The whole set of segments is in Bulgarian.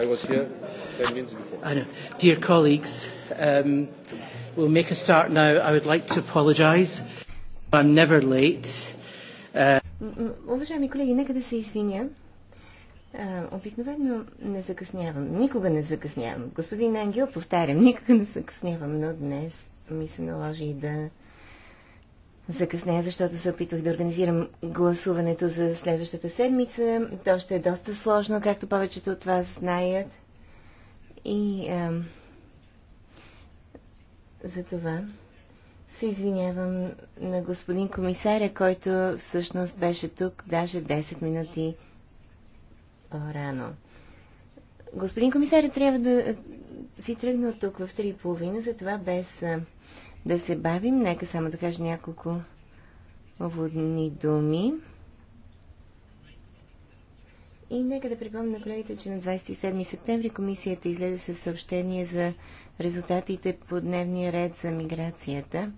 I was here 10 minutes before. I know. Dear colleagues, um, we'll make a start now. I would like to apologize. I'm never late. Uh, уважаеми колеги, нека да се извиня. Е, обикновено не закъснявам. Никога не закъснявам. Господин Ангел, повтарям, никога не закъснявам, но днес ми се наложи да закъсня, защото се опитвах да организирам гласуването за следващата седмица. То ще е доста сложно, както повечето от вас знаят. И а, за това се извинявам на господин комисаря, който всъщност беше тук даже 10 минути по-рано. Господин комисаря трябва да си тръгна от тук в 3.30, затова без да се бавим. Нека само да кажа няколко уводни думи. И нека да припомня на колегите, че на 27 септември комисията излезе със съобщение за резултатите по дневния ред за миграцията.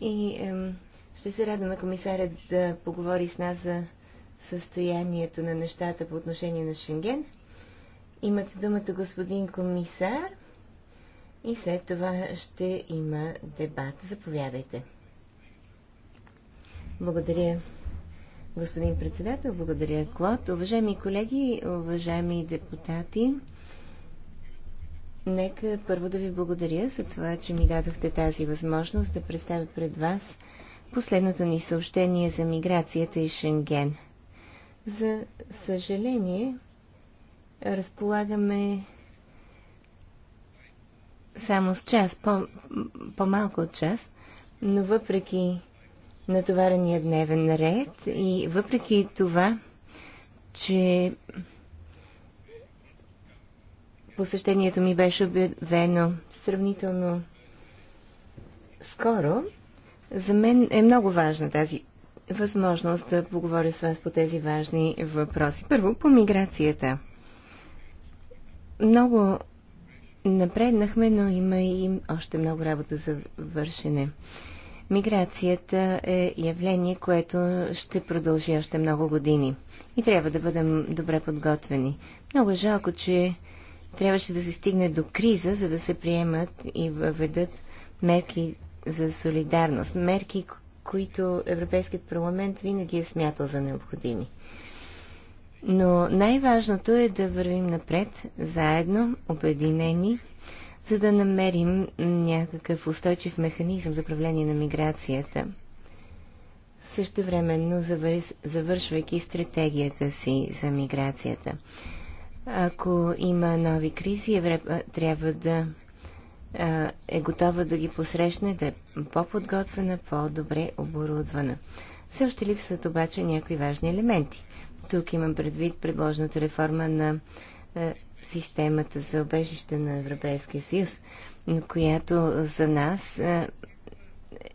И ем, ще се радваме комисаря да поговори с нас за състоянието на нещата по отношение на Шенген. Имате думата, господин комисар. И след това ще има дебат. Заповядайте. Благодаря, господин председател. Благодаря, Клод. Уважаеми колеги, уважаеми депутати, нека първо да ви благодаря за това, че ми дадохте тази възможност да представя пред вас последното ни съобщение за миграцията и Шенген. За съжаление, разполагаме само с час, по, по-малко от час, но въпреки натоварения дневен ред и въпреки това, че посещението ми беше обявено сравнително скоро, за мен е много важна тази възможност да поговоря с вас по тези важни въпроси. Първо, по миграцията – много напреднахме, но има и още много работа за вършене. Миграцията е явление, което ще продължи още много години и трябва да бъдем добре подготвени. Много е жалко, че трябваше да се стигне до криза, за да се приемат и въведат мерки за солидарност. Мерки, които Европейският парламент винаги е смятал за необходими. Но най-важното е да вървим напред, заедно, обединени, за да намерим някакъв устойчив механизъм за управление на миграцията. Също времено завършвайки стратегията си за миграцията. Ако има нови кризи, Европа трябва да е готова да ги посрещне, да е по-подготвена, по-добре оборудвана. Също липсват обаче някои важни елементи. Тук имам предвид предложената реформа на е, системата за обежище на Европейския съюз, която за нас е,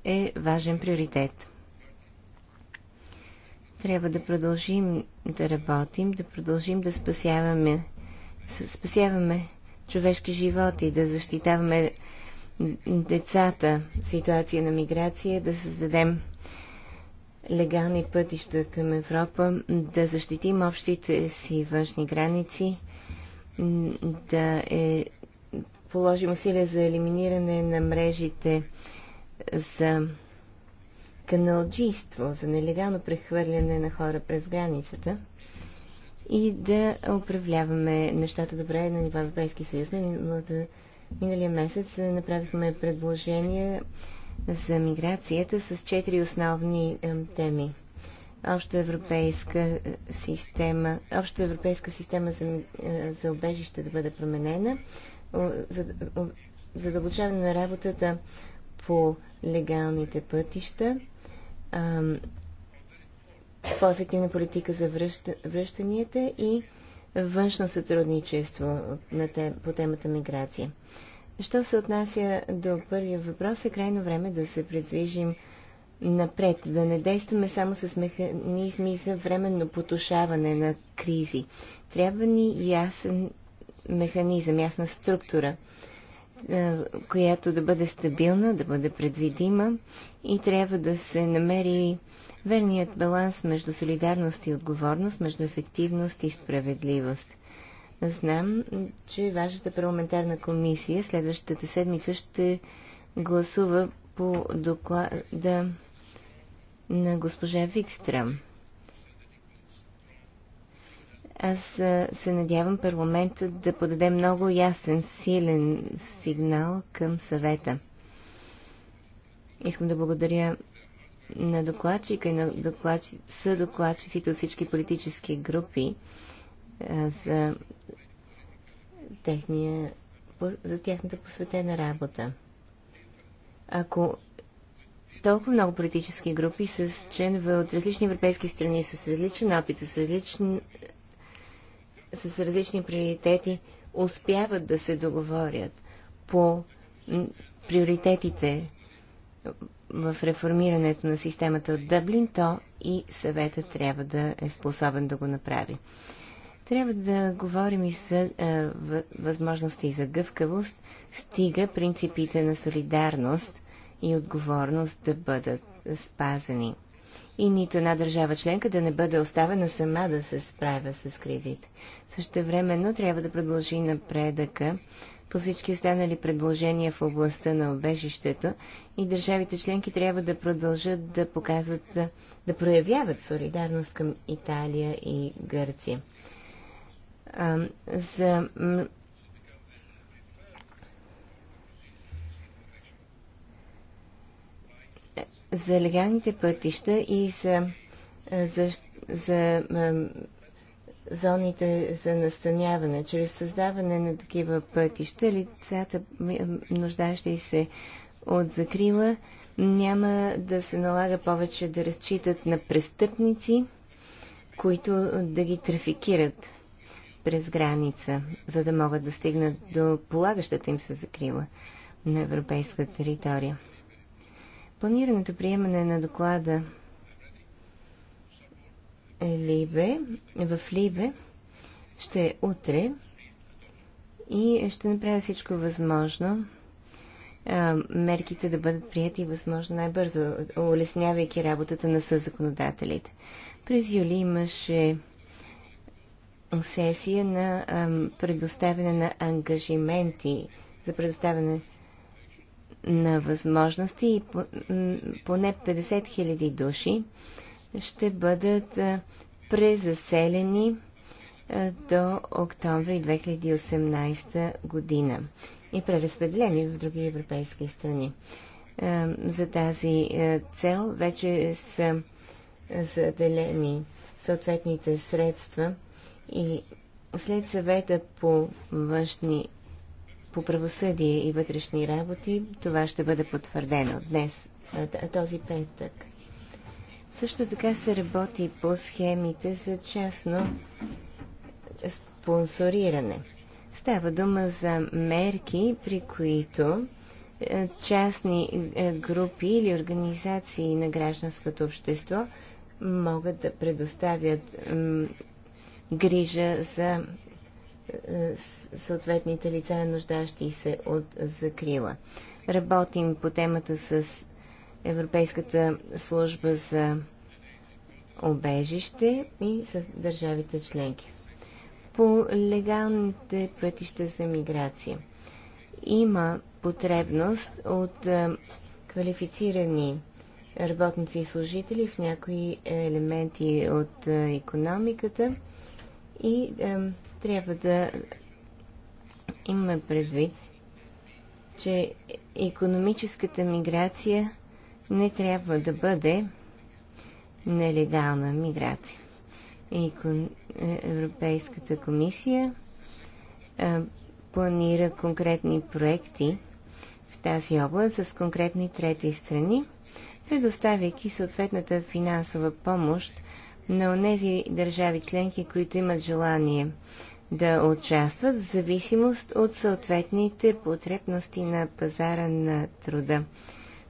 е важен приоритет. Трябва да продължим да работим, да продължим да спасяваме, спасяваме човешки животи, да защитаваме децата, в ситуация на миграция, да създадем легални пътища към Европа, да защитим общите си външни граници, да е, положим усилия за елиминиране на мрежите за каналджийство, за нелегално прехвърляне на хора през границата и да управляваме нещата добре на ниво Европейски съюз. миналия месец е, направихме предложение за миграцията с четири основни е, теми. Обща европейска е, система, обща европейска система за, е, за обежище да бъде променена, задълбочаване на работата по легалните пътища, по-ефективна политика за връща, връщанията и външно сътрудничество на тем, по темата миграция. Що се отнася до първия въпрос, е крайно време да се предвижим напред, да не действаме само с механизми за временно потушаване на кризи. Трябва ни ясен механизъм, ясна структура, която да бъде стабилна, да бъде предвидима и трябва да се намери верният баланс между солидарност и отговорност, между ефективност и справедливост. Знам, че вашата парламентарна комисия следващата седмица ще гласува по доклада на госпожа Викстрам. Аз се надявам парламентът да подаде много ясен, силен сигнал към съвета. Искам да благодаря на докладчика и на докладчи... съдокладчиците от всички политически групи за, техния, за тяхната посветена работа. Ако толкова много политически групи с членове от различни европейски страни, с различен опит, с, различни, с различни приоритети, успяват да се договорят по приоритетите в реформирането на системата от Дъблин, то и съвета трябва да е способен да го направи. Трябва да говорим и за е, възможности за гъвкавост, стига принципите на солидарност и отговорност да бъдат спазени. И нито една държава членка да не бъде оставена сама да се справя с кризите. Същевременно трябва да продължи напредъка по всички останали предложения в областта на обежището и държавите членки трябва да продължат да показват, да, да проявяват солидарност към Италия и Гърция за за легалните пътища и за, за, за зоните за настаняване. Чрез създаване на такива пътища лицата, нуждащи се от закрила, няма да се налага повече да разчитат на престъпници, които да ги трафикират през граница, за да могат да стигнат до полагащата им се закрила на европейска територия. Планираното приемане на доклада Либе, в Либе ще е утре и ще направя всичко възможно мерките да бъдат прияти възможно най-бързо, улеснявайки работата на съзаконодателите. През юли имаше сесия на предоставяне на ангажименти за предоставяне на възможности и поне 50 000 души ще бъдат презаселени до октомври 2018 година и преразпределени в други европейски страни. За тази цел вече са заделени съответните средства – и след съвета по външни по правосъдие и вътрешни работи, това ще бъде потвърдено днес, този петък. Също така се работи по схемите за частно спонсориране. Става дума за мерки, при които е, частни е, групи или организации на гражданското общество могат да предоставят грижа за е, съответните лица, нуждащи се от закрила. Работим по темата с Европейската служба за обежище и с държавите членки. По легалните пътища за миграция. Има потребност от е, квалифицирани работници и служители в някои елементи от економиката и е, трябва да имаме предвид, че економическата миграция не трябва да бъде нелегална миграция. Екон... Е, Европейската комисия е, планира конкретни проекти в тази област с конкретни трети страни, предоставяйки съответната финансова помощ на онези държави членки, които имат желание да участват в зависимост от съответните потребности на пазара на труда.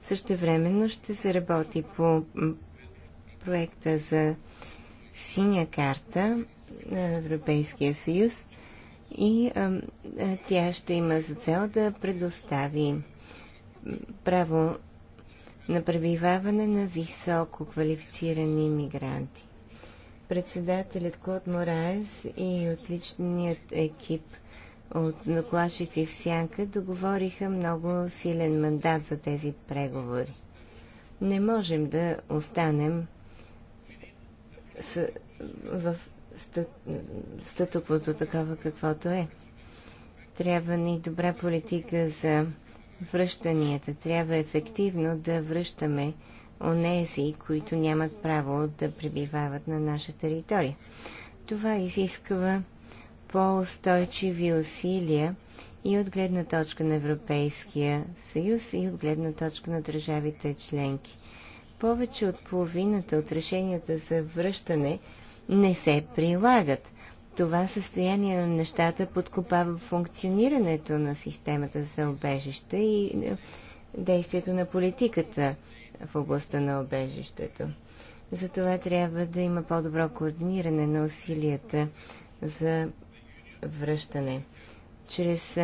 Също времено ще се работи по проекта за синя карта на Европейския съюз и а, тя ще има за цел да предостави право на пребиваване на високо квалифицирани мигранти председателят Клод Мораес и отличният екип от наклашици в Сянка договориха много силен мандат за тези преговори. Не можем да останем в статуквото такова каквото е. Трябва ни добра политика за връщанията. Трябва ефективно да връщаме онези, които нямат право да пребивават на наша територия. Това изисква по-устойчиви усилия и от гледна точка на Европейския съюз и от гледна точка на държавите членки. Повече от половината от решенията за връщане не се прилагат. Това състояние на нещата подкопава функционирането на системата за обежище и е, действието на политиката в областта на обежището. Затова трябва да има по-добро координиране на усилията за връщане. Чрез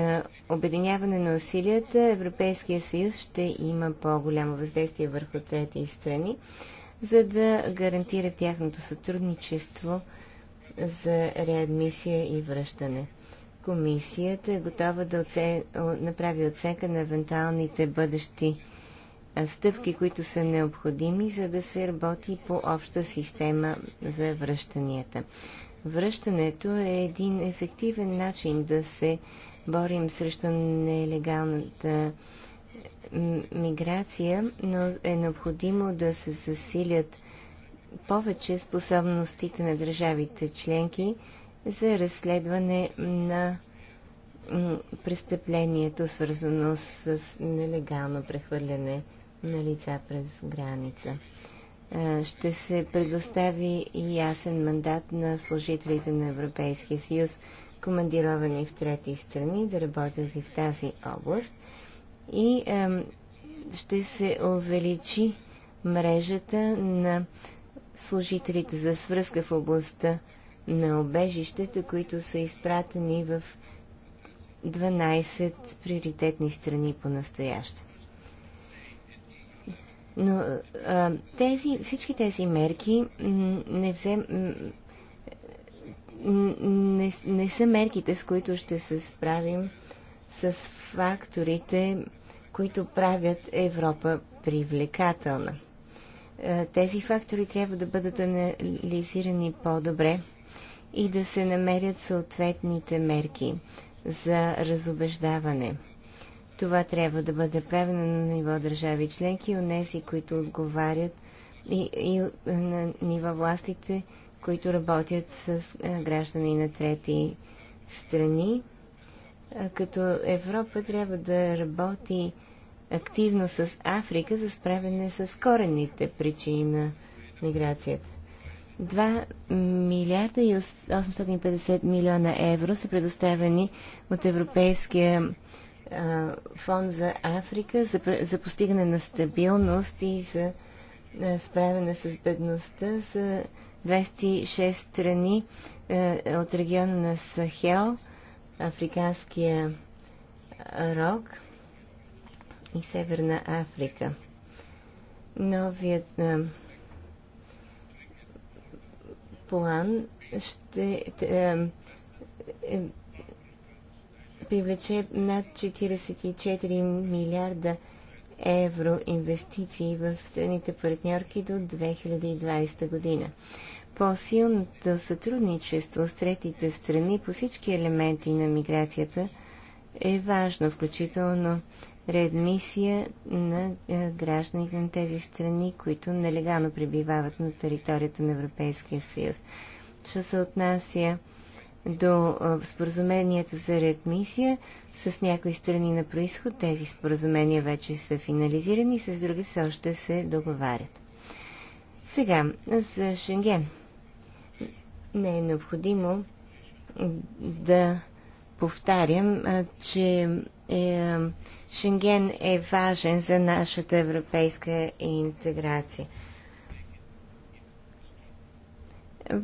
обединяване на усилията Европейския съюз ще има по-голямо въздействие върху трети страни, за да гарантира тяхното сътрудничество за реадмисия и връщане. Комисията е готова да оце... направи оценка на евентуалните бъдещи стъпки, които са необходими, за да се работи по обща система за връщанията. Връщането е един ефективен начин да се борим срещу нелегалната миграция, но е необходимо да се засилят повече способностите на държавите членки за разследване на престъплението, свързано с нелегално прехвърляне на лица през граница. Ще се предостави и ясен мандат на служителите на Европейския съюз, командировани в трети страни, да работят и в тази област. И ще се увеличи мрежата на служителите за свръзка в областта на обежищата, които са изпратени в 12 приоритетни страни по настояще. Но а, тези, всички тези мерки не, взем, не, не са мерките, с които ще се справим с факторите, които правят Европа привлекателна. Тези фактори трябва да бъдат анализирани по-добре и да се намерят съответните мерки за разобеждаване – това трябва да бъде правено на ниво държави членки, унеси, които отговарят и, и е, на ниво властите, които работят с е, граждани на трети страни. Е, като Европа трябва да работи активно с Африка за справяне с корените причини на миграцията. 2 милиарда и 850 милиона евро са предоставени от Европейския фонд за Африка за, за постигане на стабилност и за справяне с бедността за 26 страни от региона на Сахел, Африканския рог и Северна Африка. Новият план ще е, привлече над 44 милиарда евро инвестиции в страните партньорки до 2020 година. По-силното сътрудничество с третите страни по всички елементи на миграцията е важно, включително реадмисия на е, гражданите на тези страни, които нелегално пребивават на територията на Европейския съюз. Що се отнася до споразуменията за реадмисия с някои страни на происход. Тези споразумения вече са финализирани, с други все още се договарят. Сега, за Шенген. Не е необходимо да повтарям, че е, Шенген е важен за нашата европейска интеграция –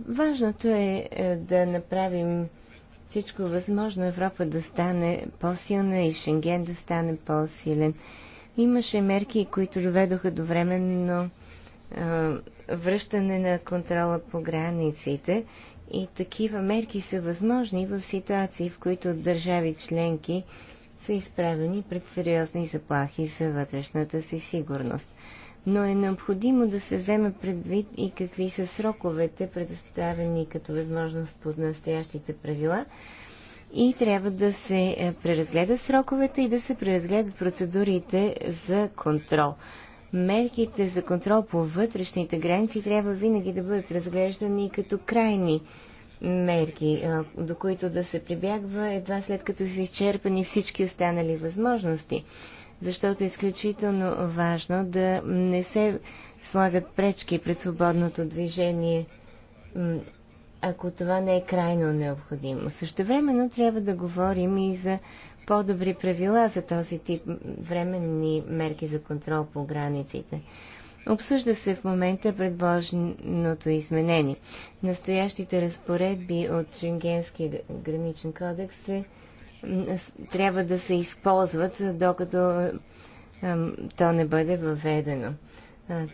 Важното е, е да направим всичко възможно Европа да стане по-силна и Шенген да стане по-силен. Имаше мерки, които доведоха до временно връщане на контрола по границите и такива мерки са възможни в ситуации, в които държави членки са изправени пред сериозни заплахи за вътрешната си сигурност но е необходимо да се вземе предвид и какви са сроковете, предоставени като възможност под настоящите правила. И трябва да се е, преразгледа сроковете и да се преразгледат процедурите за контрол. Мерките за контрол по вътрешните граници трябва винаги да бъдат разглеждани като крайни мерки, е, до които да се прибягва едва след като са изчерпани всички останали възможности защото е изключително важно да не се слагат пречки пред свободното движение, ако това не е крайно необходимо. Същевременно трябва да говорим и за по-добри правила за този тип временни мерки за контрол по границите. Обсъжда се в момента предложеното изменение. Настоящите разпоредби от Шенгенския граничен кодекс се трябва да се използват, докато то не бъде въведено.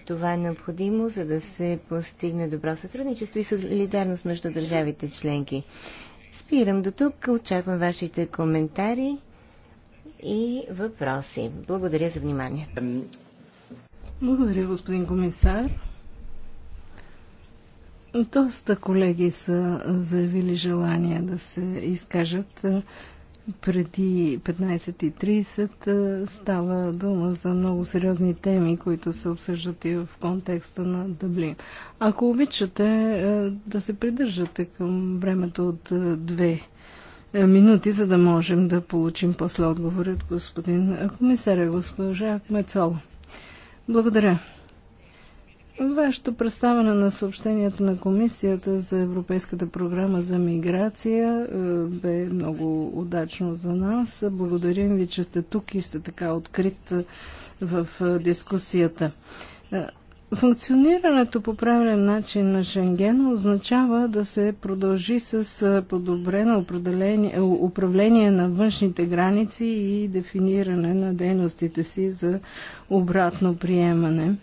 Това е необходимо, за да се постигне добро сътрудничество и солидарност между държавите членки. Спирам до тук, очаквам вашите коментари и въпроси. Благодаря за вниманието. Благодаря, господин комисар. Доста колеги са заявили желание да се изкажат преди 15.30 става дума за много сериозни теми, които се обсъждат и в контекста на Дъблин. Ако обичате да се придържате към времето от две минути, за да можем да получим после отговор от господин комисаря госпожа Мецол. Благодаря. Вашето представяне на съобщението на Комисията за Европейската програма за миграция е, бе много удачно за нас. Благодарим ви, че сте тук и сте така открит в е, дискусията. Е, Функционирането по правилен начин на Шенген означава да се продължи с подобрено управление на външните граници и дефиниране на дейностите си за обратно приемане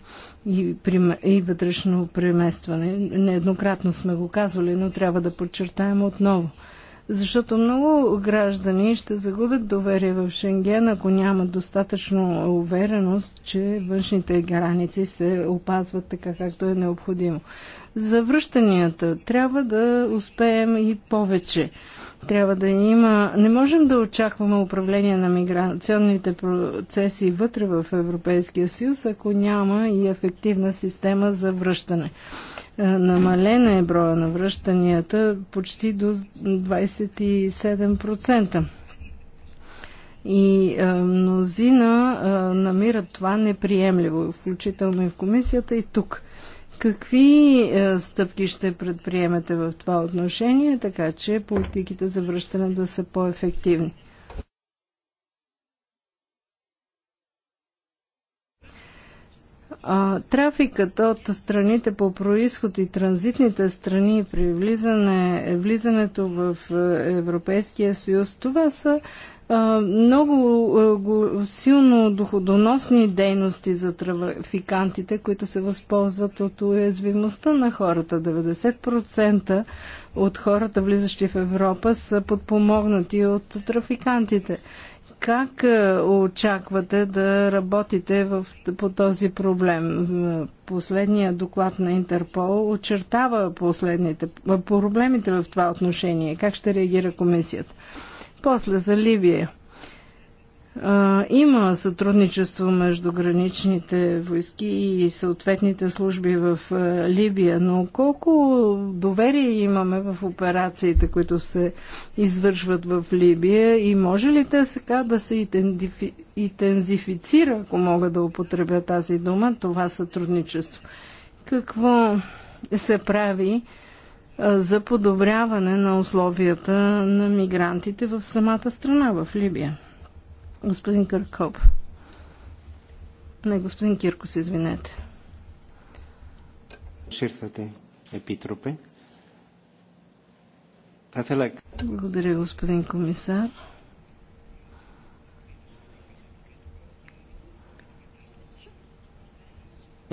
и, вътрешно преместване. Нееднократно сме го казвали, но трябва да подчертаем отново – защото много граждани ще загубят доверие в Шенген, ако нямат достатъчно увереност, че външните граници се опазват така, както е необходимо. За връщанията трябва да успеем и повече. Трябва да има. Не можем да очакваме управление на миграционните процеси вътре в Европейския съюз, ако няма и ефективна система за връщане. Е, намалена е броя на връщанията почти до 27%. И а, е, мнозина а, е, намират това неприемливо, включително и в комисията, и тук. Какви а, стъпки ще предприемете в това отношение, така че политиките за връщане да са по-ефективни? А, трафикът от страните по происход и транзитните страни при влизане, влизането в Европейския съюз, това са много силно доходоносни дейности за трафикантите, които се възползват от уязвимостта на хората. 90% от хората, влизащи в Европа, са подпомогнати от трафикантите. Как е, очаквате да работите в, по този проблем? Последния доклад на Интерпол очертава последните е, проблемите в това отношение. Как ще реагира комисията? После за Ливия. А, има сътрудничество между граничните войски и съответните служби в а, Либия, но колко доверие имаме в операциите, които се извършват в Либия и може ли те сега да се интензифицира, ако мога да употребя тази дума, това сътрудничество? Какво се прави а, за подобряване на условията на мигрантите в самата страна, в Либия? господин Къркоп. Не, господин Киркос, извинете. Ширтате, епитропе. Благодаря, господин комисар.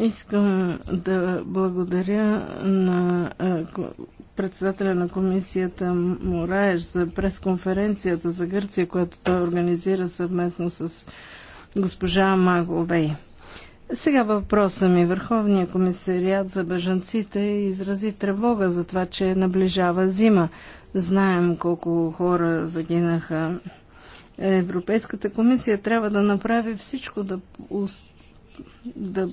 Искам да благодаря на председателя на комисията Мораеш за пресконференцията за Гърция, която той организира съвместно с госпожа Маговей. Сега въпроса ми. Върховният комисариат за бежанците изрази тревога за това, че наближава зима. Знаем колко хора загинаха. Европейската комисия трябва да направи всичко да, да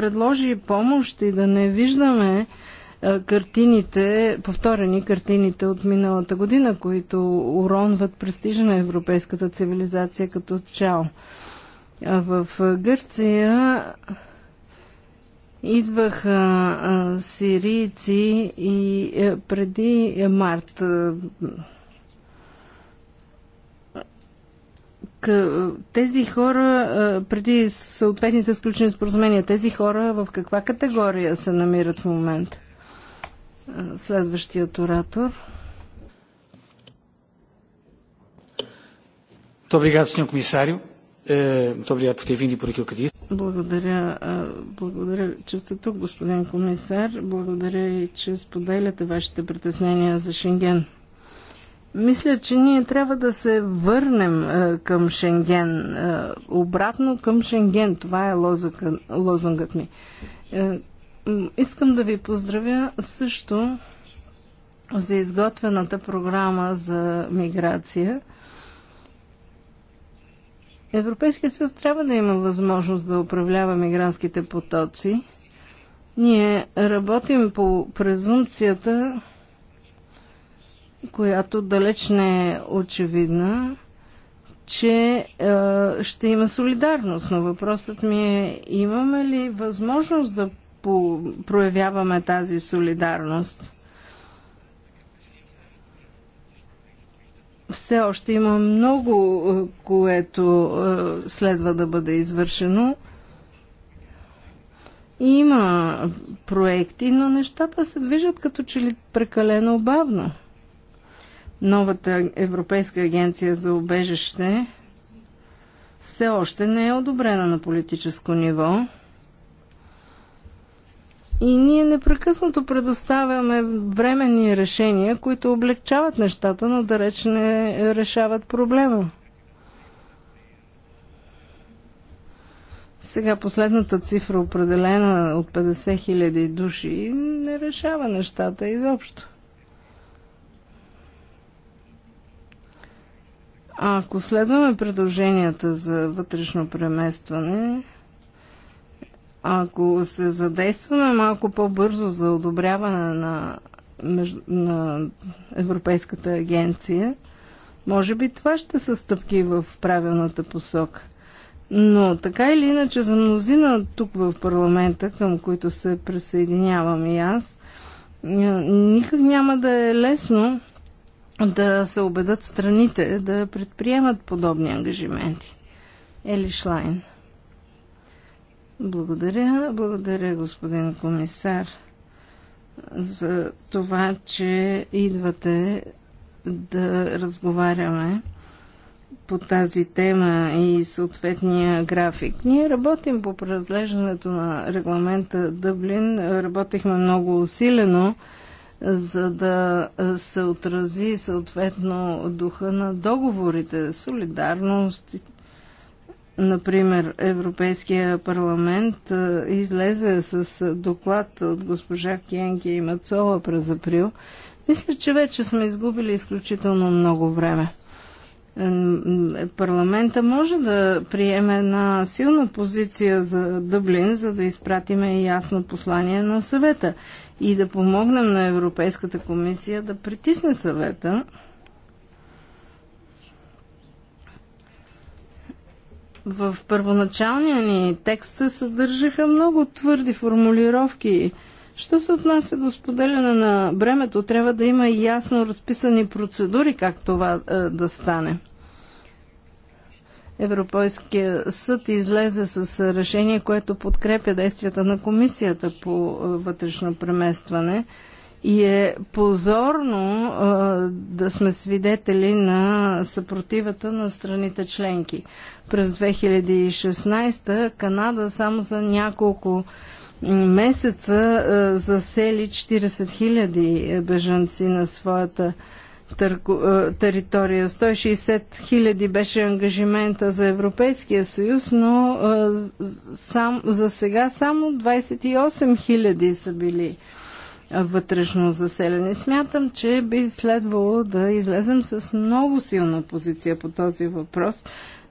предложи помощ и да не виждаме е, картините, повторени картините от миналата година, които уронват престижа на европейската цивилизация като чао. В е, Гърция идваха е, сирийци и преди март тези хора, преди съответните сключени споразумения, тези хора в каква категория се намират в момента? Следващият оратор. Eh, e благодаря, благодаря, че сте тук, господин комисар. Благодаря и, че споделяте вашите притеснения за Шенген. Мисля, че ние трябва да се върнем е, към Шенген, е, обратно към Шенген. Това е лозунга, лозунгът ми. Е, искам да ви поздравя също за изготвената програма за миграция. Европейския съюз трябва да има възможност да управлява мигрантските потоци. Ние работим по презумпцията, която далеч не е очевидна, че е, ще има солидарност. Но въпросът ми е, имаме ли възможност да по- проявяваме тази солидарност? Все още има много, е, което е, следва да бъде извършено. Има проекти, но нещата се движат като че ли прекалено бавно новата Европейска агенция за обежище все още не е одобрена на политическо ниво. И ние непрекъснато предоставяме временни решения, които облегчават нещата, но да реч не решават проблема. Сега последната цифра, определена от 50 000 души, не решава нещата изобщо. Ако следваме предложенията за вътрешно преместване, ако се задействаме малко по-бързо за одобряване на, на Европейската агенция, може би това ще са стъпки в правилната посока. Но така или иначе за мнозина тук в парламента, към които се присъединявам и аз, никак няма да е лесно да се убедат страните да предприемат подобни ангажименти. Ели Шлайн. Благодаря, благодаря господин комисар за това, че идвате да разговаряме по тази тема и съответния график. Ние работим по преразглеждането на регламента Дъблин. Работихме много усилено за да е, се отрази съответно духа на договорите, солидарност. Например, Европейския парламент е, излезе с доклад от госпожа Кенки и Мацова през април. Мисля, че вече сме изгубили изключително много време е, парламента може да приеме една силна позиция за Дъблин, за да изпратиме ясно послание на съвета и да помогнем на Европейската комисия да притисне съвета в първоначалния ни текст се съдържаха много твърди формулировки. Що се отнася до споделяне на бремето, трябва да има и ясно разписани процедури как това е, да стане. Европейския съд излезе с решение, което подкрепя действията на комисията по е, вътрешно преместване. И е позорно а, е, да сме свидетели на съпротивата на страните членки. През 2016 Канада само за няколко месеца а, е, засели 40 000 бежанци на своята е, територия. 160 хиляди беше ангажимента за Европейския съюз, но е, сам, за сега само 28 хиляди са били е, вътрешно заселени. Смятам, че би следвало да излезем с много силна позиция по този въпрос,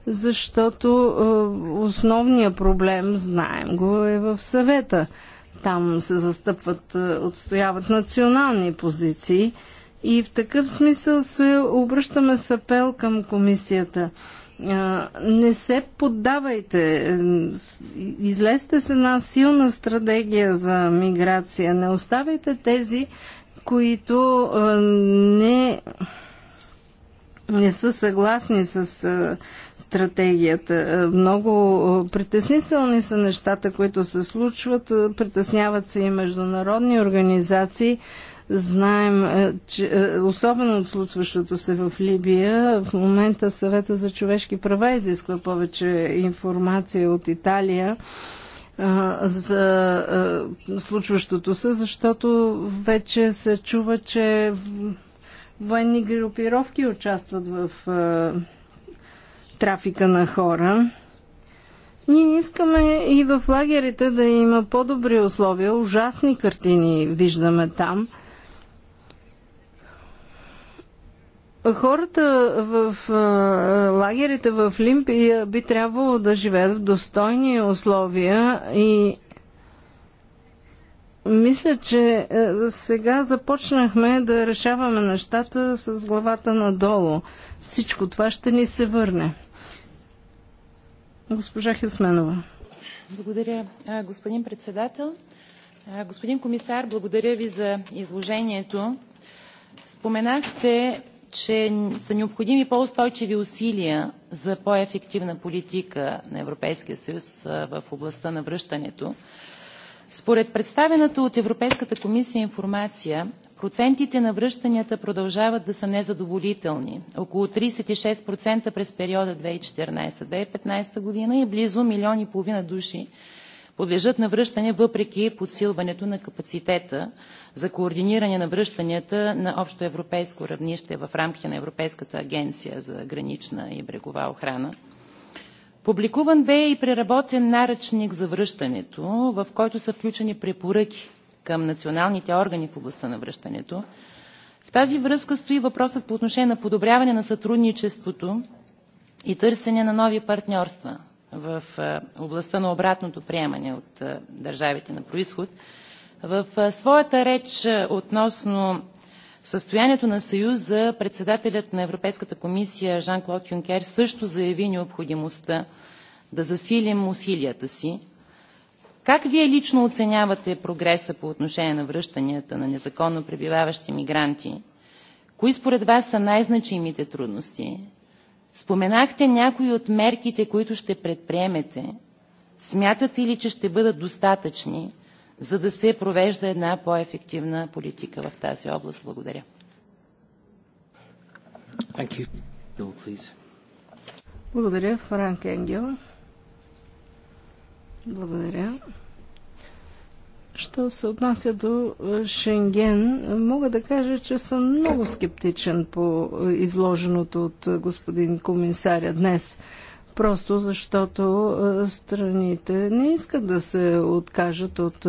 защото основният проблем, знаем го, е в съвета. Там се застъпват, отстояват национални позиции – и в такъв смисъл се обръщаме с апел към комисията. Не се поддавайте. Излезте с една силна стратегия за миграция. Не оставяйте тези, които не, не са съгласни с стратегията. Много притеснителни са нещата, които се случват. Притесняват се и международни организации. Знаем, е, че е, особено от случващото се в Либия, в момента съвета за човешки права изисква повече информация от Италия е, за случващото се, защото вече се чува, че военни групировки участват в трафика на хора. Ние искаме и в лагерите да има по-добри условия. Ужасни картини виждаме там – Хората в лагерите в Лимпия би трябвало да живеят в достойни условия и мисля, че сега започнахме да решаваме нещата с главата надолу. Всичко това ще ни се върне. Госпожа Хюсменова. Благодаря, господин председател. Господин комисар, благодаря ви за изложението. Споменахте че са необходими по-устойчиви усилия за по-ефективна политика на Европейския съюз в областта на връщането. Според представената от Европейската комисия информация, процентите на връщанията продължават да са незадоволителни – около 36% през периода 2014 – 2015 г. и близо милион и половина души подлежат на връщане въпреки подсилването на капацитета за координиране на връщанията на общо европейско равнище в рамките на Европейската агенция за гранична и брегова охрана. Публикуван бе и преработен наръчник за връщането, в който са включени препоръки към националните органи в областта на връщането. В тази връзка стои въпросът по отношение на подобряване на сътрудничеството и търсене на нови партньорства в областта на обратното приемане от държавите на происход. В своята реч относно състоянието на Съюза, председателят на Европейската комисия Жан-Клод Юнкер също заяви необходимостта да засилим усилията си. Как Вие лично оценявате прогреса по отношение на връщанията на незаконно пребиваващи мигранти? Кои според Вас са най-значимите трудности, Споменахте някои от мерките, които ще предприемете. Смятате ли, че ще бъдат достатъчни, за да се провежда една по-ефективна политика в тази област? Благодаря. Благодаря, Франк Енгел. Благодаря. Що се отнася до е, Шенген, мога да кажа, че съм много скептичен по е, изложеното от е, господин комисаря днес. Просто защото страните не искат да се откажат от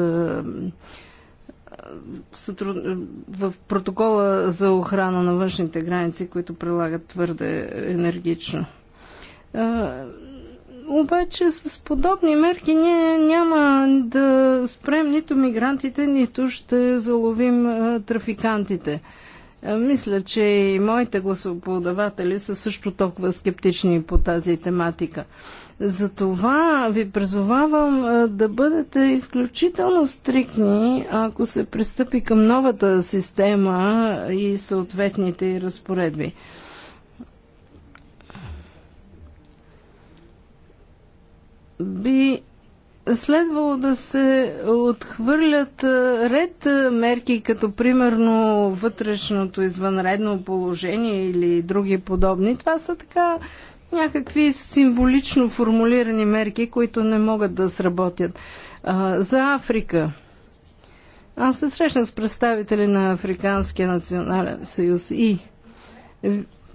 в протокола за охрана на външните граници, които прилагат твърде енергично. Обаче с подобни мерки ние няма да спрем нито мигрантите, нито ще заловим трафикантите. Мисля, че и моите гласоподаватели са също толкова скептични по тази тематика. Затова ви призовавам да бъдете изключително стриктни, ако се пристъпи към новата система и съответните разпоредби. би следвало да се отхвърлят ред мерки, като примерно вътрешното извънредно положение или други подобни. Това са така някакви символично формулирани мерки, които не могат да сработят. за Африка. Аз се срещнах с представители на Африканския национален съюз и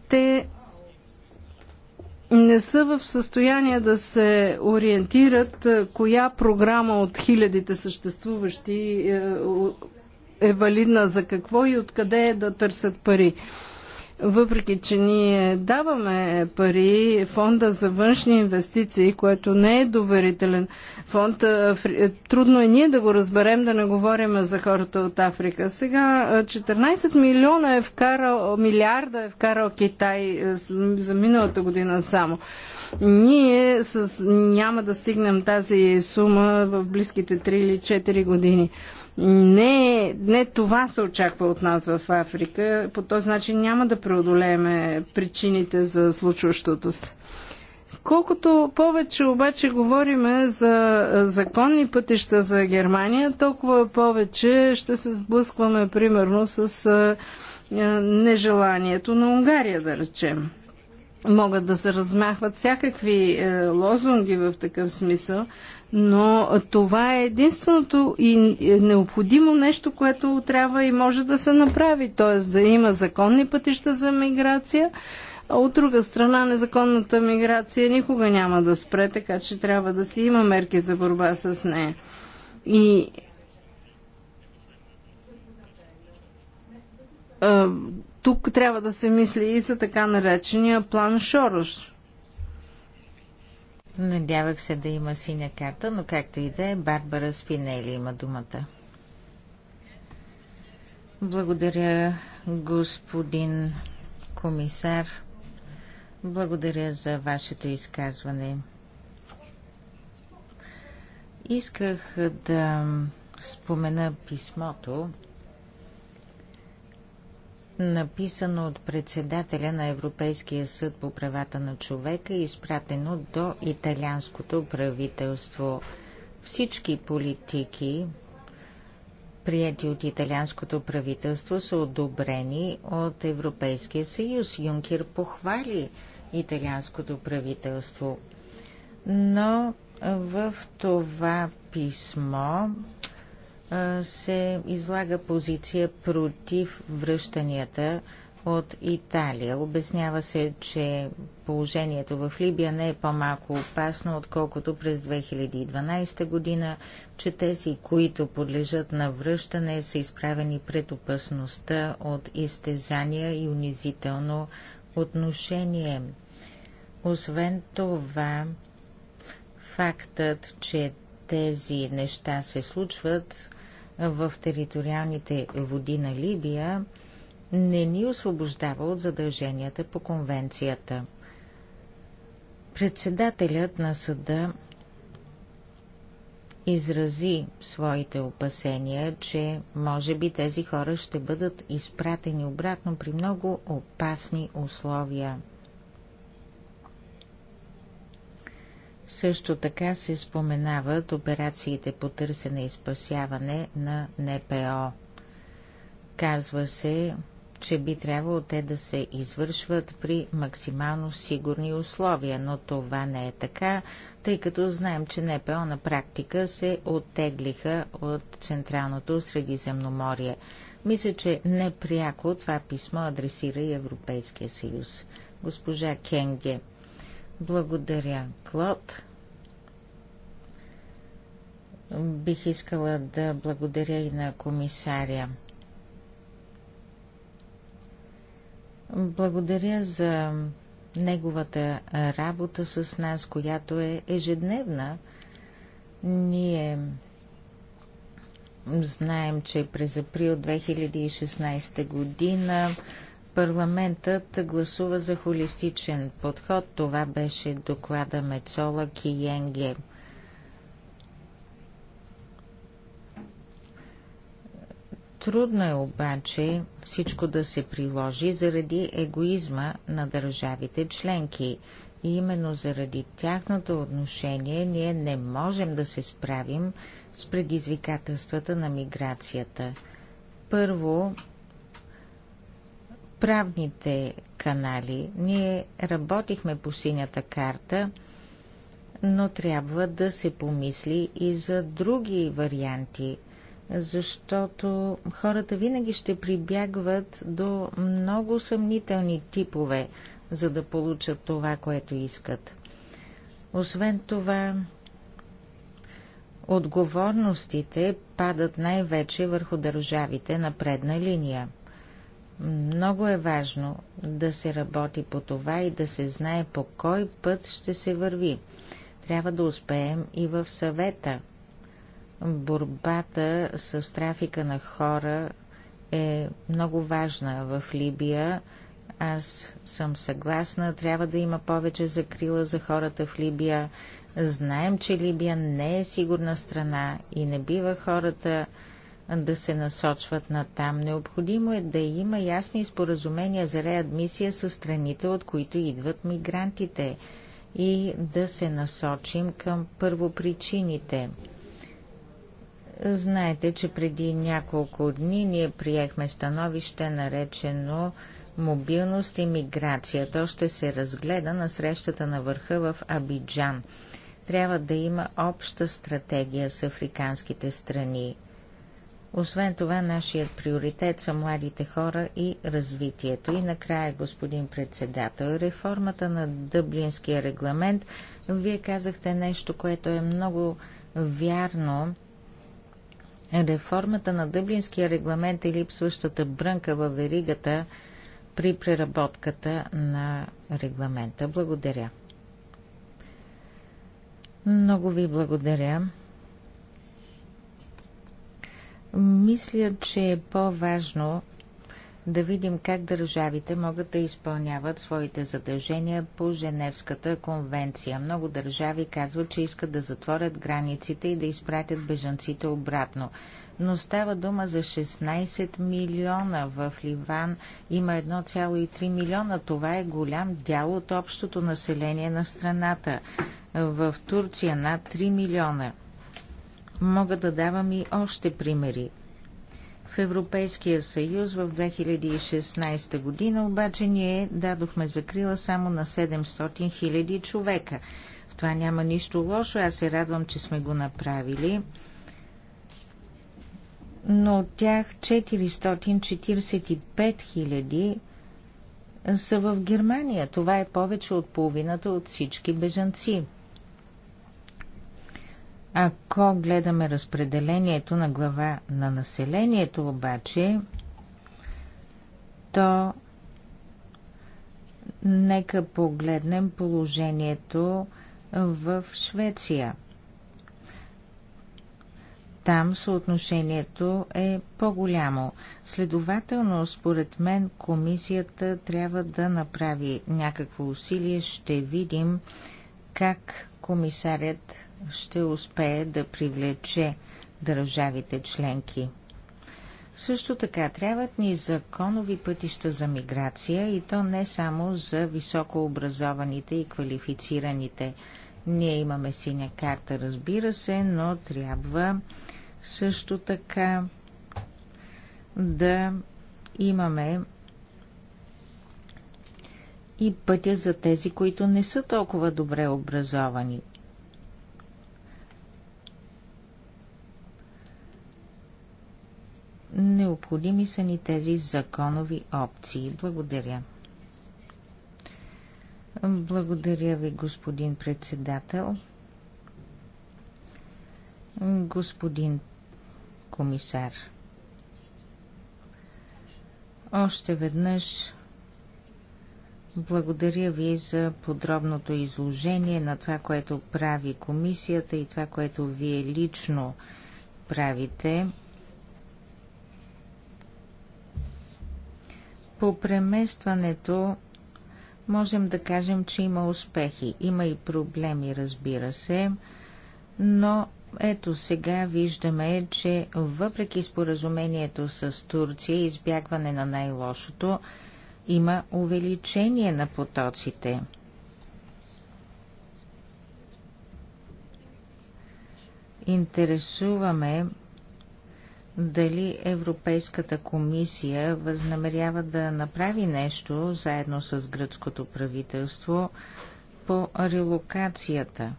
те не са в състояние да се ориентират е, коя програма от хилядите съществуващи е, е валидна за какво и откъде е да търсят пари. Въпреки, че ние даваме пари, фонда за външни инвестиции, което не е доверителен фонд, е, трудно е ние да го разберем, да не говорим за хората от Африка. Сега 14 милиона е вкарал, милиарда е вкарал Китай е, за миналата година само. Ние с, няма да стигнем тази сума в близките 3 или 4 години. Не, не това се очаква от нас в Африка. По този начин няма да преодолеем причините за случващото се. Колкото повече обаче говориме за законни пътища за Германия, толкова повече ще се сблъскваме примерно с нежеланието на Унгария, да речем. Могат да се размахват всякакви е, лозунги в такъв смисъл, но това е единственото и необходимо нещо, което трябва и може да се направи, т.е. да има законни пътища за миграция, а от друга страна незаконната миграция никога няма да спре, така че трябва да си има мерки за борба с нея. И тук трябва да се мисли и за така наречения план Шорош. Надявах се да има синя карта, но както и да е, Барбара Спинели има думата. Благодаря, господин комисар. Благодаря за вашето изказване. Исках да спомена писмото, написано от председателя на Европейския съд по правата на човека и изпратено до италианското правителство. Всички политики, прияти от италианското правителство, са одобрени от Европейския съюз. Юнкер похвали италианското правителство. Но в това писмо се излага позиция против връщанията от Италия. Обяснява се, че положението в Либия не е по-малко опасно, отколкото през 2012 година, че тези, които подлежат на връщане, са изправени пред опасността от изтезания и унизително отношение. Освен това, фактът, че тези неща се случват, в териториалните води на Либия не ни освобождава от задълженията по конвенцията. Председателят на съда изрази своите опасения, че може би тези хора ще бъдат изпратени обратно при много опасни условия – Също така се споменават операциите по търсене и спасяване на НПО. Казва се, че би трябвало те да се извършват при максимално сигурни условия, но това не е така, тъй като знаем, че НПО на практика се оттеглиха от Централното Средиземноморие. Мисля, че непряко това писмо адресира и Европейския съюз. Госпожа Кенге. Благодаря, Клод. Бих искала да благодаря и на комисаря. Благодаря за неговата работа с нас, която е ежедневна. Ние знаем, че през април 2016 година парламентът гласува за холистичен подход. Това беше доклада Мецола Киенге. Трудно е обаче всичко да се приложи заради егоизма на държавите членки. И именно заради тяхното отношение ние не можем да се справим с предизвикателствата на миграцията. Първо, правните канали. Ние работихме по синята карта, но трябва да се помисли и за други варианти защото хората винаги ще прибягват до много съмнителни типове, за да получат това, което искат. Освен това, отговорностите падат най-вече върху държавите на предна линия. Много е важно да се работи по това и да се знае по кой път ще се върви. Трябва да успеем и в съвета – Борбата с трафика на хора е много важна в Либия. Аз съм съгласна, трябва да има повече закрила за хората в Либия. Знаем, че Либия не е сигурна страна и не бива хората да се насочват на там. Необходимо е да има ясни споразумения за реадмисия с страните, от които идват мигрантите и да се насочим към първопричините. Знаете, че преди няколко дни ние приехме становище, наречено мобилност и миграция. То ще се разгледа на срещата на върха в Абиджан. Трябва да има обща стратегия с африканските страни. Освен това, нашият приоритет са младите хора и развитието. И накрая, господин председател, реформата на Дъблинския регламент, вие казахте нещо, което е много вярно е реформата на Дъблинския регламент и липсващата брънка във веригата при преработката на регламента. Благодаря. Много ви благодаря. Мисля, че е по-важно да видим как държавите могат да изпълняват своите задължения по Женевската конвенция. Много държави казват, че искат да затворят границите и да изпратят бежанците обратно. Но става дума за 16 милиона. В Ливан има 1,3 милиона. Това е голям дял от общото население на страната. В Турция над 3 милиона. Мога да давам и още примери. В Европейския съюз в 2016 година обаче ние дадохме закрила само на 700 000 човека. В това няма нищо лошо, аз се радвам, че сме го направили. Но от тях 445 000 са в Германия. Това е повече от половината от всички бежанци. Ако гледаме разпределението на глава на населението обаче, то нека погледнем положението в Швеция. Там съотношението е по-голямо. Следователно, според мен, комисията трябва да направи някакво усилие. Ще видим как комисарят ще успее да привлече държавите членки. Също така трябват ни законови пътища за миграция и то не само за високообразованите и квалифицираните. Ние имаме синя карта, разбира се, но трябва също така да имаме и пътя за тези, които не са толкова добре образовани – Необходими са ни тези законови опции. Благодаря. Благодаря ви, господин председател. Господин комисар. Още веднъж благодаря ви за подробното изложение на това, което прави комисията и това, което вие лично правите. По преместването можем да кажем, че има успехи. Има и проблеми, разбира се, но ето сега виждаме, че въпреки споразумението с Турция и избягване на най-лошото, има увеличение на потоците. Интересуваме дали Европейската комисия възнамерява да направи нещо заедно с гръцкото правителство по релокацията.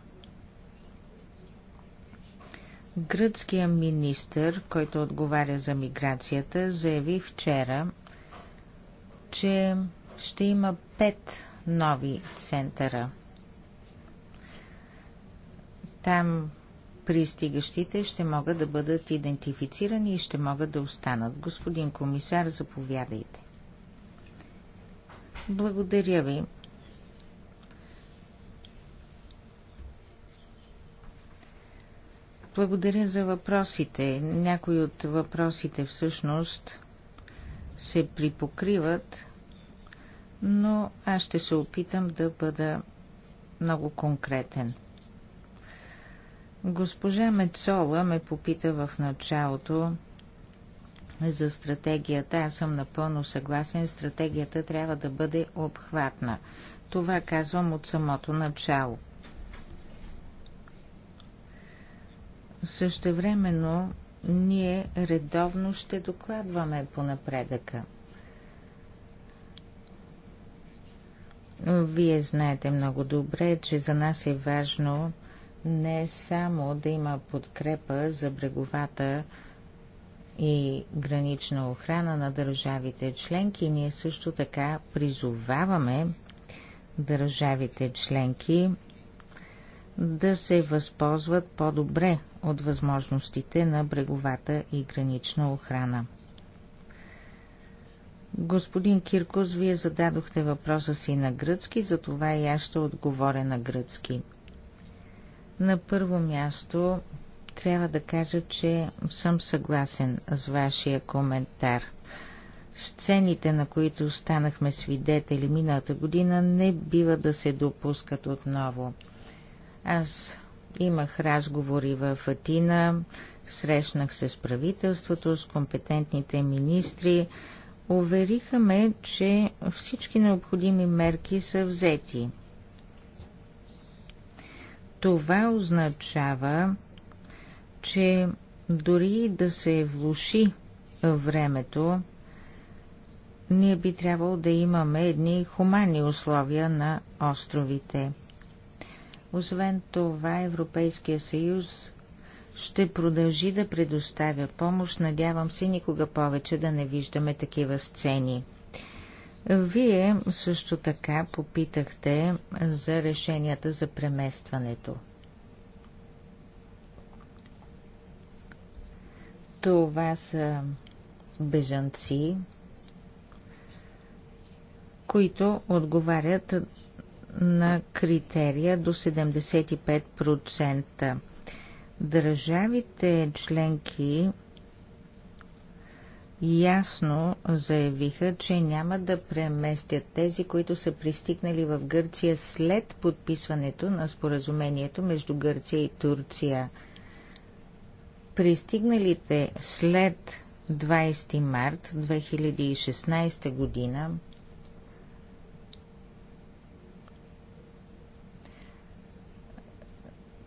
Гръцкият министр, който отговаря за миграцията, заяви вчера, че ще има пет нови центъра. Там пристигащите ще могат да бъдат идентифицирани и ще могат да останат. Господин комисар, заповядайте. Благодаря ви. Благодаря за въпросите. Някои от въпросите всъщност се припокриват, но аз ще се опитам да бъда много конкретен – Госпожа Мецола ме попита в началото за стратегията. Аз съм напълно съгласен. Стратегията трябва да бъде обхватна. Това казвам от самото начало. Същевременно ние редовно ще докладваме по напредъка. Вие знаете много добре, че за нас е важно не само да има подкрепа за бреговата и гранична охрана на държавите членки, ние също така призоваваме държавите членки да се възползват по-добре от възможностите на бреговата и гранична охрана. Господин Киркос, вие зададохте въпроса си на гръцки, затова и аз ще отговоря на гръцки – на първо място трябва да кажа, че съм съгласен с вашия коментар. Сцените, на които станахме свидетели миналата година, не бива да се допускат отново. Аз имах разговори в Атина, срещнах се с правителството, с компетентните министри. Увериха ме, че всички необходими мерки са взети. Това означава, че дори да се влуши времето, ние би трябвало да имаме едни хумани условия на островите. Освен това, Европейския съюз ще продължи да предоставя помощ. Надявам се никога повече да не виждаме такива сцени. Вие също така попитахте за решенията за преместването. Това са бежанци, които отговарят на критерия до 75%. Държавите членки ясно заявиха, че няма да преместят тези, които са пристигнали в Гърция след подписването на споразумението между Гърция и Турция. Пристигналите след 20 март 2016 година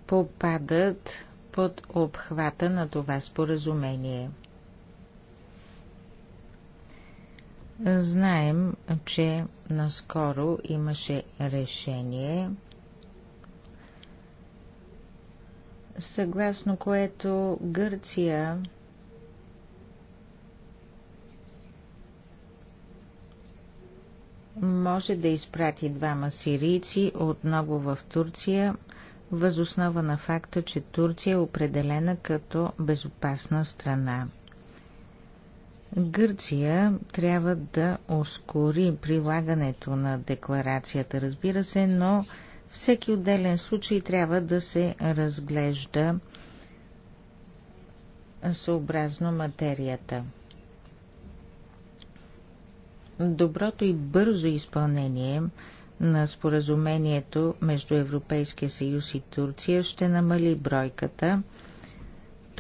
попадат под обхвата на това споразумение – Знаем, че наскоро имаше решение, съгласно което Гърция може да изпрати двама сирийци отново в Турция, възоснова на факта, че Турция е определена като безопасна страна. Гърция трябва да ускори прилагането на декларацията, разбира се, но всеки отделен случай трябва да се разглежда съобразно материята. Доброто и бързо изпълнение на споразумението между Европейския съюз и Турция ще намали бройката –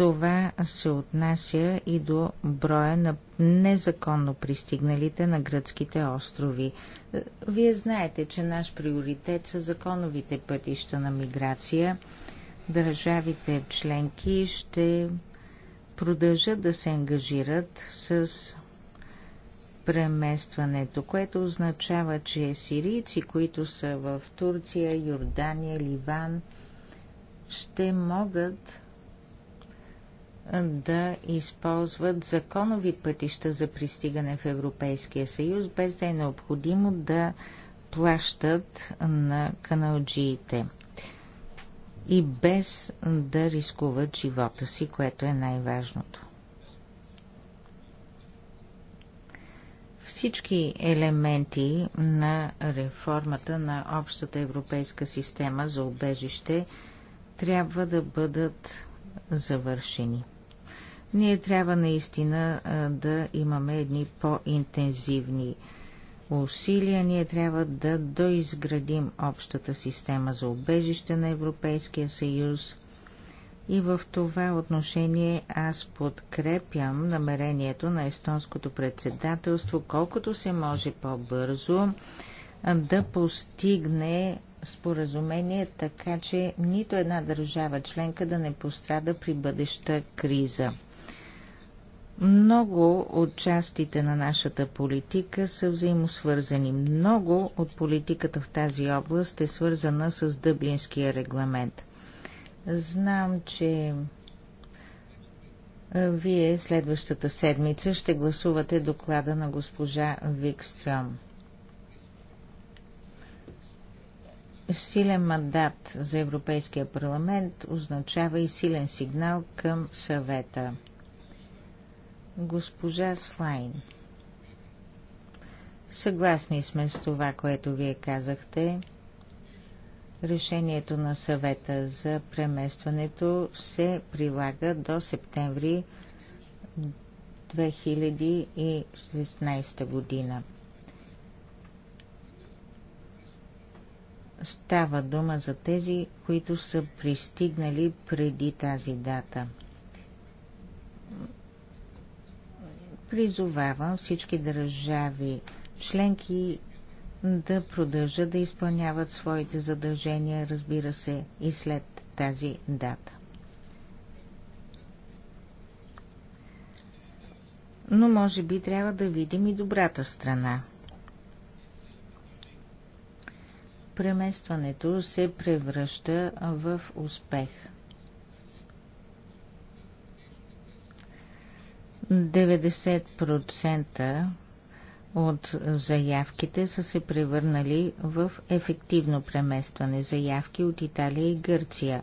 това се отнася и до броя на незаконно пристигналите на гръцките острови. Вие знаете, че наш приоритет са законовите пътища на миграция. Държавите членки ще продължат да се ангажират с преместването, което означава, че сирийци, които са в Турция, Йордания, Ливан, ще могат да използват законови пътища за пристигане в Европейския съюз, без да е необходимо да плащат на каналджиите и без да рискуват живота си, което е най-важното. Всички елементи на реформата на общата европейска система за убежище трябва да бъдат завършени. Ние трябва наистина да имаме едни по-интензивни усилия. Ние трябва да доизградим общата система за убежище на Европейския съюз. И в това отношение аз подкрепям намерението на естонското председателство, колкото се може по-бързо да постигне споразумение, така че нито една държава членка да не пострада при бъдеща криза. Много от частите на нашата политика са взаимосвързани. Много от политиката в тази област е свързана с Дъблинския регламент. Знам, че вие следващата седмица ще гласувате доклада на госпожа Викстрем. Силен мандат за Европейския парламент означава и силен сигнал към съвета. Госпожа Слайн. Съгласни сме с това, което вие казахте. Решението на съвета за преместването се прилага до септември 2016 година. Става дума за тези, които са пристигнали преди тази дата. Призовавам всички държави членки да продължат да изпълняват своите задължения, разбира се, и след тази дата. Но може би трябва да видим и добрата страна преместването се превръща в успех. 90% от заявките са се превърнали в ефективно преместване заявки от Италия и Гърция.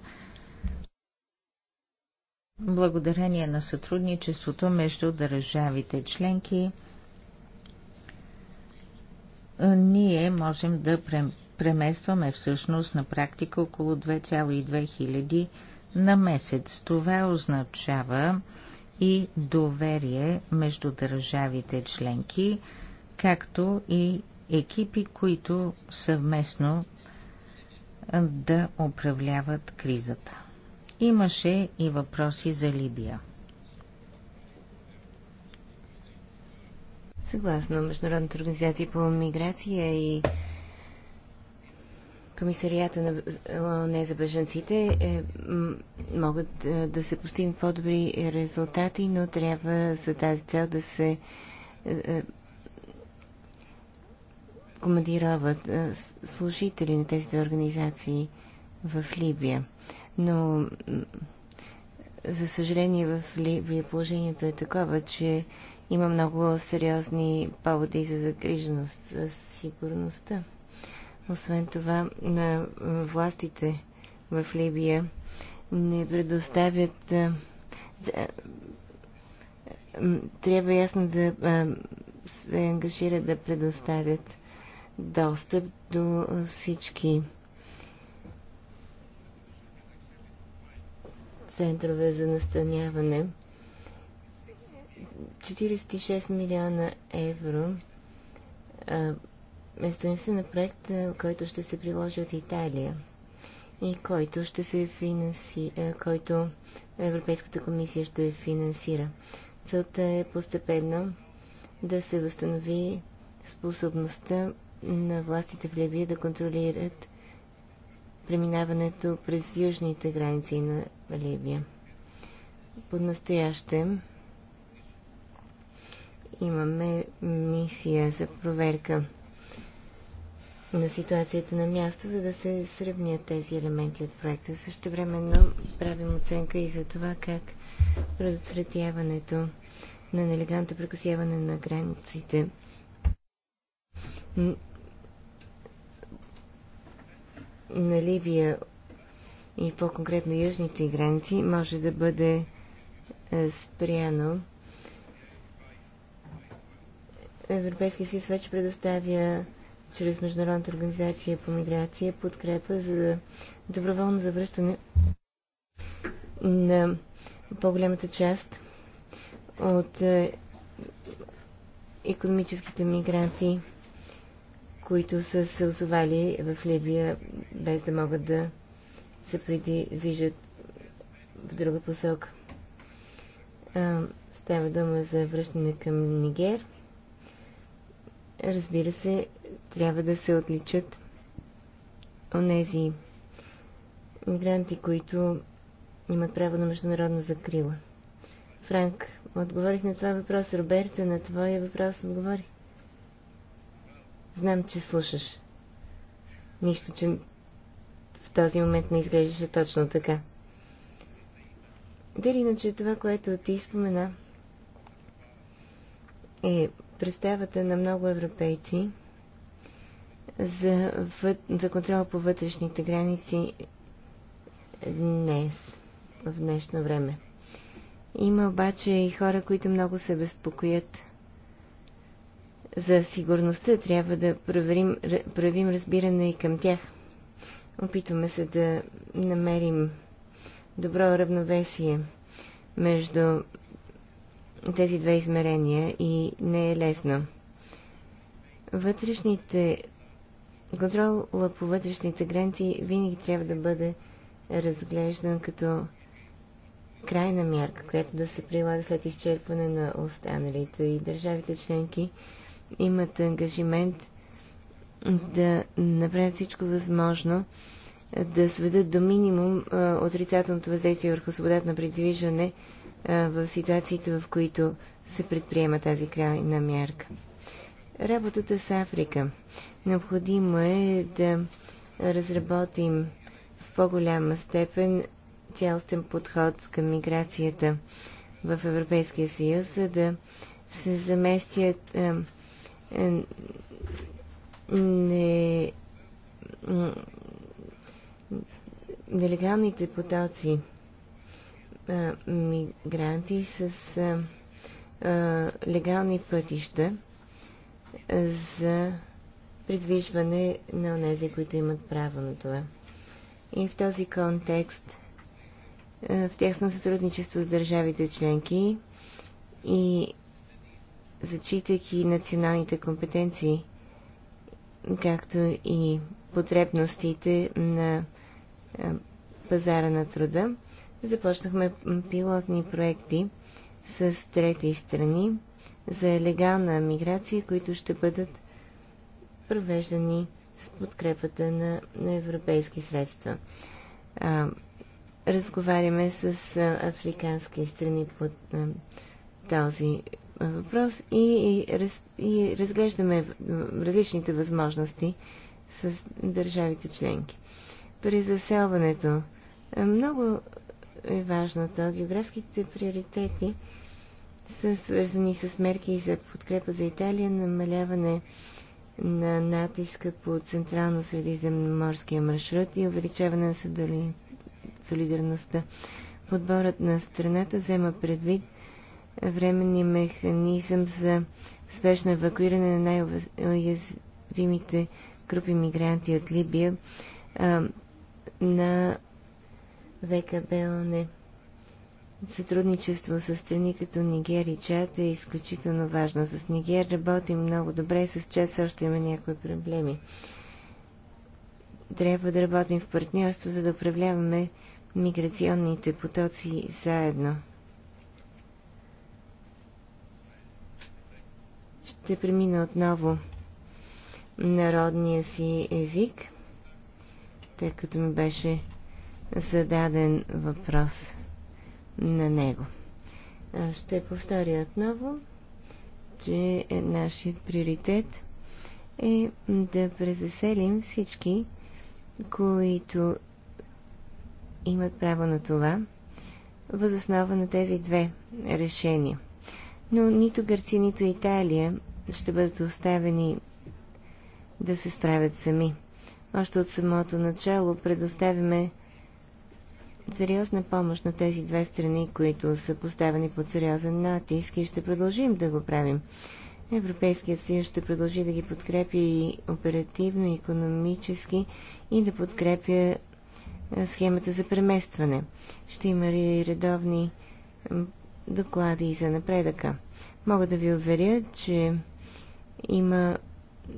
Благодарение на сътрудничеството между държавите членки, ние можем да преместваме всъщност на практика около 2,2 хиляди на месец. Това означава и доверие между държавите членки, както и екипи, които съвместно да управляват кризата. Имаше и въпроси за Либия. Съгласно Международната организация по миграция и комисарията на не за бежанците е, могат да се постигнат по-добри резултати, но трябва за тази цел да се е, е командироват служители на тези две организации в Либия. Но за съжаление в Либия положението е такова, че има много сериозни поводи за загриженост за сигурността. Освен това, на властите в Либия не предоставят. Трябва ясно да се ангажират да предоставят достъп до всички центрове за настаняване. 46 милиона евро а, стойността на проекта, е, който ще се приложи от Италия и който ще се финанси, е, който Европейската комисия ще финансира. Целта е постепенно да се възстанови способността на властите в Ливия да контролират преминаването през южните граници на Ливия. Под настояще имаме мисия за проверка на ситуацията на място, за да се сравнят тези елементи от проекта. Също времено правим оценка и за това как предотвратяването на нелегалното прекосяване на границите на Ливия и по-конкретно южните граници може да бъде е, спряно. Европейския съюз вече предоставя чрез Международната организация по миграция подкрепа за доброволно завръщане на по-голямата част от економическите мигранти, които са се озовали в Либия без да могат да се предвижат в друга посока. Става дума за връщане към Нигер. Разбира се, трябва да се отличат онези мигранти, които имат право на международна закрила. Франк, отговорих на това въпрос. Роберта, на твоя въпрос отговори. Знам, че слушаш. Нищо, че в този момент не изглеждаше точно така. Дали иначе това, което ти спомена, е представата на много европейци, за, за контрол по вътрешните граници днес, в днешно време. Има обаче и хора, които много се безпокоят за сигурността. Трябва да проверим, проявим разбиране и към тях. Опитваме се да намерим добро равновесие между тези две измерения и не е лесно. Вътрешните контрола по вътрешните граници винаги трябва да бъде разглеждан като крайна мярка, която да се прилага след изчерпване на останалите и държавите членки имат ангажимент да направят всичко възможно да сведат до минимум а, отрицателното въздействие върху свободата на придвижване а, в ситуациите, в които се предприема тази крайна мярка работата с Африка. Необходимо е да разработим в по-голяма степен цялостен подход към миграцията в Европейския съюз, за да се заместят а, а, не, нелегалните потоци а, мигранти с легални пътища за придвижване на онези, които имат право на това. И в този контекст, е, в тяхно сътрудничество с държавите членки и зачитайки националните компетенции, както и потребностите на е, пазара на труда, започнахме пилотни проекти с трети страни за легална миграция, които ще бъдат провеждани с подкрепата на, на европейски средства. А, разговаряме с а, африкански страни под а, този въпрос и, и, раз, и разглеждаме различните възможности с държавите членки. При заселването много е важно то. Географските приоритети са свързани с мерки за подкрепа за Италия, намаляване на натиска по Централно-Средиземноморския маршрут и увеличаване на солидарността. Подборът на страната взема предвид временни механизъм за спешно евакуиране на най-уязвимите групи мигранти от Либия а, на ВКБ ОНЕ. Сътрудничество с страни като Нигер и Чад е изключително важно. С Нигер работим много добре, с Чад също има някои проблеми. Трябва да работим в партньорство, за да управляваме миграционните потоци заедно. Ще премина отново народния си език, тъй като ми беше зададен въпрос на него. Ще повторя отново, че е нашият приоритет е да презаселим всички, които имат право на това, възоснова на тези две решения. Но нито Гърция, нито Италия ще бъдат оставени да се справят сами. Още от самото начало предоставяме сериозна помощ на тези две страни, които са поставени под сериозен натиск и ще продължим да го правим. Европейският съюз ще продължи да ги подкрепи и оперативно, и економически и да подкрепя схемата за преместване. Ще има и редовни доклади за напредъка. Мога да ви уверя, че има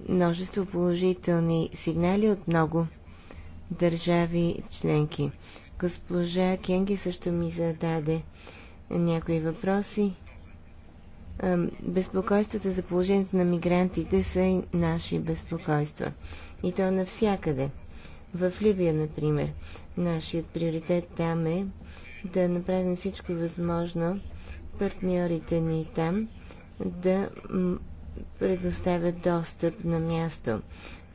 множество положителни сигнали от много държави членки. Госпожа Кенги също ми зададе някои въпроси. Безпокойствата за положението на мигрантите са и наши безпокойства. И то навсякъде. В Либия, например, нашият приоритет там е да направим всичко възможно партньорите ни там да предоставят достъп на място.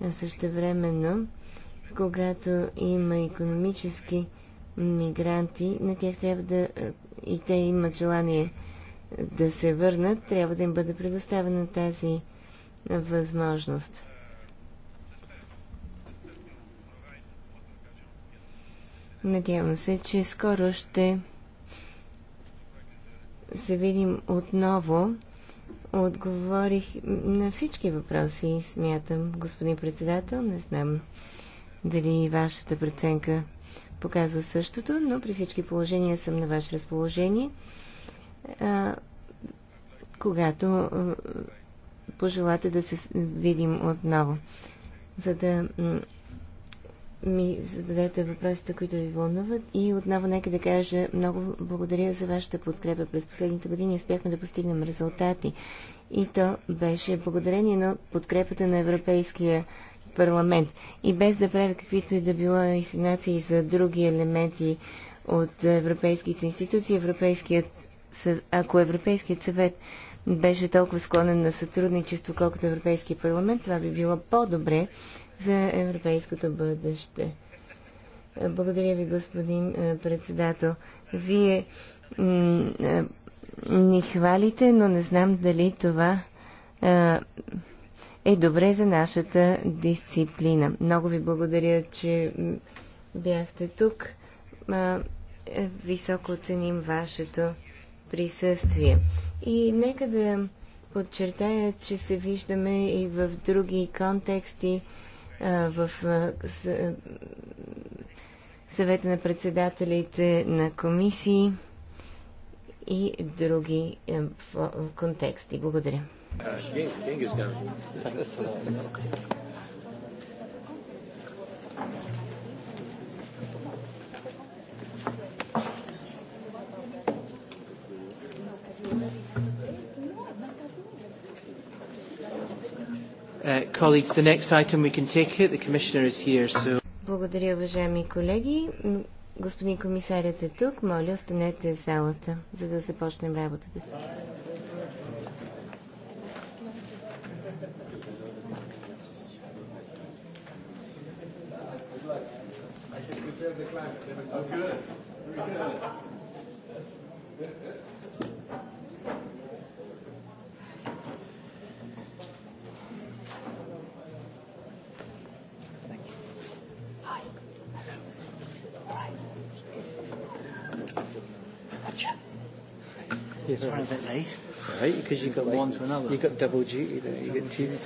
А също времено, когато има економически мигранти, на тях трябва да и те имат желание да се върнат, трябва да им бъде предоставена тази възможност. Надявам се, че скоро ще се видим отново. Отговорих на всички въпроси, смятам, господин председател. Не знам дали вашата преценка показва същото, но при всички положения съм на ваше разположение. А, когато а, пожелате да се видим отново, за да ми зададете въпросите, които ви вълнуват. И отново нека да кажа много благодаря за вашата подкрепа. През последните години успяхме да постигнем резултати. И то беше благодарение на подкрепата на Европейския парламент. И без да прави, каквито и да било инсинации за други елементи от европейските институции, Европейският, ако Европейският съвет беше толкова склонен на сътрудничество, колкото Европейския парламент, това би било по-добре за европейското бъдеще. Благодаря ви, господин е, председател. Вие е, ни хвалите, но не знам дали това е, е добре за нашата дисциплина. Много ви благодаря, че бяхте тук. Е, високо оценим вашето присъствие. И нека да подчертая, че се виждаме и в други контексти, в съвета на председателите на комисии и други е, контексти. Благодаря. Uh, Благодаря, уважаеми колеги. Господин комисарят е тук. Моля, останете в залата, за да започнем работата. there's the climate. Oh, good. Very good. Yes, sorry, a bit late. Sorry, because you've got one to another. You've got double duty there. You've got two.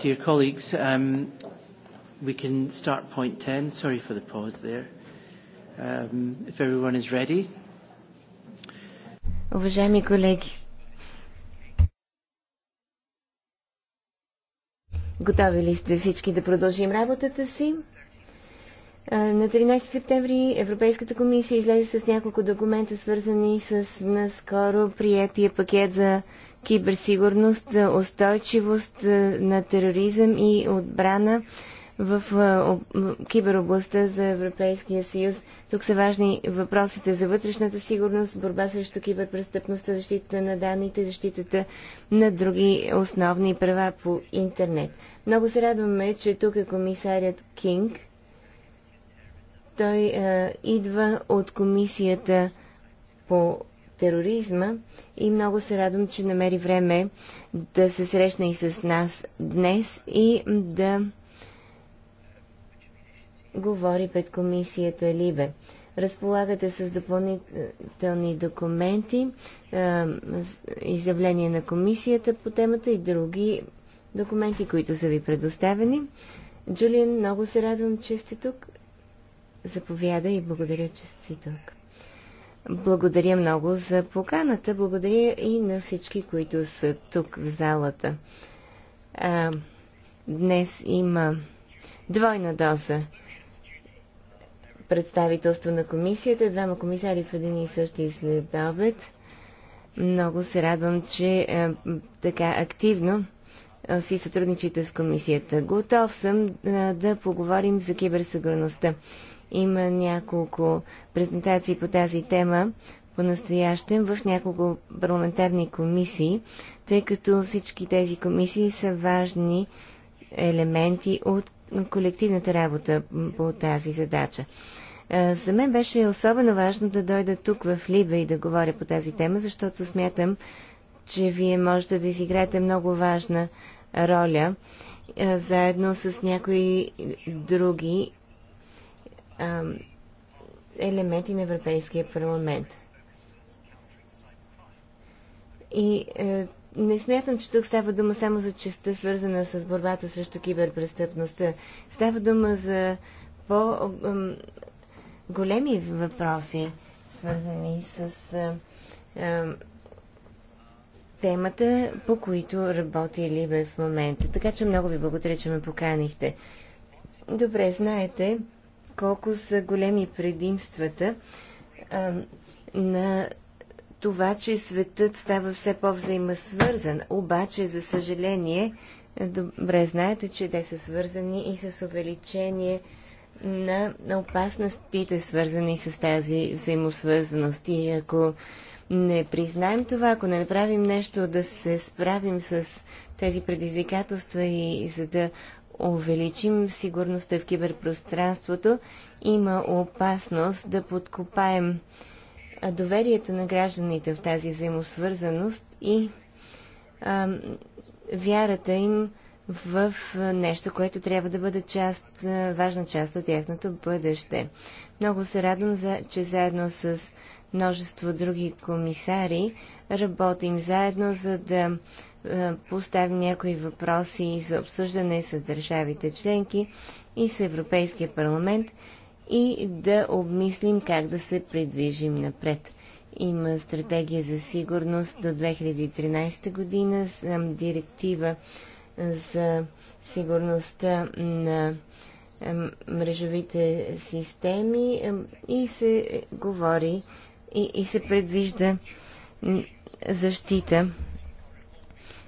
Dear colleagues, um, we can start point 10. Sorry for the pause there. Um, if everyone is ready. Уважаеми колеги, готови ли сте всички да продължим работата си? На 13 септември Европейската комисия излезе с няколко документа, свързани с наскоро приятия пакет за киберсигурност, устойчивост на тероризъм и отбрана в киберобластта за Европейския съюз. Тук са важни въпросите за вътрешната сигурност, борба срещу киберпрестъпността, защитата на данните, защитата на други основни права по интернет. Много се радваме, че тук е комисарят Кинг – той а, е, идва от комисията по тероризма и много се радвам, че намери време да се срещне и с нас днес и да говори пред комисията Либе. Разполагате с допълнителни документи, е, изявление на комисията по темата и други документи, които са ви предоставени. Джулиан, много се радвам, че сте тук. Заповяда и благодаря, че си тук. Благодаря много за поканата. Благодаря и на всички, които са тук в залата. А, днес има двойна доза представителство на комисията. Двама комисари в един и същи следобед. Много се радвам, че а, така активно си сътрудничите с комисията. Готов съм а, да поговорим за киберсигурността. Има няколко презентации по тази тема по-настоящем в няколко парламентарни комисии, тъй като всички тези комисии са важни елементи от колективната работа по тази задача. Е, за мен беше особено важно да дойда тук в Либе и да говоря по тази тема, защото смятам, че вие можете да изиграете много важна роля е, заедно с някои други елементи на Европейския парламент. И е, не смятам, че тук става дума само за частта, свързана с борбата срещу киберпрестъпността. Става дума за по-големи въпроси, свързани с е, е, темата, по които работи Либе в момента. Така че много ви благодаря, че ме поканихте. Добре, знаете, колко са големи предимствата а, на това, че светът става все по-взаимосвързан. Обаче, за съжаление, добре знаете, че те са свързани и с увеличение на, на опасностите, свързани с тази взаимосвързаност. И ако не признаем това, ако не направим нещо да се справим с тези предизвикателства и за да увеличим сигурността в киберпространството, има опасност да подкопаем доверието на гражданите в тази взаимосвързаност и а, вярата им в нещо, което трябва да бъде част, важна част от тяхното бъдеще. Много се радвам, за, че заедно с множество други комисари работим заедно, за да е, постави някои въпроси за обсъждане с държавите членки и с Европейския парламент и да обмислим как да се придвижим напред. Има стратегия за сигурност до 2013 година, директива за сигурността на е, мрежовите системи е, и се говори и, и се предвижда защита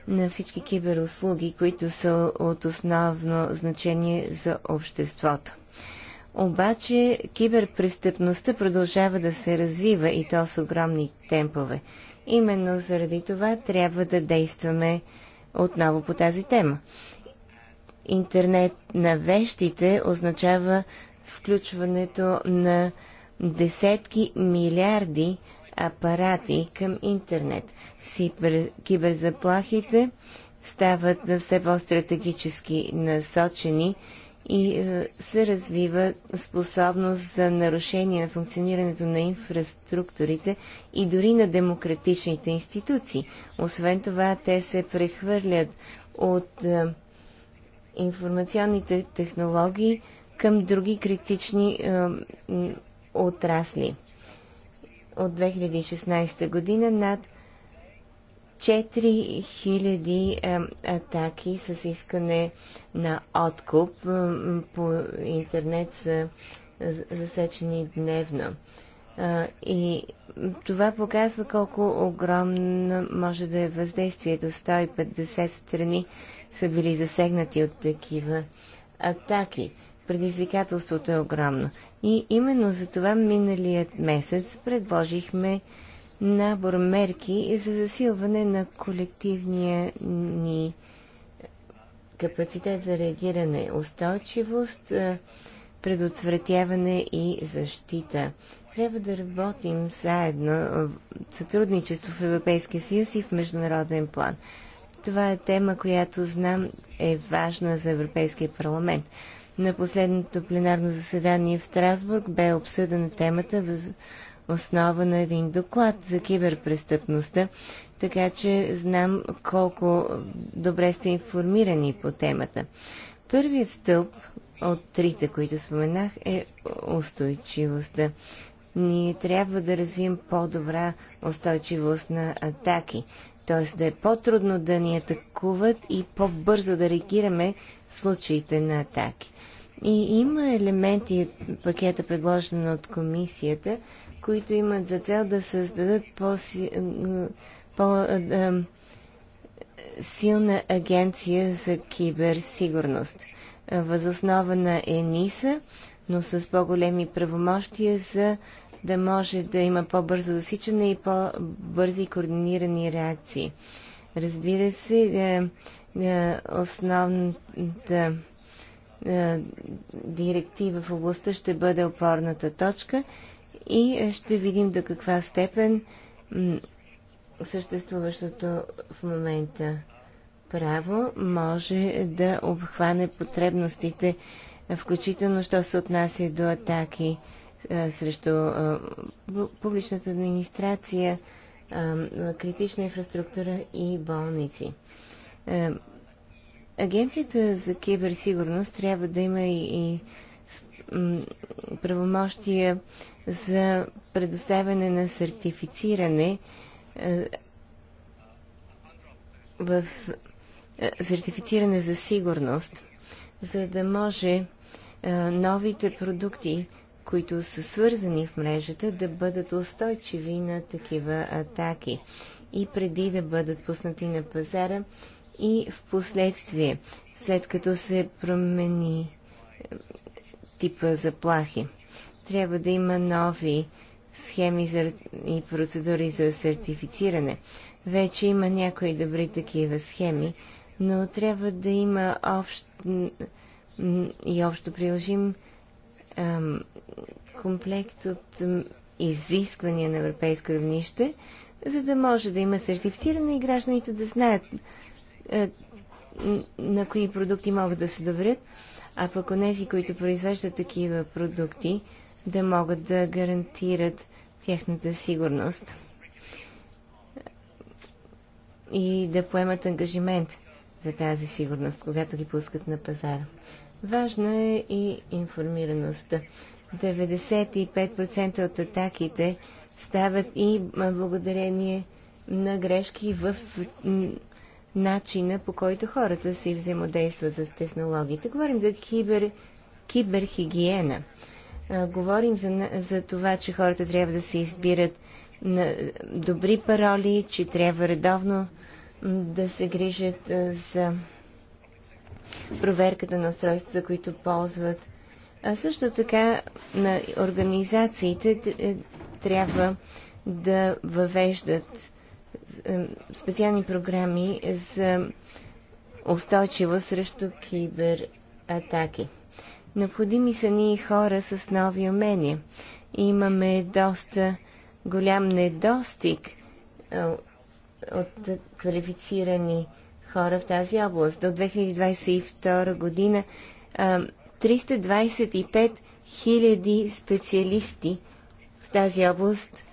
на всички киберуслуги, които са от основно значение за обществото. Обаче киберпрестъпността продължава да се развива и то с огромни темпове. Именно заради това трябва да действаме отново по тази тема. Интернет на вещите означава включването на десетки милиарди апарати към интернет. Сипер, киберзаплахите стават все по-стратегически насочени и е, се развива способност за нарушение на функционирането на инфраструктурите и дори на демократичните институции. Освен това, те се прехвърлят от е, информационните технологии към други критични е, отрасли от 2016 година над 4000 атаки с искане на откуп по интернет са засечени дневно. И това показва колко огромно може да е въздействието. 150 страни са били засегнати от такива атаки предизвикателството е огромно. И именно за това миналият месец предложихме набор мерки за засилване на колективния ни капацитет за реагиране, устойчивост, е, предотвратяване и защита. Трябва да работим заедно в сътрудничество в Европейския съюз и в международен план. Това е тема, която знам е важна за Европейския парламент. На последното пленарно заседание в Страсбург бе обсъдена темата в основа на един доклад за киберпрестъпността, така че знам колко добре сте информирани по темата. Първият стълб от трите, които споменах, е устойчивостта. Ние трябва да развием по-добра устойчивост на атаки т.е. да е по-трудно да ни атакуват и по-бързо да реагираме в случаите на атаки. И има елементи от пакета, предложен от комисията, които имат за цел да създадат по-силна е, по, е, е, агенция за киберсигурност. Възоснова на ЕНИСА, но с по-големи правомощия за да може да има по-бързо засичане и по-бързи координирани реакции. Разбира се, е, е, основната е, директива в областта ще бъде опорната точка и ще видим до каква степен съществуващото в момента право може да обхване потребностите, включително що се отнася до атаки е, срещу е, публичната администрация, е, критична инфраструктура и болници. Агенцията за киберсигурност трябва да има и, и правомощия за предоставяне на сертифициране в сертифициране за сигурност, за да може новите продукти, които са свързани в мрежата, да бъдат устойчиви на такива атаки и преди да бъдат пуснати на пазара и в последствие, след като се промени е, типа заплахи. Трябва да има нови схеми за, и процедури за сертифициране. Вече има някои добри такива схеми, но трябва да има общ и общо приложим ам, комплект от ам, изисквания на европейско равнище, за да може да има сертифициране и гражданите да знаят а, е, на кои продукти могат да се доверят, а пък онези, които произвеждат такива продукти, да могат да гарантират тяхната сигурност и да поемат ангажимент за тази сигурност, когато ги пускат на пазара. Важна е и информираността. 95% от атаките стават и благодарение на грешки в начина по който хората си взаимодействат с технологиите. Говорим за кибер, киберхигиена. говорим за, за това, че хората трябва да се избират на добри пароли, че трябва редовно да се грижат за проверката на устройствата, които ползват. А също така на организациите е, трябва да въвеждат е, специални програми за устойчиво срещу кибератаки. Необходими са ни хора с нови умения. Имаме доста голям недостиг е, от квалифицирани хора в тази област. До 2022 година 325 000 специалисти в тази област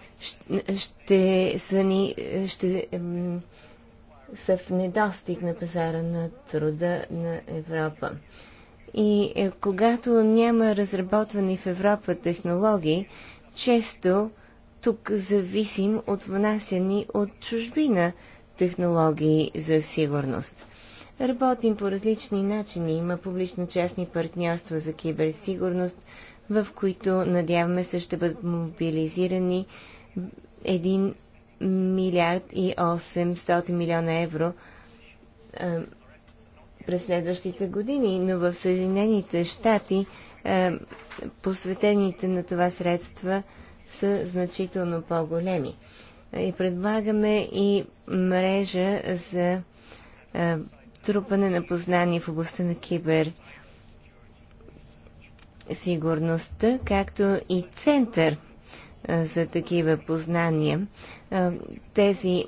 ще са, ни, ще, са в недостиг на пазара на труда на Европа. И е, когато няма разработвани в Европа технологии, често тук зависим от внасяни от чужбина технологии за сигурност. Работим по различни начини. Има публично-частни партньорства за киберсигурност, в които, надяваме се, ще бъдат мобилизирани 1 милиард и 800 милиона евро през следващите години, но в Съединените щати посветените на това средства са значително по-големи. И предлагаме и мрежа за а, трупане на познания в областта на кибер сигурността, както и център за такива познания. тези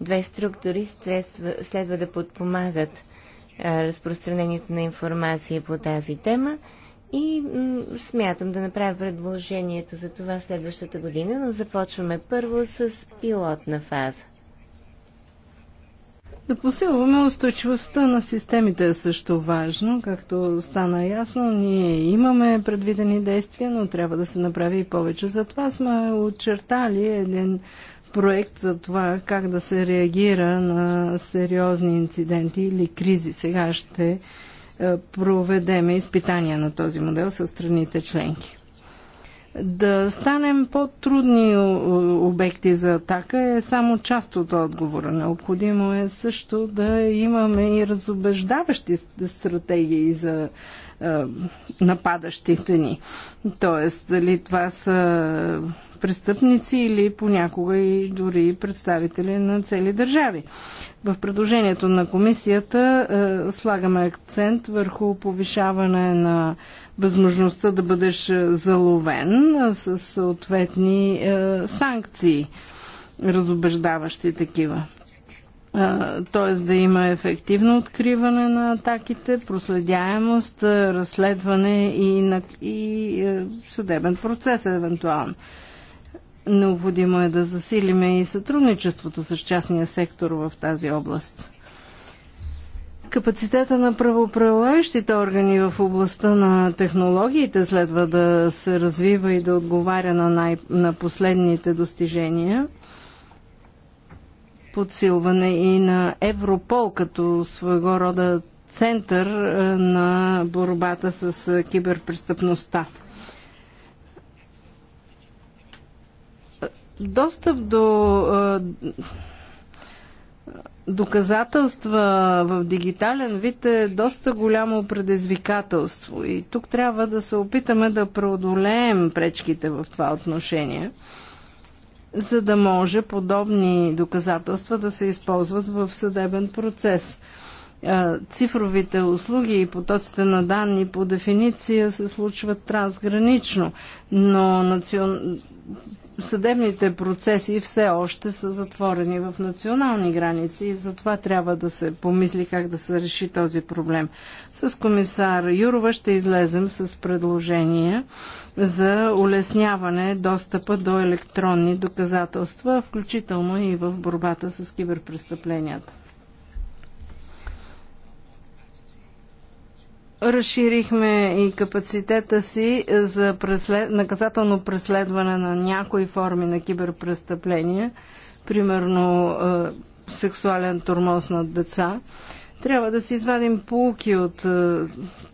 две структури следва да подпомагат разпространението на информация по тази тема и смятам да направя предложението за това следващата година, но започваме първо с пилотна фаза. Да посилваме устойчивостта на системите е също важно. Както стана ясно, ние имаме предвидени действия, но трябва да се направи и повече. Затова сме очертали един проект за това как да се реагира на сериозни инциденти или кризи. Сега ще е, проведеме изпитания на този модел с страните членки. Да станем по-трудни обекти за атака е само част от отговора. Необходимо е също да имаме и разобеждаващи стратегии за е, нападащите ни. Тоест, дали това са престъпници или понякога и дори представители на цели държави. В предложението на комисията е, слагаме акцент върху повишаване на възможността да бъдеш е, заловен е, с съответни е, санкции, разобеждаващи такива т.е. да има ефективно откриване на атаките, проследяемост, е, разследване и, и съдебен процес евентуално. Необходимо е да засилиме и сътрудничеството с частния сектор в тази област. Капацитета на правоправилащите органи в областта на технологиите следва да се развива и да отговаря на, най- на последните достижения. Подсилване и на Европол като своего рода център е, на борбата с киберпрестъпността. Достъп до доказателства в дигитален вид е доста голямо предизвикателство и тук трябва да се опитаме да преодолеем пречките в това отношение, за да може подобни доказателства да се използват в съдебен процес. Цифровите услуги и потоците на данни по дефиниция се случват трансгранично, но национ съдебните процеси все още са затворени в национални граници и затова трябва да се помисли как да се реши този проблем. С комисар Юрова ще излезем с предложение за улесняване достъпа до електронни доказателства, включително и в борбата с киберпрестъпленията. Разширихме и капацитета си за преслед... наказателно преследване на някои форми на киберпрестъпления, примерно е, сексуален тормоз на деца. Трябва да си извадим полуки от е,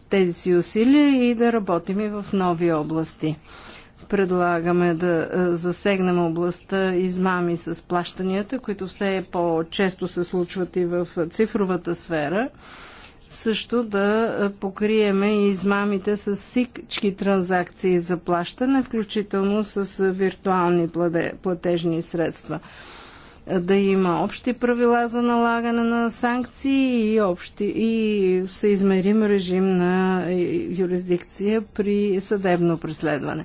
тези си усилия и да работим и в нови области. Предлагаме да е, засегнем областта измами с плащанията, които все по-често се случват и в цифровата сфера също да покриеме и измамите с всички транзакции за плащане, включително с виртуални платежни средства. Да има общи правила за налагане на санкции и, общи, и съизмерим режим на юрисдикция при съдебно преследване.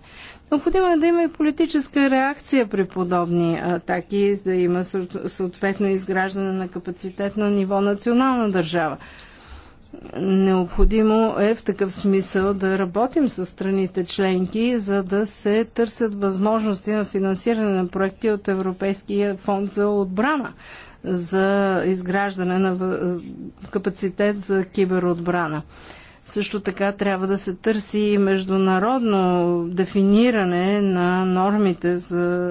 Необходимо е да има и политическа реакция при подобни атаки, да има съответно изграждане на капацитет на ниво национална държава. Необходимо е в такъв смисъл да работим с страните членки, за да се търсят възможности на финансиране на проекти от Европейския фонд за отбрана за изграждане на капацитет за киберотбрана. Също така трябва да се търси международно дефиниране на нормите за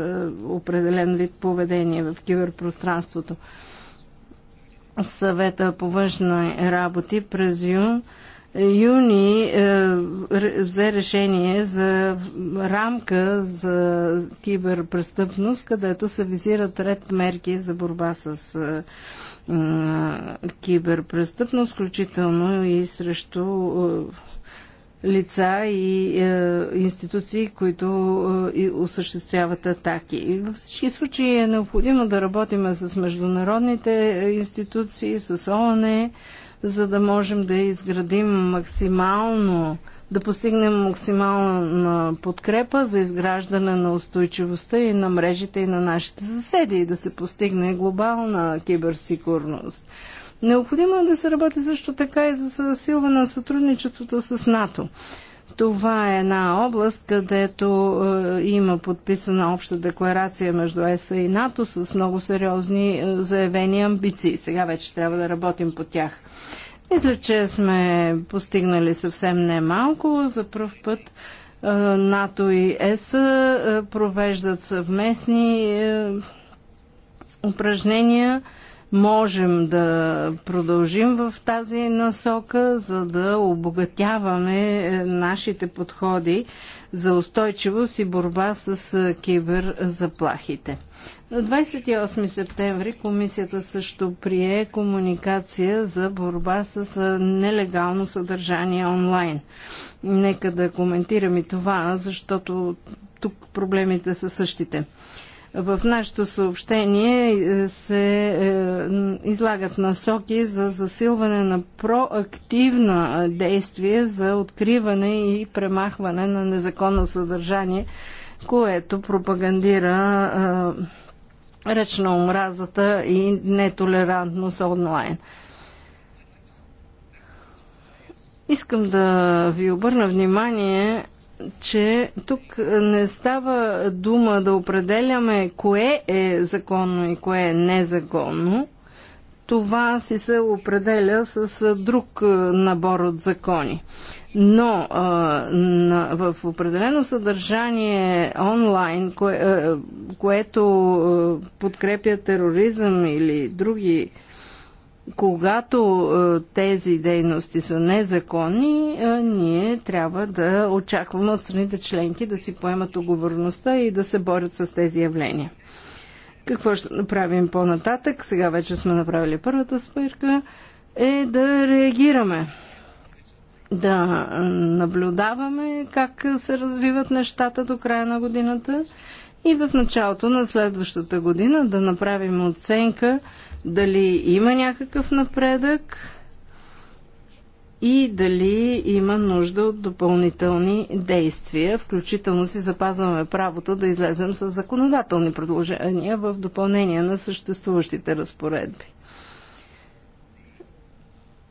определен вид поведение в киберпространството съвета по външни работи през юн, юни е, взе решение за рамка за киберпрестъпност, където се визират ред мерки за борба с е, е, киберпрестъпност, включително и срещу е, лица и е, институции, които е, осъществяват атаки. И във всички случаи е необходимо да работим с международните е, институции, с ООН, за да можем да изградим максимално, да постигнем максимална подкрепа за изграждане на устойчивостта и на мрежите и на нашите съседи и да се постигне глобална киберсигурност. Необходимо е да се работи също така и за засилване на сътрудничеството с НАТО. Това е една област, където е, има подписана обща декларация между ЕСА и НАТО с много сериозни е, заявени амбиции. Сега вече трябва да работим по тях. Мисля, че сме постигнали съвсем немалко. За първ път е, НАТО и ЕС е, провеждат съвместни е, упражнения. Е, можем да продължим в тази насока, за да обогатяваме е, нашите подходи за устойчивост и борба с е, киберзаплахите. На 28 септември комисията също прие комуникация за борба с е, нелегално съдържание онлайн. Нека да коментирам и това, защото тук проблемите са същите. В нашето съобщение е, се е, излагат насоки за засилване на проактивно е, действие за откриване и премахване на незаконно съдържание, което пропагандира реч на омразата и нетолерантност онлайн. Искам да ви обърна внимание че тук не става дума да определяме кое е законно и кое е незаконно. Това си се определя с друг набор от закони. Но а, на, в определено съдържание онлайн, кое, а, което а, подкрепя тероризъм или други а, когато е, тези дейности са незаконни, е, ние трябва да очакваме от страните членки да си поемат отговорността и да се борят с тези явления. Какво ще направим по-нататък? Сега вече сме направили първата спирка. Е да реагираме. Да е, наблюдаваме как се развиват нещата до края на годината и в началото на следващата година да направим оценка дали има някакъв напредък и дали има нужда от допълнителни действия. Включително си запазваме правото да излезем с законодателни предложения в допълнение на съществуващите разпоредби.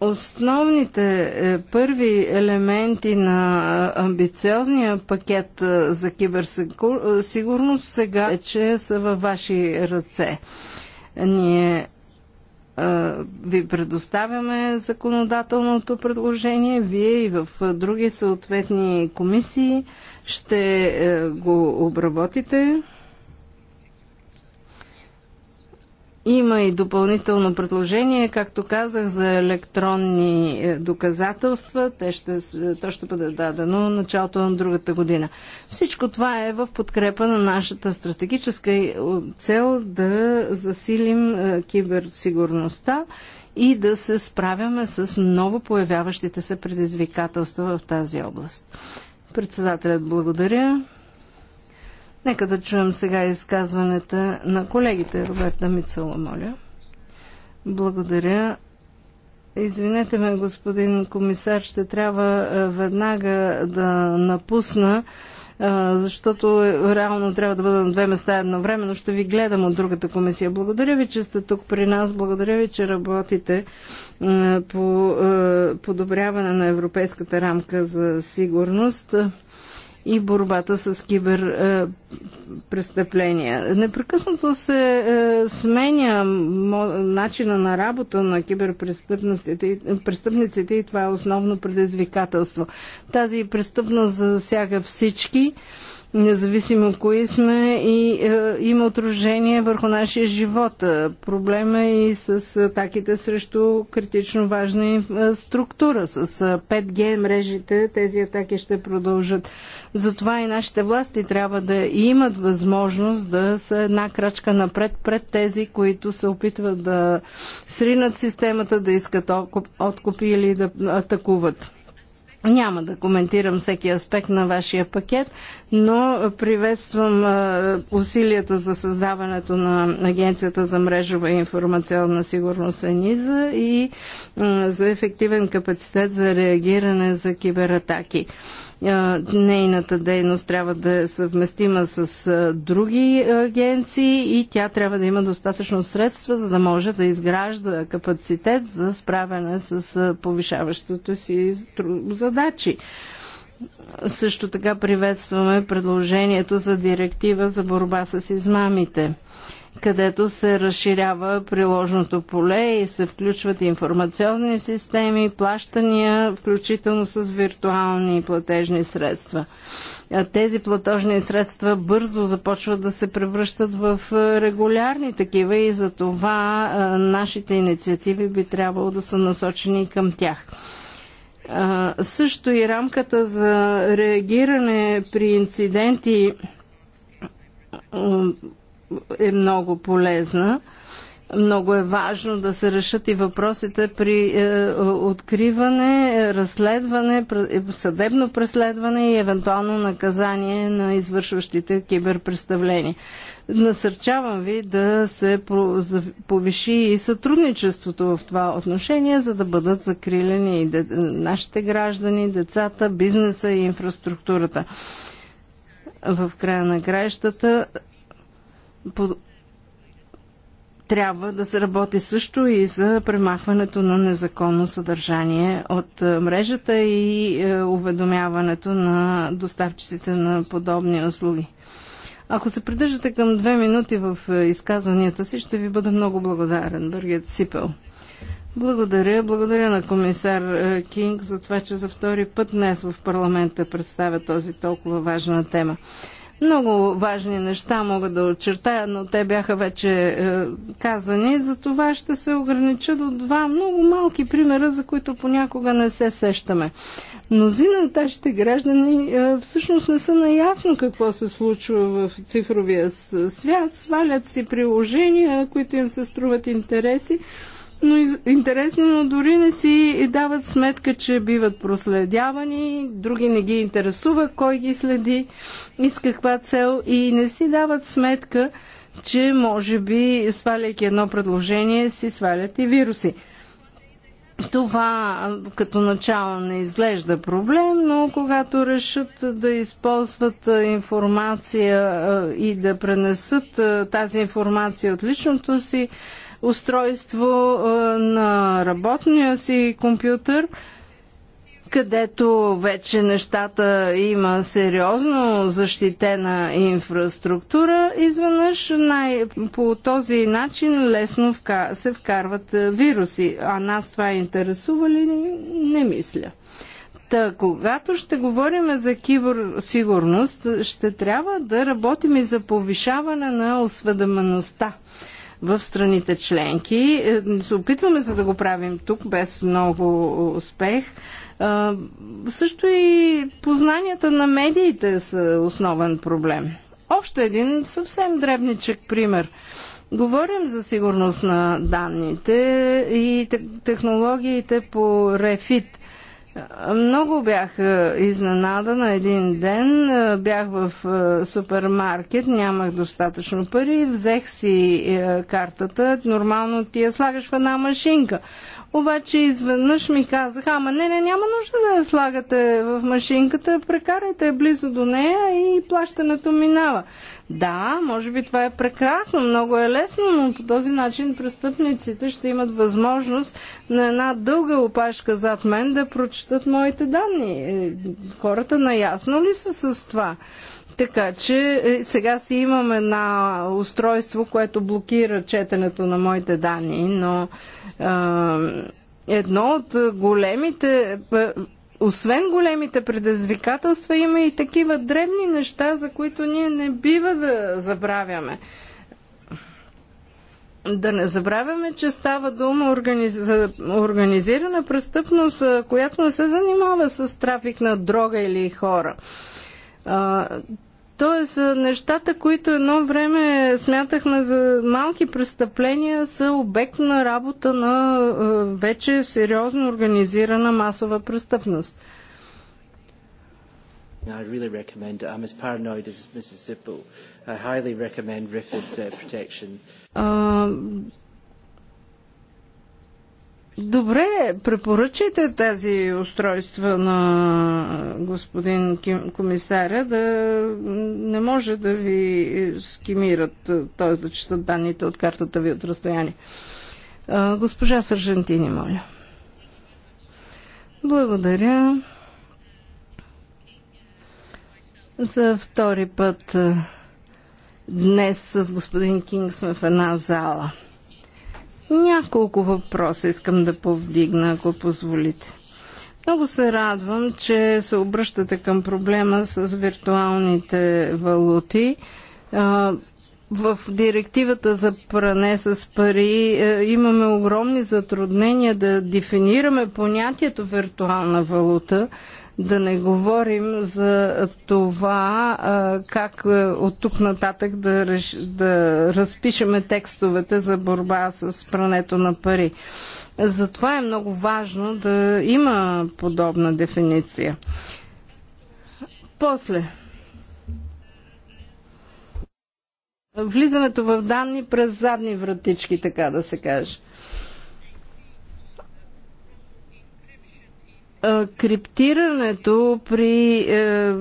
Основните е, първи елементи на е, амбициозния пакет е, за киберсигурност сега вече са във ваши ръце. Ние ви предоставяме законодателното предложение, вие и в други съответни комисии ще го обработите. Има и допълнително предложение, както казах, за електронни е, доказателства. Те ще, е, то ще бъде дадено началото на другата година. Всичко това е в подкрепа на нашата стратегическа е, цел да засилим киберсигурността и да се справяме с ново появяващите се предизвикателства в тази област. Председателят благодаря. Нека да чуем сега изказването на колегите. Роберта Мицела, моля. Благодаря. Извинете ме, господин комисар, ще трябва е, веднага да напусна, е, защото е, реално трябва да бъда на две места едновременно. Ще ви гледам от другата комисия. Благодаря ви, че сте тук при нас. Благодаря ви, че работите по подобряване на европейската рамка за сигурност и борбата с киберпрестъпления. Е, Непрекъснато се е, сменя начина на работа на киберпрестъпниците и това е основно предизвикателство. Тази престъпност засяга всички независимо кои сме, и е, има отражение върху нашия живот. Е, проблема е и с атаките срещу критично важна е, структура. С 5G е, мрежите тези атаки ще продължат. Затова и нашите власти трябва да имат възможност да са една крачка напред пред тези, които се опитват да сринат системата, да искат откупи или да атакуват. Няма да коментирам всеки аспект на вашия пакет, но приветствам усилията за създаването на Агенцията за мрежова и информационна сигурност ЕНИЗА и за ефективен капацитет за реагиране за кибератаки. Нейната дейност трябва да е съвместима с други агенции и тя трябва да има достатъчно средства, за да може да изгражда капацитет за справяне с повишаващото си задачи. Също така приветстваме предложението за директива за борба с измамите където се разширява приложното поле и се включват информационни системи, плащания, включително с виртуални платежни средства. Тези платежни средства бързо започват да се превръщат в регулярни такива и за това нашите инициативи би трябвало да са насочени към тях. Също и рамката за реагиране при инциденти е много полезна. Много е важно да се решат и въпросите при е, откриване, разследване, е, съдебно преследване и евентуално наказание на извършващите киберпреставления. Насърчавам ви да се повиши и сътрудничеството в това отношение, за да бъдат закрилени и де, нашите граждани, децата, бизнеса и инфраструктурата в края на краищата трябва да се работи също и за премахването на незаконно съдържание от е, мрежата и е, уведомяването на доставчиците на подобни услуги. Ако се придържате към две минути в е, изказванията си, ще ви бъда много благодарен, Бъргет Сипел. Благодаря. Благодаря на комисар Кинг за това, че за втори път днес в парламента представя този толкова важна тема. Много важни неща мога да очертая, но те бяха вече е, казани. За това ще се огранича до два много малки примера, за които понякога не се сещаме. Мнозина от нашите граждани е, всъщност не са наясно какво се случва в цифровия свят. Свалят си приложения, които им се струват интереси но интересно, но дори не си дават сметка, че биват проследявани, други не ги интересува кой ги следи и с каква цел и не си дават сметка, че може би сваляйки едно предложение си свалят и вируси. Това като начало не изглежда проблем, но когато решат да използват информация и да пренесат тази информация от личното си, устройство на работния си компютър, където вече нещата има сериозно защитена инфраструктура, изведнъж най- по този начин лесно вка- се вкарват вируси. А нас това интересува ли? Не мисля. Та, когато ще говорим за киберсигурност, ще трябва да работим и за повишаване на осведомеността в страните членки. Е, се опитваме за да го правим тук без много успех. Е, също и познанията на медиите са основен проблем. Още един съвсем дребничък пример. Говорим за сигурност на данните и технологиите по Refit – много бях е, изненадана един ден. Е, бях в е, супермаркет, нямах достатъчно пари, взех си картата. Нормално ти я слагаш в една машинка. Обаче изведнъж ми казаха, ама не, не, няма нужда да я слагате в машинката, прекарайте близо до нея и плащането минава. Да, може би това е прекрасно, много е лесно, но по този начин престъпниците ще имат възможност на една дълга опашка зад мен да прочитат моите данни. Е, хората наясно ли са с това? Така че е, сега си имам едно устройство, което блокира четенето на моите данни, но а, едно от големите е, освен големите предизвикателства, има и такива дребни неща, за които ние не бива да забравяме. Да не забравяме, че става дума за организирана престъпност, която не се занимава с трафик на дрога или хора. Тоест, нещата, които едно време смятахме за малки престъпления, са обект на работа на вече сериозно организирана масова престъпност. I really recommend I'm uh, as paranoid as Mrs. I uh, highly recommend uh, protection. Uh, Добре, препоръчайте тези устройства на господин комисаря да не може да ви скимират, т.е. да четат данните от картата ви от разстояние. Госпожа Сържантини, моля. Благодаря. За втори път днес с господин Кинг сме в една зала – няколко въпроса искам да повдигна, ако позволите. Много се радвам, че се обръщате към проблема с виртуалните валути. В директивата за пране с пари е, имаме огромни затруднения да дефинираме понятието виртуална валута, да не говорим за това как е, от тук нататък да, реш... да разпишеме текстовете за борба с прането на пари. Затова е много важно да има подобна дефиниция. После. Влизането в данни през задни вратички, така да се каже. криптирането при е,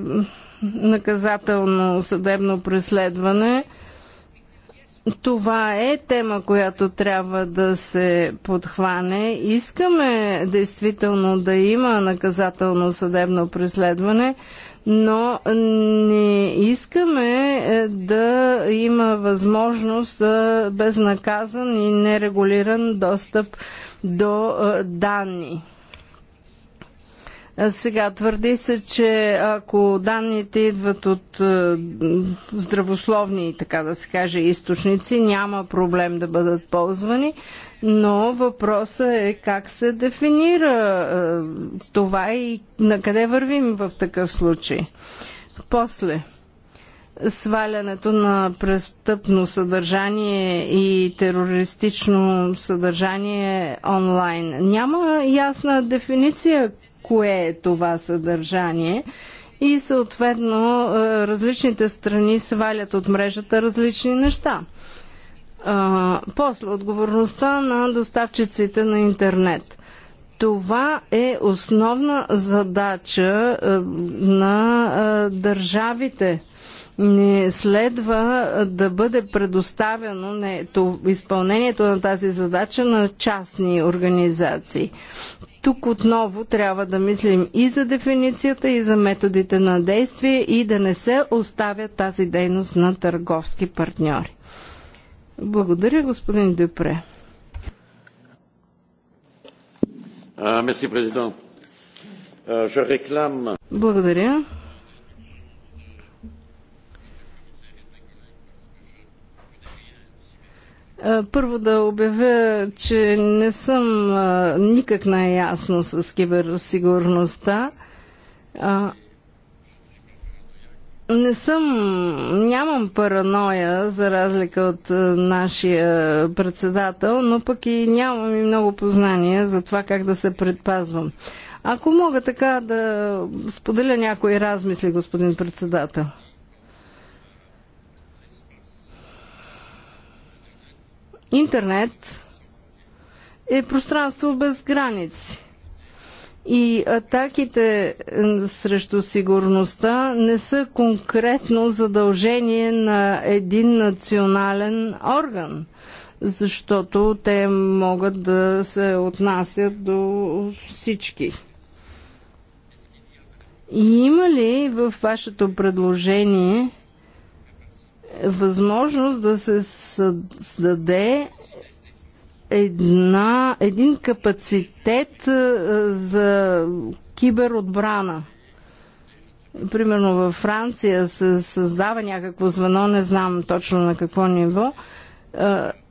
наказателно съдебно преследване. Това е тема, която трябва да се подхване. Искаме действително да има наказателно съдебно преследване, но не искаме е, да има възможност е, безнаказан и нерегулиран достъп до е, данни. Е, сега твърди се, че ако данните идват от е, здравословни, така да се каже, източници, няма проблем да бъдат ползвани, но въпросът е как се дефинира е, това и на къде вървим в такъв случай. После свалянето на престъпно съдържание и терористично съдържание онлайн. Няма ясна дефиниция кое е това съдържание и съответно е, различните страни свалят от мрежата различни неща. А, после отговорността на доставчиците на интернет. Това е основна задача а, е, на а, е, държавите. Не следва да бъде предоставено не, то, изпълнението на тази задача на частни организации. Тук отново трябва да мислим и за дефиницията, и за методите на действие и да не се оставя тази дейност на търговски партньори. Благодаря, господин Дюпре. Благодаря. Първо да обявя, че не съм никак ясно с киберсигурността. Не съм, нямам параноя, за разлика от нашия председател, но пък и нямам и много познания за това как да се предпазвам. Ако мога така да споделя някои размисли, господин председател. интернет е пространство без граници. И атаките е, срещу сигурността не са конкретно задължение на един национален орган, защото те могат да се отнасят до всички. И има ли в вашето предложение възможност да се създаде една, един капацитет за киберотбрана. Примерно във Франция се създава някакво звено, не знам точно на какво ниво,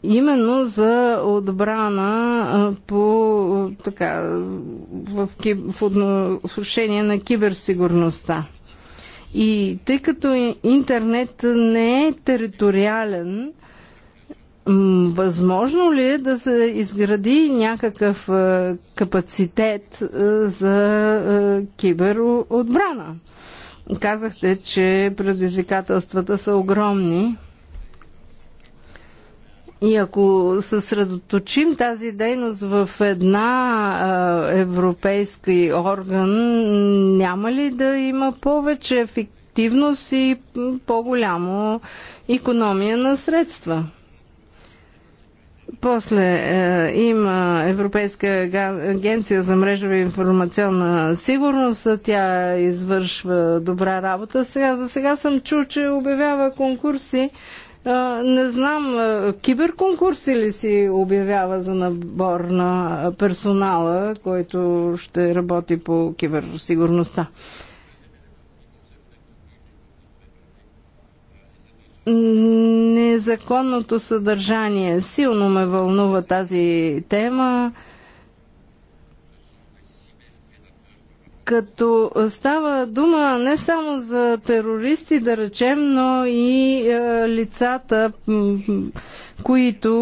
именно за отбрана по, така, в, в отношение на киберсигурността. И тъй като интернет не е териториален, възможно ли е да се изгради някакъв е, капацитет е, за е, киберотбрана? Казахте, че предизвикателствата са огромни. И ако съсредоточим тази дейност в една европейски орган, няма ли да има повече ефективност и по-голямо економия на средства? После е, има Европейска агенция за мрежова информационна сигурност. Тя извършва добра работа. Сега, за сега съм чу, че обявява конкурси не знам, киберконкурс ли си обявява за набор на персонала, който ще работи по киберсигурността? Незаконното съдържание. Силно ме вълнува тази тема. като става дума не само за терористи, да речем, но и е, лицата, които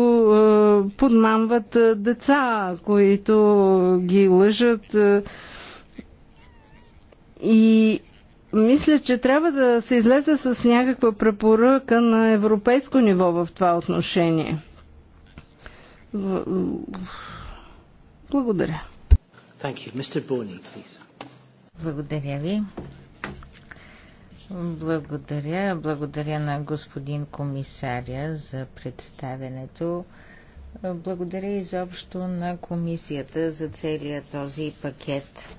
е, подмамват е, деца, които ги лъжат. Е, и мисля, че трябва да се излезе с някаква препоръка на европейско ниво в това отношение. Благодаря. Thank you. Mr. Boney, please. Благодаря ви. Благодаря. Благодаря на господин комисаря за представенето. Благодаря изобщо на комисията за целия този пакет.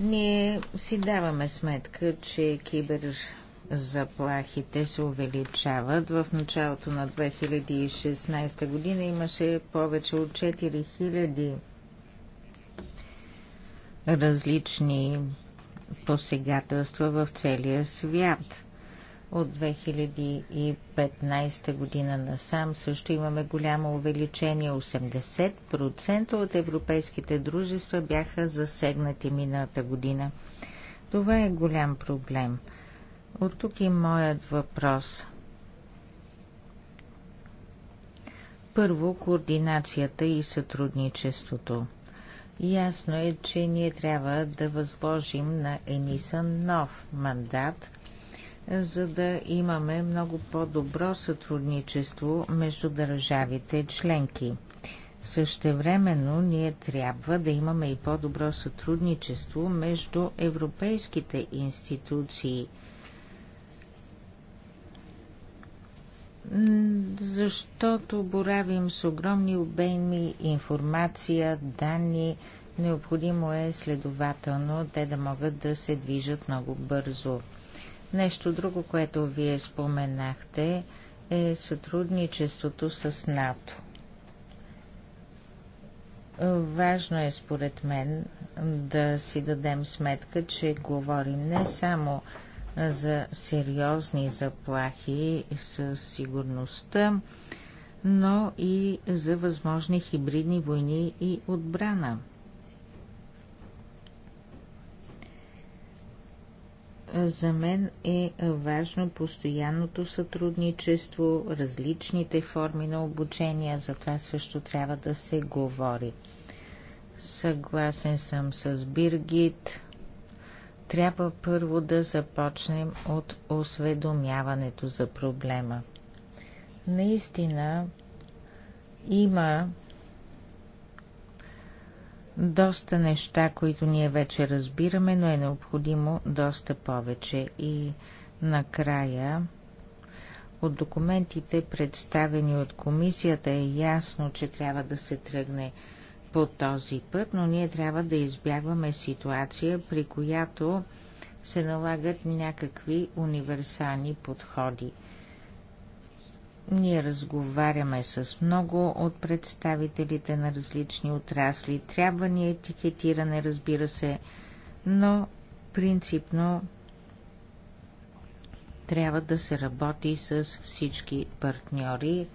Ние си даваме сметка, че кибер заплахите се увеличават. В началото на 2016 година имаше повече от 4000 различни посегателства в целия свят. От 2015 година насам също имаме голямо увеличение. 80% от европейските дружества бяха засегнати миналата година. Това е голям проблем. От тук и моят въпрос. Първо, координацията и сътрудничеството. Ясно е, че ние трябва да възложим на Енисън нов мандат, за да имаме много по-добро сътрудничество между държавите членки. Същевременно ние трябва да имаме и по-добро сътрудничество между европейските институции – защото боравим с огромни обеми информация, данни. Необходимо е следователно те да могат да се движат много бързо. Нещо друго, което вие споменахте, е сътрудничеството с НАТО. Важно е, според мен, да си дадем сметка, че говорим не само за сериозни заплахи със сигурността, но и за възможни хибридни войни и отбрана. За мен е важно постоянното сътрудничество, различните форми на обучение, за това също трябва да се говори. Съгласен съм с Биргит, трябва първо да започнем от осведомяването за проблема. Наистина има доста неща, които ние вече разбираме, но е необходимо доста повече. И накрая от документите, представени от комисията, е ясно, че трябва да се тръгне по този път, но ние трябва да избягваме ситуация, при която се налагат някакви универсални подходи. Ние разговаряме с много от представителите на различни отрасли. Трябва ни етикетиране, разбира се, но принципно трябва да се работи с всички партньори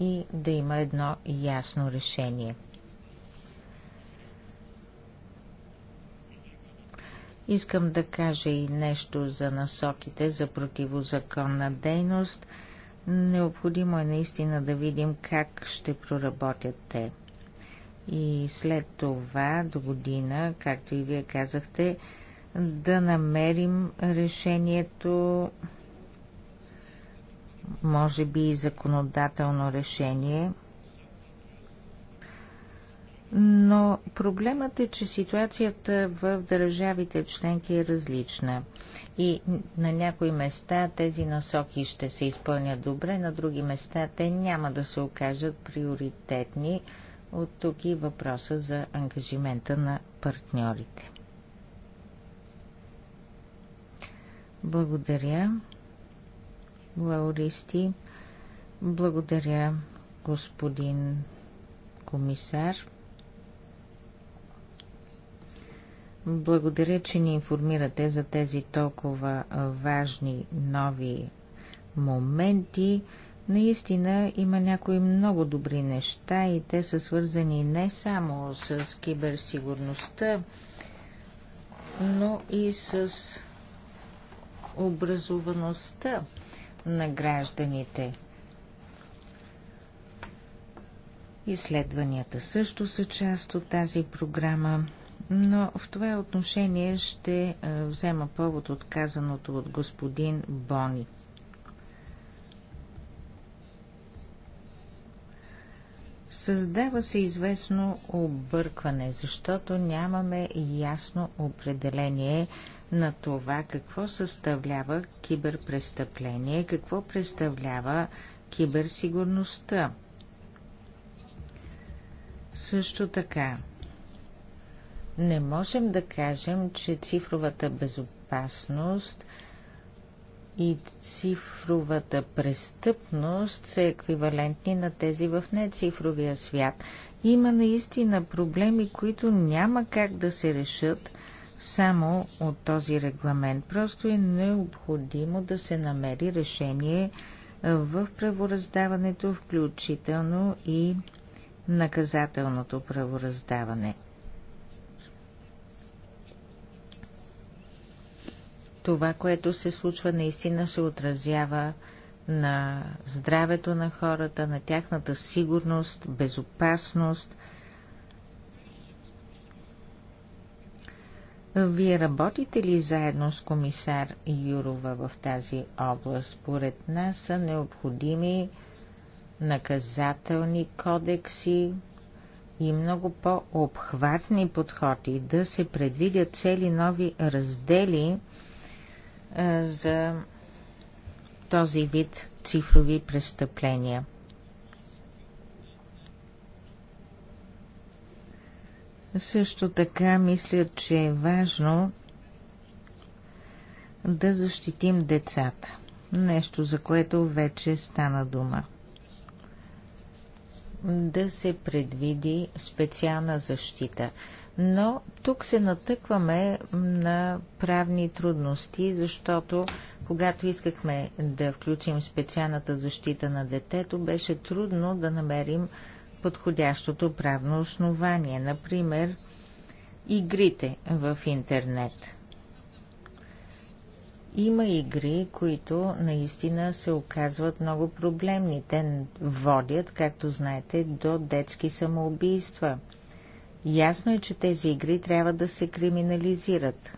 и да има едно ясно решение. Искам да кажа и нещо за насоките за противозаконна дейност. Необходимо е наистина да видим как ще проработят те. И след това, до година, както и вие казахте, да намерим решението, може би и законодателно решение – но проблемът е, че ситуацията в държавите членки е различна. И на някои места тези насоки ще се изпълнят добре, на други места те няма да се окажат приоритетни. От тук и въпроса за ангажимента на партньорите. Благодаря, лауристи. Благодаря, господин комисар. Благодаря, че ни информирате за тези толкова важни нови моменти. Наистина има някои много добри неща и те са свързани не само с киберсигурността, но и с образоваността на гражданите. Изследванията също са част от тази програма. Но в това отношение ще е, взема повод от казаното от господин Бони. Създава се известно объркване, защото нямаме ясно определение на това какво съставлява киберпрестъпление, какво представлява киберсигурността. Също така, не можем да кажем, че цифровата безопасност и цифровата престъпност са еквивалентни на тези в нецифровия свят. Има наистина проблеми, които няма как да се решат само от този регламент. Просто е необходимо да се намери решение в правораздаването, включително и наказателното правораздаване. това, което се случва, наистина се отразява на здравето на хората, на тяхната сигурност, безопасност. Вие работите ли заедно с комисар Юрова в тази област? Според нас са необходими наказателни кодекси и много по-обхватни подходи да се предвидят цели нови раздели е, за този вид цифрови престъпления. Също така мисля, че е важно да защитим децата. Нещо, за което вече стана дума. Да се предвиди специална защита – но тук се натъкваме на правни трудности, защото когато искахме да включим специалната защита на детето, беше трудно да намерим подходящото правно основание, например игрите в интернет. Има игри, които наистина се оказват много проблемни. Те водят, както знаете, до детски самоубийства – Ясно е, че тези игри трябва да се криминализират.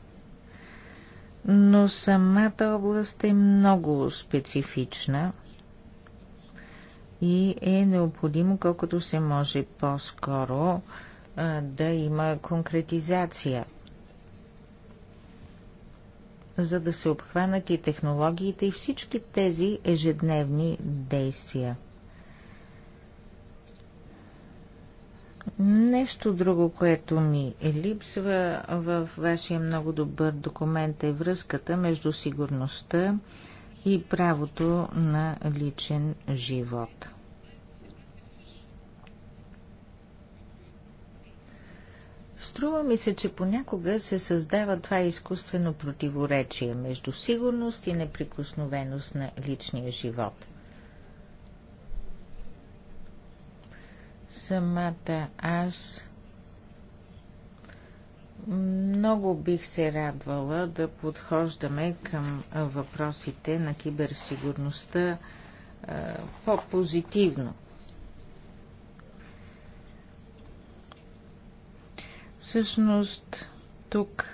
Но самата област е много специфична и е необходимо колкото се може по-скоро да има конкретизация, за да се обхванат и технологиите и всички тези ежедневни действия. Нещо друго, което ми е липсва в вашия много добър документ е връзката между сигурността и правото на личен живот. Струва ми се, че понякога се създава това изкуствено противоречие между сигурност и неприкосновеност на личния живот – Самата аз много бих се радвала да подхождаме към въпросите на киберсигурността по-позитивно. Всъщност, тук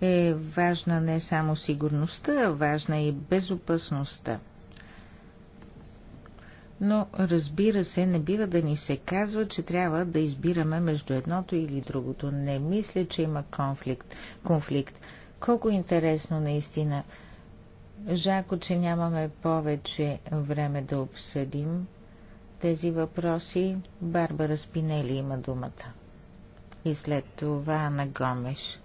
е важна не само сигурността, а важна и безопасността – но разбира се, не бива да ни се казва, че трябва да избираме между едното или другото. Не мисля, че има конфликт. конфликт. Колко интересно наистина. Жако, че нямаме повече време да обсъдим тези въпроси. Барбара Спинели има думата. И след това Ана Гомеш.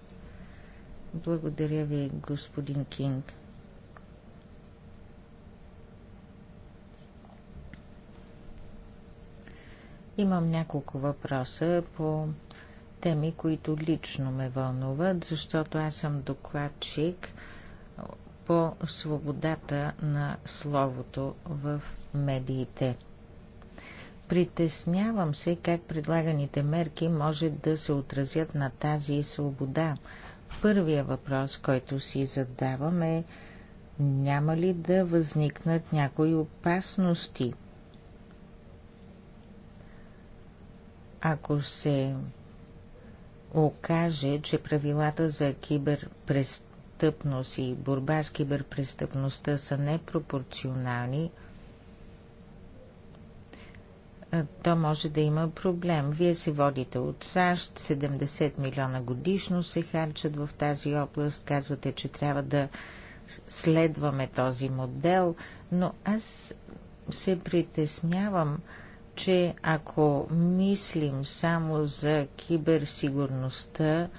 Благодаря ви, господин Кинг. Имам няколко въпроса по теми, които лично ме вълнуват, защото аз съм докладчик по свободата на словото в медиите. Притеснявам се как предлаганите мерки може да се отразят на тази свобода. Първия въпрос, който си задавам е няма ли да възникнат някои опасности – Ако се окаже, че правилата за киберпрестъпност и борба с киберпрестъпността са непропорционални, то може да има проблем. Вие се водите от САЩ, 70 милиона годишно се харчат в тази област, казвате, че трябва да следваме този модел, но аз се притеснявам че ако мислим само за киберсигурността,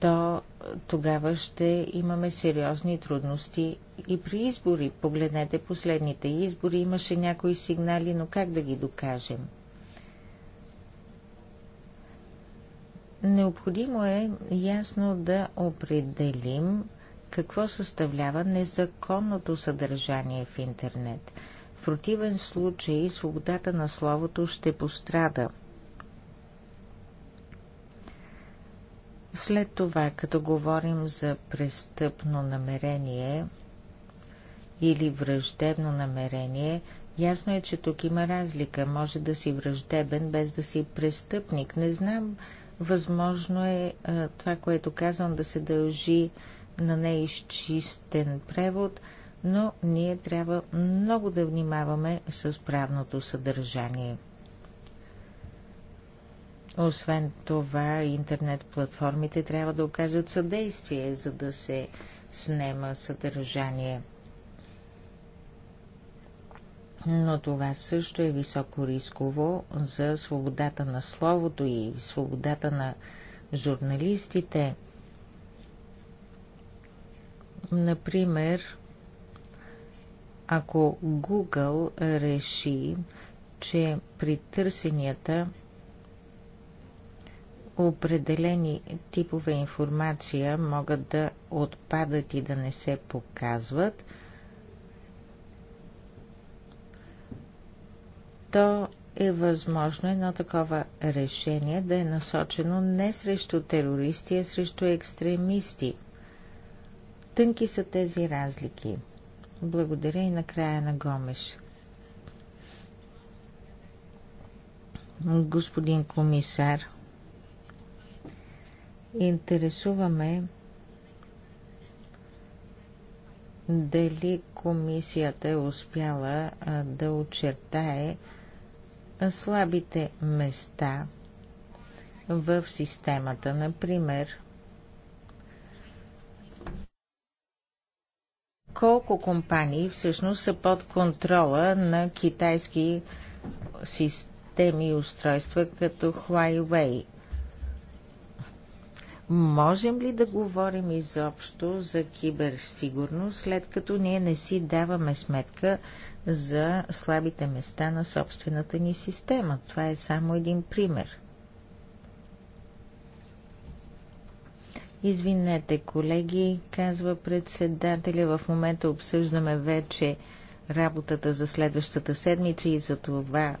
то тогава ще имаме сериозни трудности и при избори. Погледнете последните избори, имаше някои сигнали, но как да ги докажем? Необходимо е ясно да определим какво съставлява незаконното съдържание в интернет – в противен случай свободата на словото ще пострада. След това, като говорим за престъпно намерение или враждебно намерение, ясно е, че тук има разлика. Може да си враждебен, без да си престъпник. Не знам, възможно е това, което казвам, да се дължи на неизчистен превод – но ние трябва много да внимаваме с правното съдържание. Освен това, интернет-платформите трябва да окажат съдействие, за да се снема съдържание. Но това също е високо рисково за свободата на словото и свободата на журналистите. Например, ако Google реши, че при търсенията определени типове информация могат да отпадат и да не се показват, то е възможно едно такова решение да е насочено не срещу терористи, а срещу екстремисти. Тънки са тези разлики – благодаря и накрая на Гомеш. Господин комисар, интересуваме дали комисията е успяла да очертае слабите места в системата. Например, Колко компании всъщност са под контрола на китайски системи и устройства като Huawei? Можем ли да говорим изобщо за киберсигурност, след като ние не си даваме сметка за слабите места на собствената ни система? Това е само един пример. Извинете, колеги, казва председателя. В момента обсъждаме вече работата за следващата седмица и за това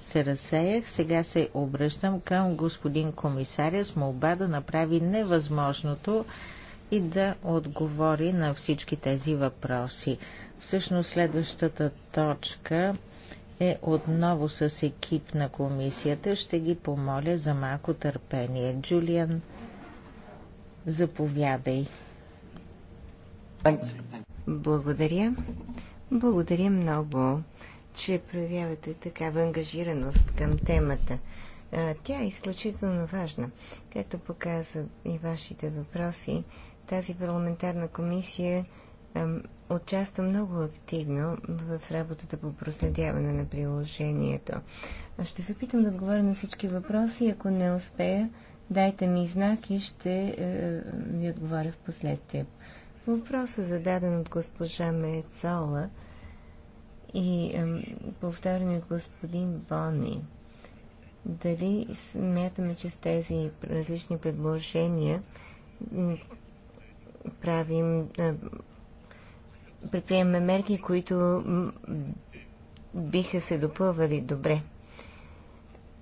се разсеях. Сега се обръщам към господин комисаря с молба да направи невъзможното и да отговори на всички тези въпроси. Всъщност следващата точка е отново с екип на комисията. Ще ги помоля за малко търпение. Джулиан Заповядай. Благодаря. Благодаря много, че проявявате такава ангажираност към темата. Тя е изключително важна. Както показват и вашите въпроси, тази парламентарна комисия участва много активно в работата по проследяване на приложението. Ще се опитам да отговоря на всички въпроси. Ако не успея, дайте ми знак и ще ви е, отговоря в последствие. Въпросът зададен от госпожа Мецола и повторен от господин Бони. Дали смятаме, че с тези различни предложения правим, е, предприемаме мерки, които биха се допълвали добре?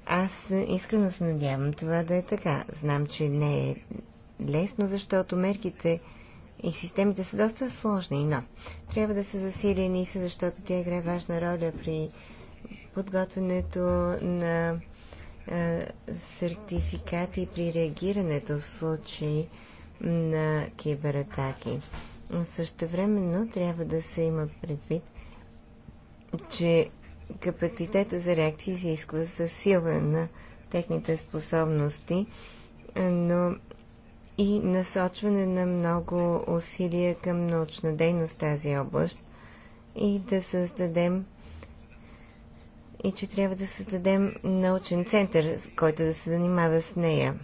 Аз искрено се надявам това да е така. Знам, че не е лесно, защото мерките и системите са доста сложни, но трябва да се засили НИСА, защото тя играе важна роля при подготвянето на сертификати при реагирането в случай на кибератаки. Също времено трябва да се има предвид, че капацитета за реакции изисква сила на техните способности, но и насочване на много усилия към научна дейност в тази област и да създадем и че трябва да създадем научен център, който да се занимава с нея.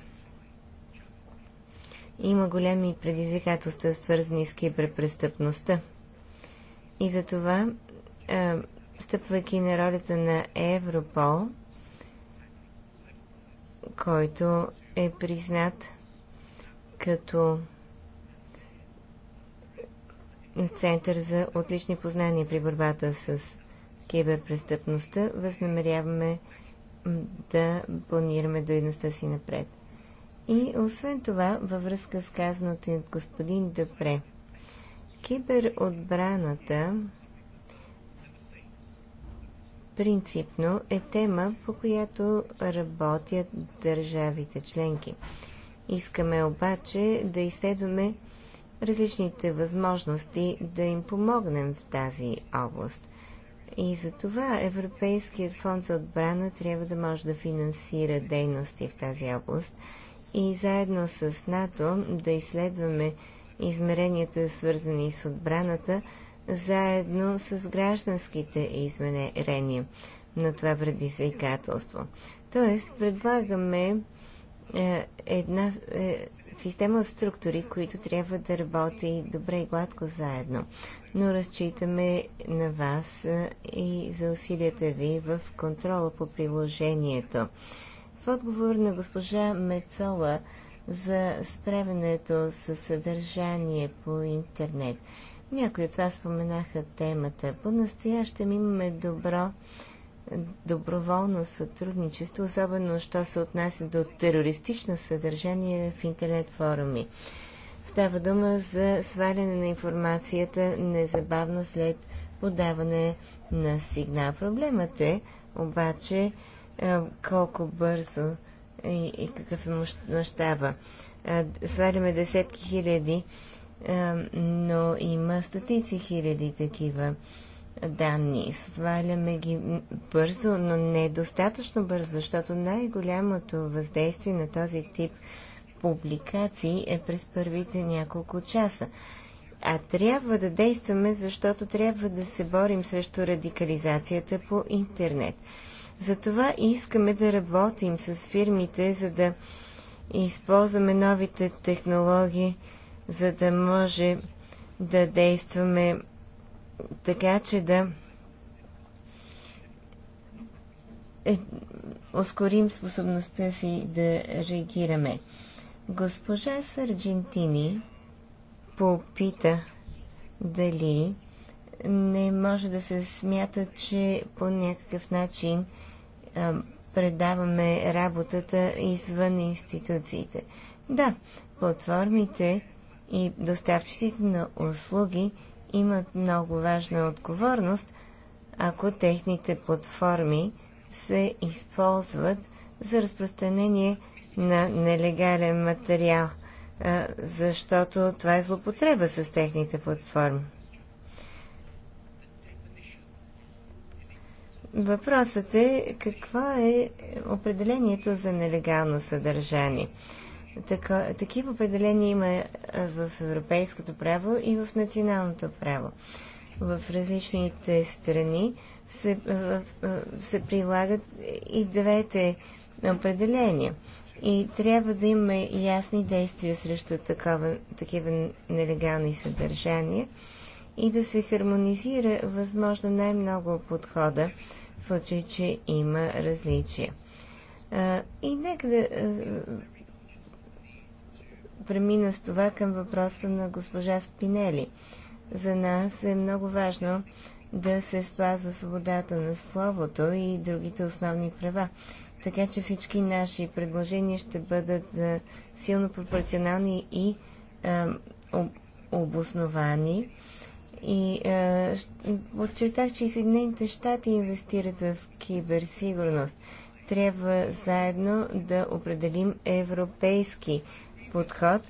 Има големи предизвикателства, свързани с киберпрестъпността. И за това стъпвайки на ролята на Европол, който е признат като Център за отлични познания при борбата с киберпрестъпността, възнамеряваме да планираме дейността си напред. И освен това, във връзка с казаното и от господин Депре, киберотбраната принципно е тема, по която работят държавите членки. Искаме обаче да изследваме различните възможности да им помогнем в тази област. И за това Европейският фонд за отбрана трябва да може да финансира дейности в тази област и заедно с НАТО да изследваме измеренията, свързани с отбраната, заедно с гражданските изменения на това предизвикателство. Тоест, предлагаме е, една е, система от структури, които трябва да работи добре и гладко заедно. Но разчитаме на вас е, и за усилията ви в контрола по приложението. В отговор на госпожа Мецола за справянето с съдържание по интернет – някои от вас споменаха темата. По-настоящем имаме добро доброволно сътрудничество, особено що се отнася до терористично съдържание в интернет форуми. Става дума за сваляне на информацията незабавно след подаване на сигнал. Проблемът е обаче е, колко бързо и, какъв е мащаба. Е, сваляме десетки хиляди но има стотици хиляди такива данни. Сваляме ги бързо, но не достатъчно бързо, защото най-голямото въздействие на този тип публикации е през първите няколко часа. А трябва да действаме, защото трябва да се борим срещу радикализацията по интернет. Затова искаме да работим с фирмите, за да използваме новите технологии за да може да действаме така, че да е, ускорим способността си да реагираме. Госпожа Сарджентини попита дали не може да се смята, че по някакъв начин а, предаваме работата извън институциите. Да, платформите и доставчиците на услуги имат много важна отговорност, ако техните платформи се използват за разпространение на нелегален материал, защото това е злопотреба с техните платформи. Въпросът е какво е определението за нелегално съдържание. Така, такива определения има е, в европейското право и в националното право. В различните страни се, е, е, се прилагат и двете определения. И трябва да има ясни действия срещу такова, такива нелегални съдържания и да се хармонизира възможно най-много подхода, в случай, че има различия. И нека да премина с това към въпроса на госпожа Спинели. За нас е много важно да се спазва свободата на словото и другите основни права. Така че всички наши предложения ще бъдат силно пропорционални и е, обосновани. И е, подчертах, че и Съединените щати инвестират в киберсигурност. Трябва заедно да определим европейски подход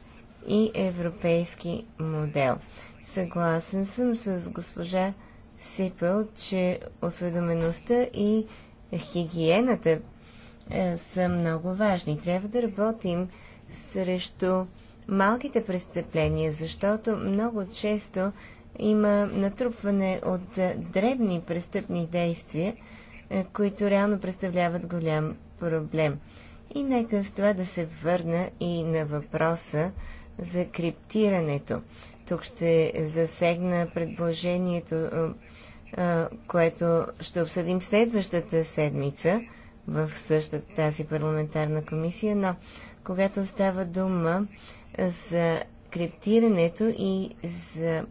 и европейски модел. Съгласен съм с госпожа Сипел, че осведомеността и хигиената е, са много важни. Трябва да работим срещу малките престъпления, защото много често има натрупване от е, дребни престъпни действия, е, които реално представляват голям проблем. И нека с това да се върна и на въпроса за криптирането. Тук ще засегна предложението, което ще обсъдим следващата седмица в същата тази парламентарна комисия, но когато става дума за криптирането и за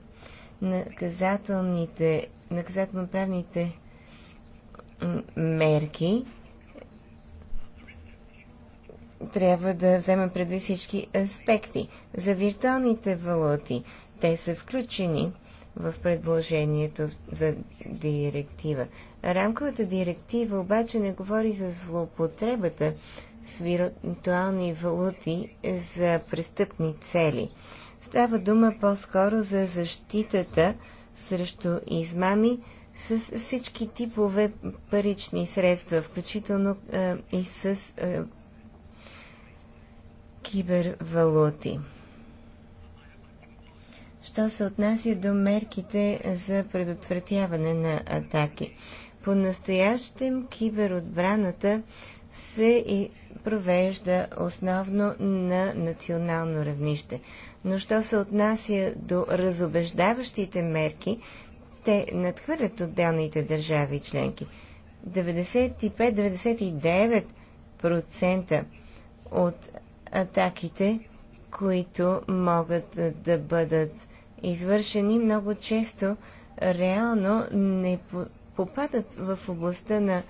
наказателните, наказателно-правните мерки, трябва да вземем предвид всички аспекти. За виртуалните валути, те са включени в предложението за директива. Рамковата директива обаче не говори за злоупотребата с виртуални валути за престъпни цели. Става дума по-скоро за защитата срещу измами с всички типове парични средства, включително е, и с е, кибервалути. Що се отнася до мерките за предотвратяване на атаки? По-настоящем киберотбраната се и провежда основно на национално равнище. Но що се отнася до разобеждаващите мерки, те надхвърлят отделните държави и членки. 95-99% от атаките, които могат да бъдат извършени, много често реално не попадат в областта на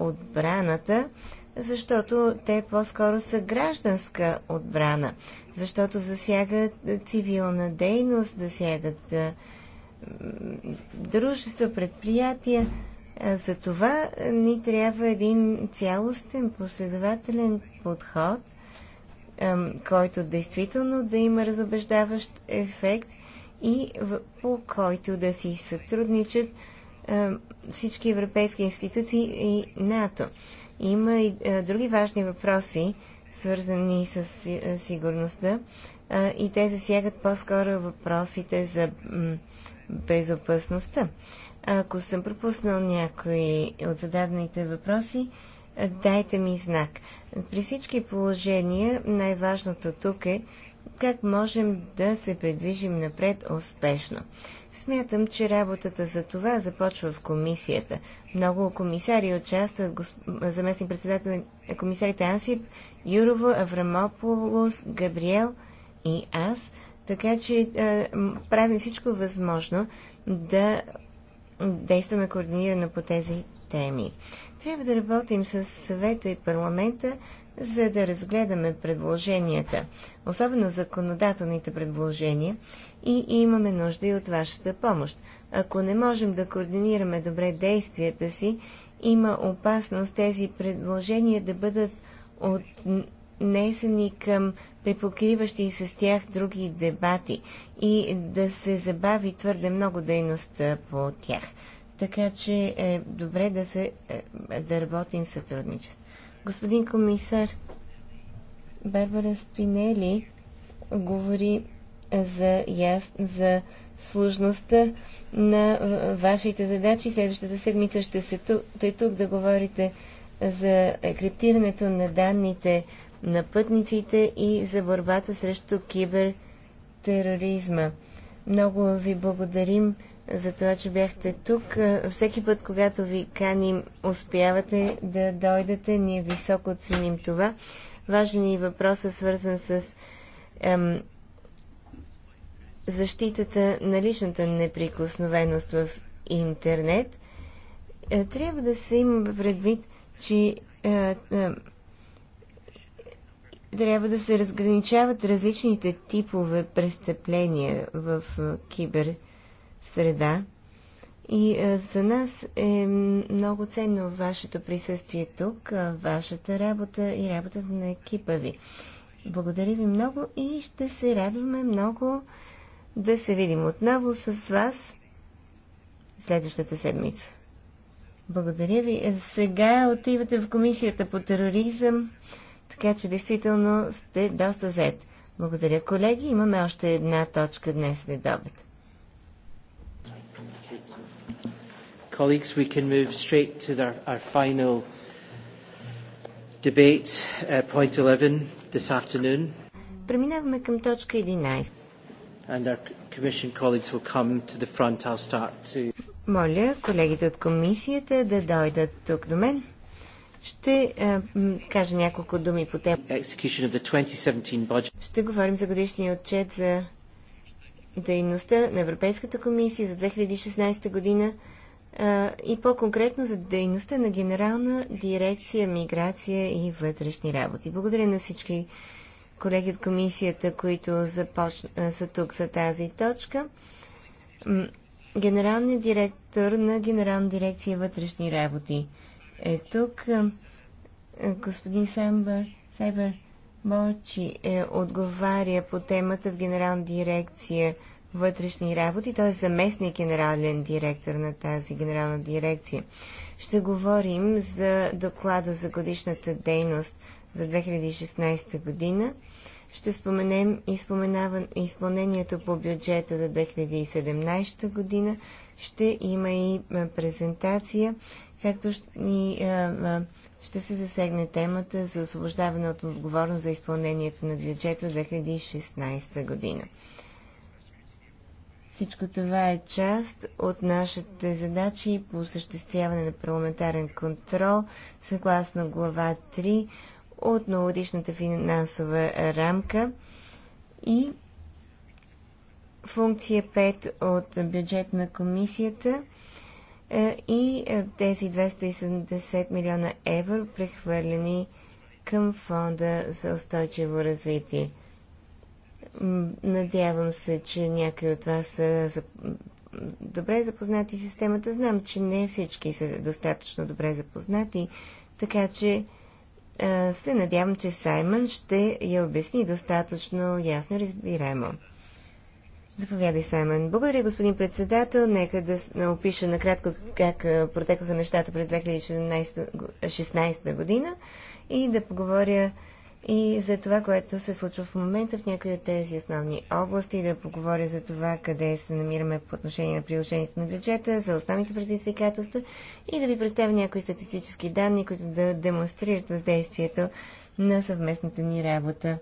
отбраната, защото те по-скоро са гражданска отбрана, защото засягат цивилна дейност, засягат дружество, предприятия. За това ни трябва един цялостен, последователен подход – който действително да има разобеждаващ ефект и по който да си сътрудничат всички европейски институции и НАТО. Има и е, други важни въпроси, свързани с е, сигурността е, и те засягат по-скоро въпросите за безопасността. Ако съм пропуснал някои от зададените въпроси, дайте ми знак. При всички положения най-важното тук е как можем да се предвижим напред успешно. Смятам, че работата за това започва в комисията. Много комисари участват, госп... заместник председател на е комисарите Ансип, Юрова, Аврамополос, Габриел и аз, така че е, правим всичко възможно да действаме координирано по тези теми. Трябва да работим с съвета и парламента, за да разгледаме предложенията, особено законодателните предложения, и имаме нужда и от вашата помощ. Ако не можем да координираме добре действията си, има опасност тези предложения да бъдат отнесени към припокриващи се с тях други дебати и да се забави твърде много дейността по тях. Така че е добре да, се, е, да работим в сътрудничество. Господин комисар, Барбара Спинели говори за, яс, за сложността на е, вашите задачи. Следващата седмица ще се тук, тъй тук да говорите за криптирането на данните на пътниците и за борбата срещу кибертероризма. Много ви благодарим за това, че бяхте тук. Е, всеки път, когато ви каним, успявате да дойдете. Ние високо ценим това. Важен е и въпрос е свързан с ем, защитата на личната неприкосновеност в интернет. Е, трябва да се има предвид, че е, е, трябва да се разграничават различните типове престъпления в е, кибер среда. И е, за нас е много ценно вашето присъствие тук, е, вашата работа и работата на екипа ви. Благодаря ви много и ще се радваме много да се видим отново с вас следващата седмица. Благодаря ви. Сега отивате в комисията по тероризъм, така че действително сте доста зает. Благодаря, колеги. Имаме още една точка днес недобед. Colleagues, we can move straight to the, our final debate, uh, point 11 this afternoon. Преминаваме към точка 11. And our commission colleagues will come to the front. I'll start to... Моля колегите от комисията да дойдат тук до мен. Ще е, кажа няколко думи по тема. Ще говорим за годишния отчет за дейността на Европейската комисия за 2016 година и по-конкретно за дейността на Генерална дирекция Миграция и вътрешни работи. Благодаря на всички колеги от комисията, които започ... са тук за тази точка. Генералният директор на Генерална дирекция вътрешни работи е тук. Господин Сайбър, Сайбър Мочи е, отговаря по темата в Генерална дирекция вътрешни работи. Той е заместник генерален директор на тази генерална дирекция. Ще говорим за доклада за годишната дейност за 2016 година. Ще споменем изпълнението по бюджета за 2017 година. Ще има и презентация, както и ще се засегне темата за освобождаване от отговорност за изпълнението на бюджета за 2016 година. Всичко това е част от нашите задачи по осъществяване на парламентарен контрол, съгласно глава 3 от новодишната финансова рамка и функция 5 от бюджет на комисията е, и е, тези 270 милиона евро прехвърлени към фонда за устойчиво развитие. Надявам се, че някои от вас са добре запознати с системата. Знам, че не всички са достатъчно добре запознати, така че се надявам, че Саймън ще я обясни достатъчно ясно и разбираемо. Заповядай, Саймън. Благодаря, господин председател. Нека да опиша накратко как протекоха нещата през 2016 година и да поговоря и за това, което се случва в момента в някои от тези основни области, да поговоря за това къде се намираме по отношение на приложението на бюджета, за основните предизвикателства и да ви представя някои статистически данни, които да демонстрират въздействието на съвместната ни работа.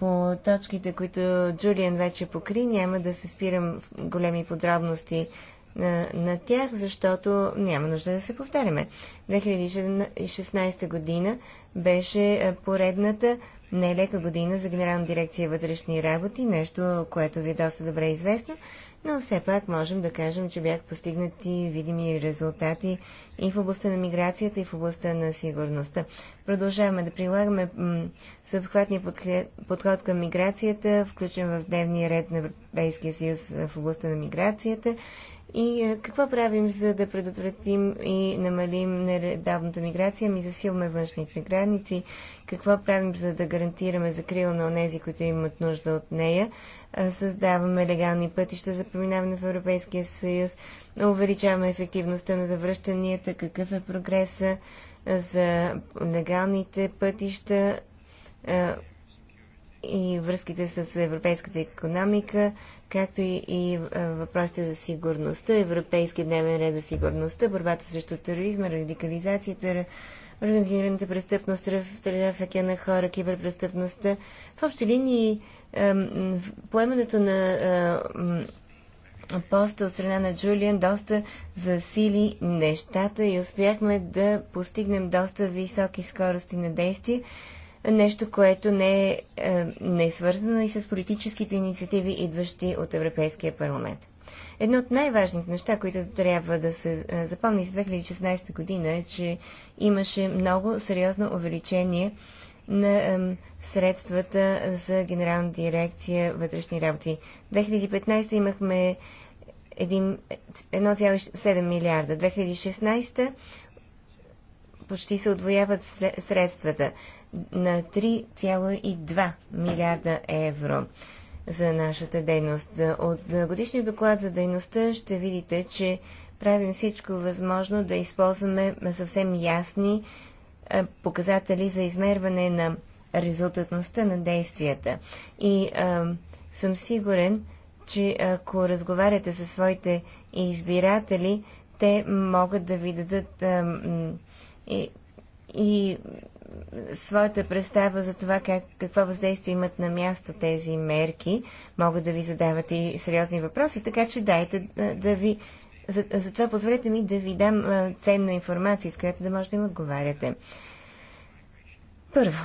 По точките, които Джулиан вече покри, няма да се спирам в големи подробности на, на тях, защото няма нужда да се повтаряме. 2016 година беше поредната нелека година за Генерална дирекция вътрешни работи, нещо, което ви е доста добре известно, но все пак можем да кажем, че бях постигнати видими резултати и в областта на миграцията, и в областта на сигурността. Продължаваме да прилагаме съобхватния подход към миграцията, включен в дневния ред на Европейския съюз в областта на миграцията и е, какво правим, за да предотвратим и намалим нередавната миграция? Ми засилваме външните граници. Какво правим, за да гарантираме закрила на онези, които имат нужда от нея? Е, създаваме легални пътища за преминаване в Европейския съюз. Увеличаваме ефективността на завръщанията. Какъв е прогреса е, за легалните пътища? и връзките с европейската економика, както и, и е, въпросите за сигурността, европейския дневен ред за сигурността, борбата срещу тероризма, радикализацията, организираната престъпност, трафика на хора, киберпрестъпността. В общи линии е, поемането на е, поста от страна на Джулиан доста засили нещата и успяхме да постигнем доста високи скорости на действие нещо, което не е, е, не е свързано и с политическите инициативи, идващи от Европейския парламент. Едно от най-важните неща, които трябва да се е, запомни с 2016 година е, че имаше много сериозно увеличение на средствата за Генерална дирекция вътрешни работи. В 2015 имахме 1,7 милиарда. 2016 почти се отвояват средствата на 3,2 милиарда евро за нашата дейност. От годишния доклад за дейността ще видите, че правим всичко възможно да използваме съвсем ясни е, показатели за измерване на резултатността на действията. И а, е, съм сигурен, че ако разговаряте със своите избиратели, те могат да ви дадат а, и, и своята представа за това как, какво въздействие имат на място тези мерки. Могат да ви задават и сериозни въпроси, така че дайте да, да ви... Затова за, позволете ми да ви дам а, ценна информация, с която да може да им отговаряте. Първо,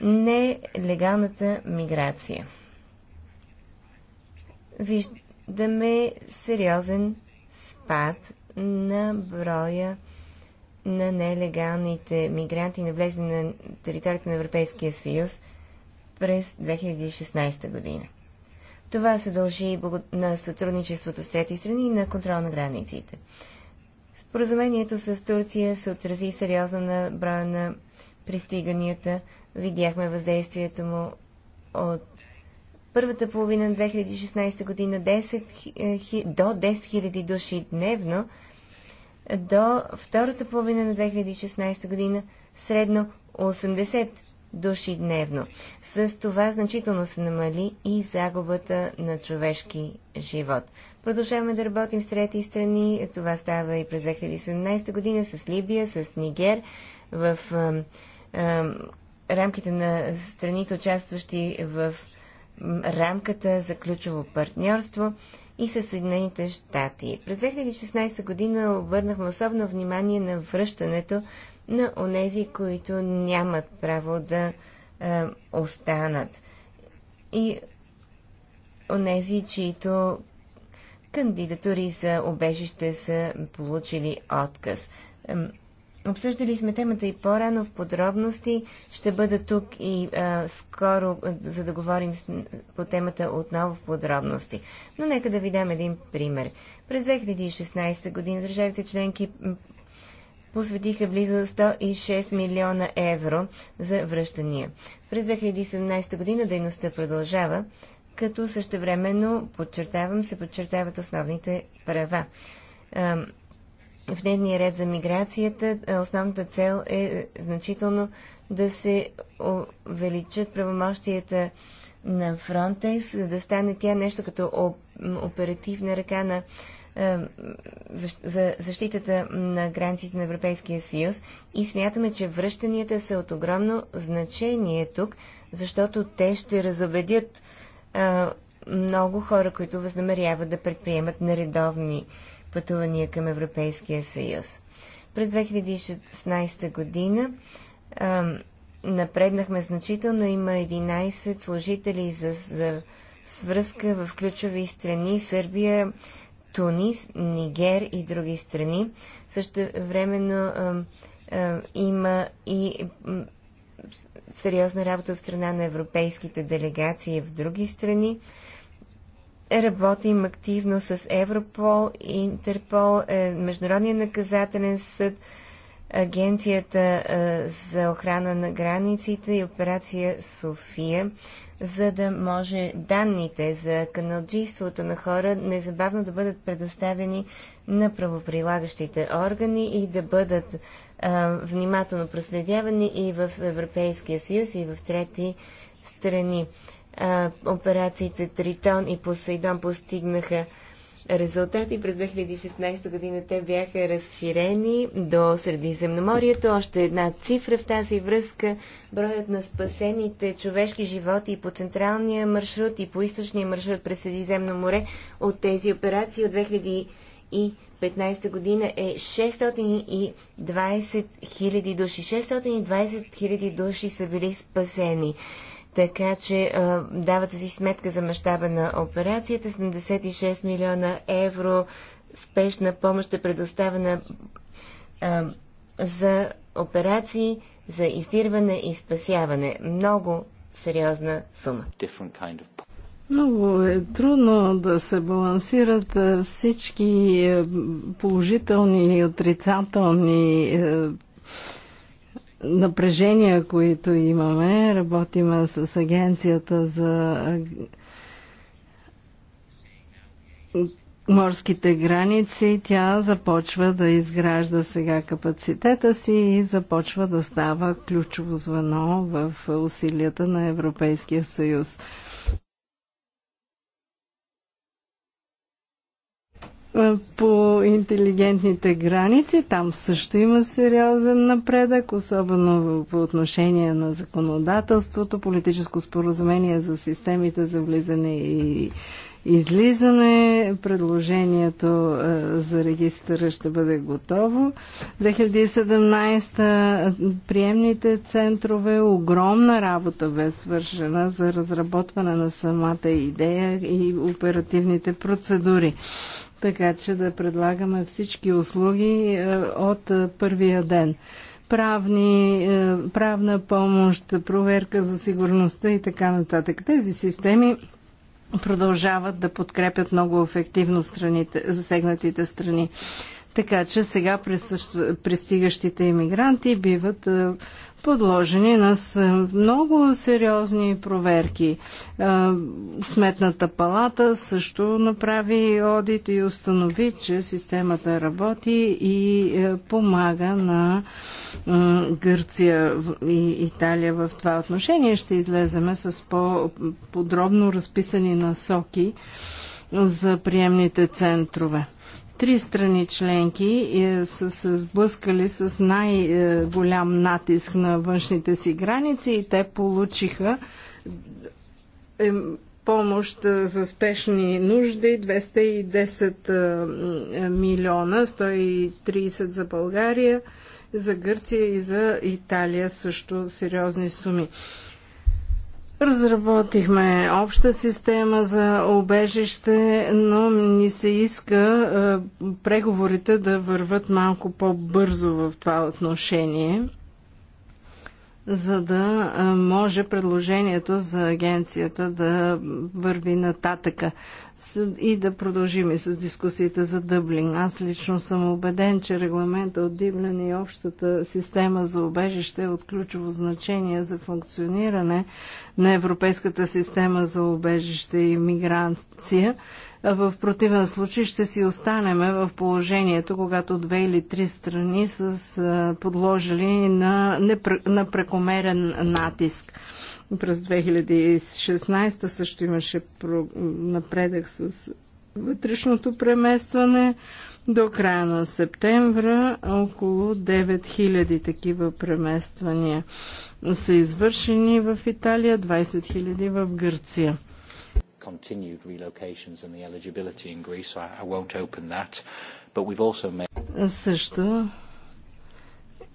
нелегалната миграция. Виждаме сериозен спад на броя на нелегалните мигранти, навлезли на територията на Европейския съюз през 2016 година. Това се дължи на сътрудничеството с трети страни и на контрол на границите. Споразумението с Турция се отрази сериозно на броя на пристиганията. Видяхме въздействието му от първата половина на 2016 година 10, е, до 10 000 души дневно до втората половина на 2016 година средно 80 души дневно. С това значително се намали и загубата на човешки живот. Продължаваме да работим с трети страни. Това става и през 2017 година с Либия, с Нигер, в рамките на страните, участващи в рамката за ключово партньорство и със Съединените щати. През 2016 година обърнахме особено внимание на връщането на онези, които нямат право да е, останат. И онези, чието кандидатури за обежище са получили отказ. Обсъждали сме темата и по-рано в подробности. Ще бъда тук и а, скоро, за да говорим с, по темата отново в подробности. Но нека да ви дам един пример. През 2016 година държавите членки посветиха близо 106 милиона евро за връщания. През 2017 година дейността продължава, като същевременно, подчертавам, се подчертават основните права в дневния ред за миграцията основната цел е значително да се увеличат правомощията на Фронтекс, за да стане тя нещо като оперативна ръка на за защитата на границите на Европейския съюз и смятаме, че връщанията са от огромно значение тук, защото те ще разобедят а, много хора, които възнамеряват да предприемат наредовни пътувания към Европейския съюз. През 2016 година а, напреднахме значително. Има 11 служители за, за свръзка в ключови страни Сърбия, Тунис, Нигер и други страни. Също времено а, а, има и сериозна работа от страна на европейските делегации в други страни. Работим активно с Европол, Интерпол, е, Международния наказателен съд, Агенцията е, за охрана на границите и операция София, за да може данните за каналджийството на хора незабавно да бъдат предоставени на правоприлагащите органи и да бъдат а, е, внимателно проследявани и в Европейския съюз, и в трети страни операциите Тритон и Посейдон постигнаха резултати. През 2016 година те бяха разширени до Средиземноморието. Още една цифра в тази връзка. Броят на спасените човешки животи и по централния маршрут и по източния маршрут през Средиземно море от тези операции от 2015 година е 620 000 души. 620 000 души са били спасени така че а, давате си сметка за мащаба на операцията. 76 милиона евро спешна помощ е предоставена а, за операции за издирване и спасяване. Много сериозна сума. Много е трудно да се балансират всички положителни и отрицателни напрежения, които имаме. Работиме с агенцията за морските граници. Тя започва да изгражда сега капацитета си и започва да става ключово звено в усилията на Европейския съюз. по интелигентните граници. Там също има сериозен напредък, особено по отношение на законодателството, политическо споразумение за системите за влизане и излизане. Предложението за регистъра ще бъде готово. 2017 приемните центрове, огромна работа бе свършена за разработване на самата идея и оперативните процедури така че да предлагаме всички услуги е, от е, първия ден. Правни, е, правна помощ, проверка за сигурността и така нататък. Тези системи продължават да подкрепят много ефективно страните, засегнатите страни. Така че сега пристигащите иммигранти биват е, подложени на много сериозни проверки. Е, Сметната палата също направи одит и установи, че системата работи и е, помага на Гърция и Италия в това отношение. Ще излеземе с по-подробно разписани насоки за приемните центрове три страни членки е, са се сблъскали с най-голям натиск на външните си граници и те получиха е, помощ е, за спешни нужди 210 милиона, 130 за България, за Гърция и за Италия също сериозни суми. Разработихме обща система за обежище, но ни се иска е, преговорите да върват малко по-бързо в това отношение за да може предложението за агенцията да върви нататъка и да продължим и с дискусията за Дъблин. Аз лично съм убеден, че регламента от Дъблин и общата система за обежище е от ключово значение за функциониране на Европейската система за обежище и миграция – в противен случай ще си останеме в положението, когато две или три страни са подложили на, непр... на прекомерен натиск. През 2016 също имаше напредък с вътрешното преместване. До края на септември около 9000 такива премествания са извършени в Италия, 20 000 в Гърция continued relocations and the eligibility in Greece, so I, won't open that. But we've also made... Също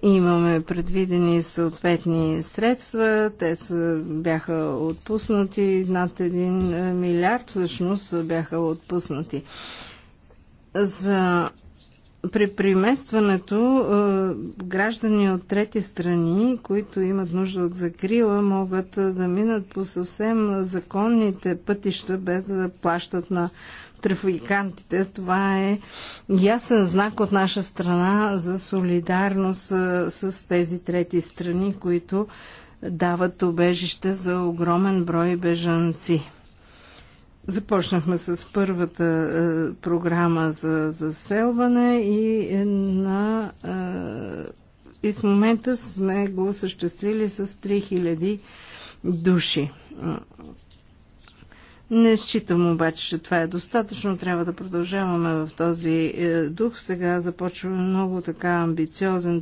имаме предвидени съответни средства. Те са, бяха отпуснати над 1 е, милиард, всъщност бяха отпуснати. За при приместването граждани от трети страни, които имат нужда от закрила, могат да минат по съвсем законните пътища, без да плащат на трафикантите. Това е ясен знак от наша страна за солидарност с тези трети страни, които дават убежище за огромен брой бежанци. Започнахме с първата е, програма за заселване и, е, на, е, и в момента сме го осъществили с 3000 души. Не считам обаче, че това е достатъчно. Трябва да продължаваме в този е, дух. Сега започваме много така амбициозен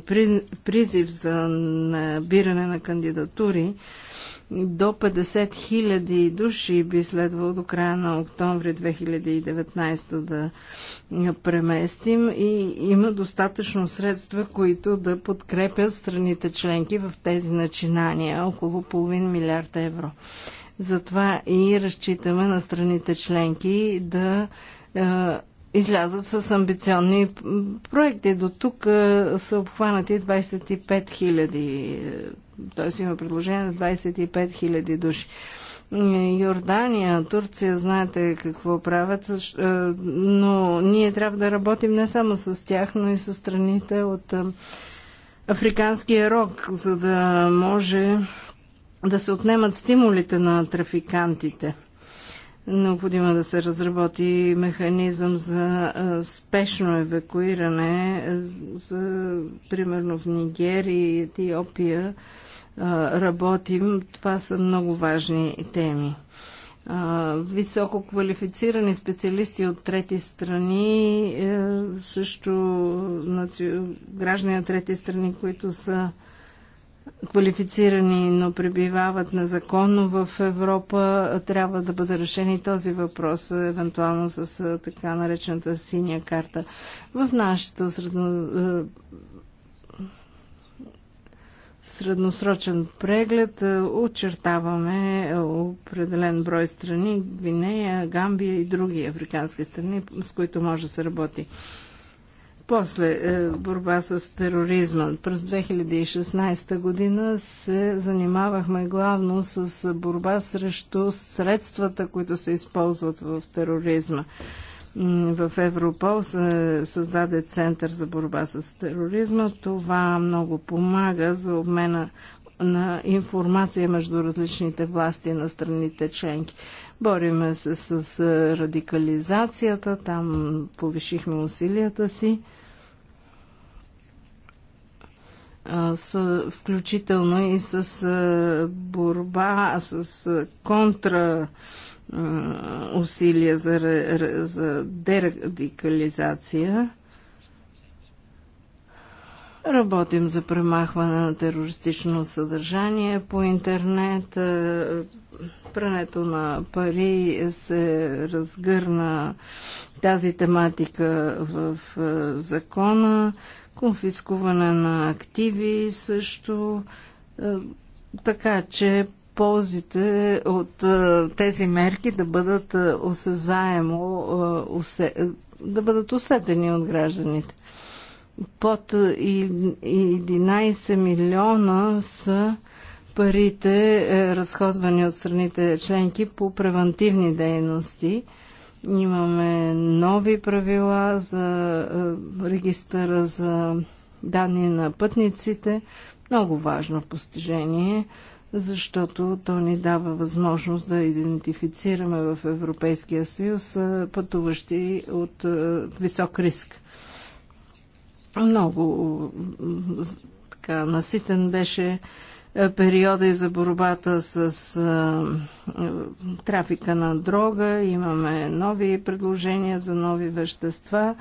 призив за набиране на кандидатури до 50 000 души би следвало до края на октомври 2019 да преместим и има достатъчно средства, които да подкрепят страните членки в тези начинания, около половин милиард евро. Затова и разчитаме на страните членки да е, излязат с амбиционни проекти. До тук е, са обхванати 25 хиляди, т.е. има предложение на 25 хиляди души. Е, Йордания, Турция, знаете какво правят, е, но ние трябва да работим не само с тях, но и с страните от Африканския рок, за да може да се отнемат стимулите на трафикантите. Необходимо е да се разработи механизъм за спешно евакуиране, за, примерно в Нигерия и Етиопия работим. Това са много важни теми. Високо квалифицирани специалисти от трети страни, е, също граждани от трети страни, които са квалифицирани, но пребивават незаконно в Европа, трябва да бъде решен и този въпрос, евентуално с така наречената синя карта. В нашето средно... средносрочен преглед очертаваме определен брой страни, Гвинея, Гамбия и други африкански страни, с които може да се работи. После е, борба с тероризма. През 2016 година се занимавахме главно с борба срещу средствата, които се използват в тероризма. В Европол се създаде Център за борба с тероризма. Това много помага за обмена на информация между различните власти на страните членки. Бориме се с радикализацията, там повишихме усилията си. С, включително и с борба, с контра усилия за, за дерадикализация Работим за премахване на терористично съдържание по интернет. Е, прането на пари се разгърна тази тематика в е, закона. Конфискуване на активи също. Е, така че ползите от тези мерки да бъдат осезаемо, да бъдат усетени от гражданите под 11 милиона са парите, е, разходвани от страните членки по превентивни дейности. Имаме нови правила за е, регистъра за данни на пътниците. Много важно постижение, защото то ни дава възможност да идентифицираме в Европейския съюз е, пътуващи от висок риск. Много така, наситен беше е, периода и за борбата с а, е, е, трафика на дрога. Имаме нови предложения за нови вещества.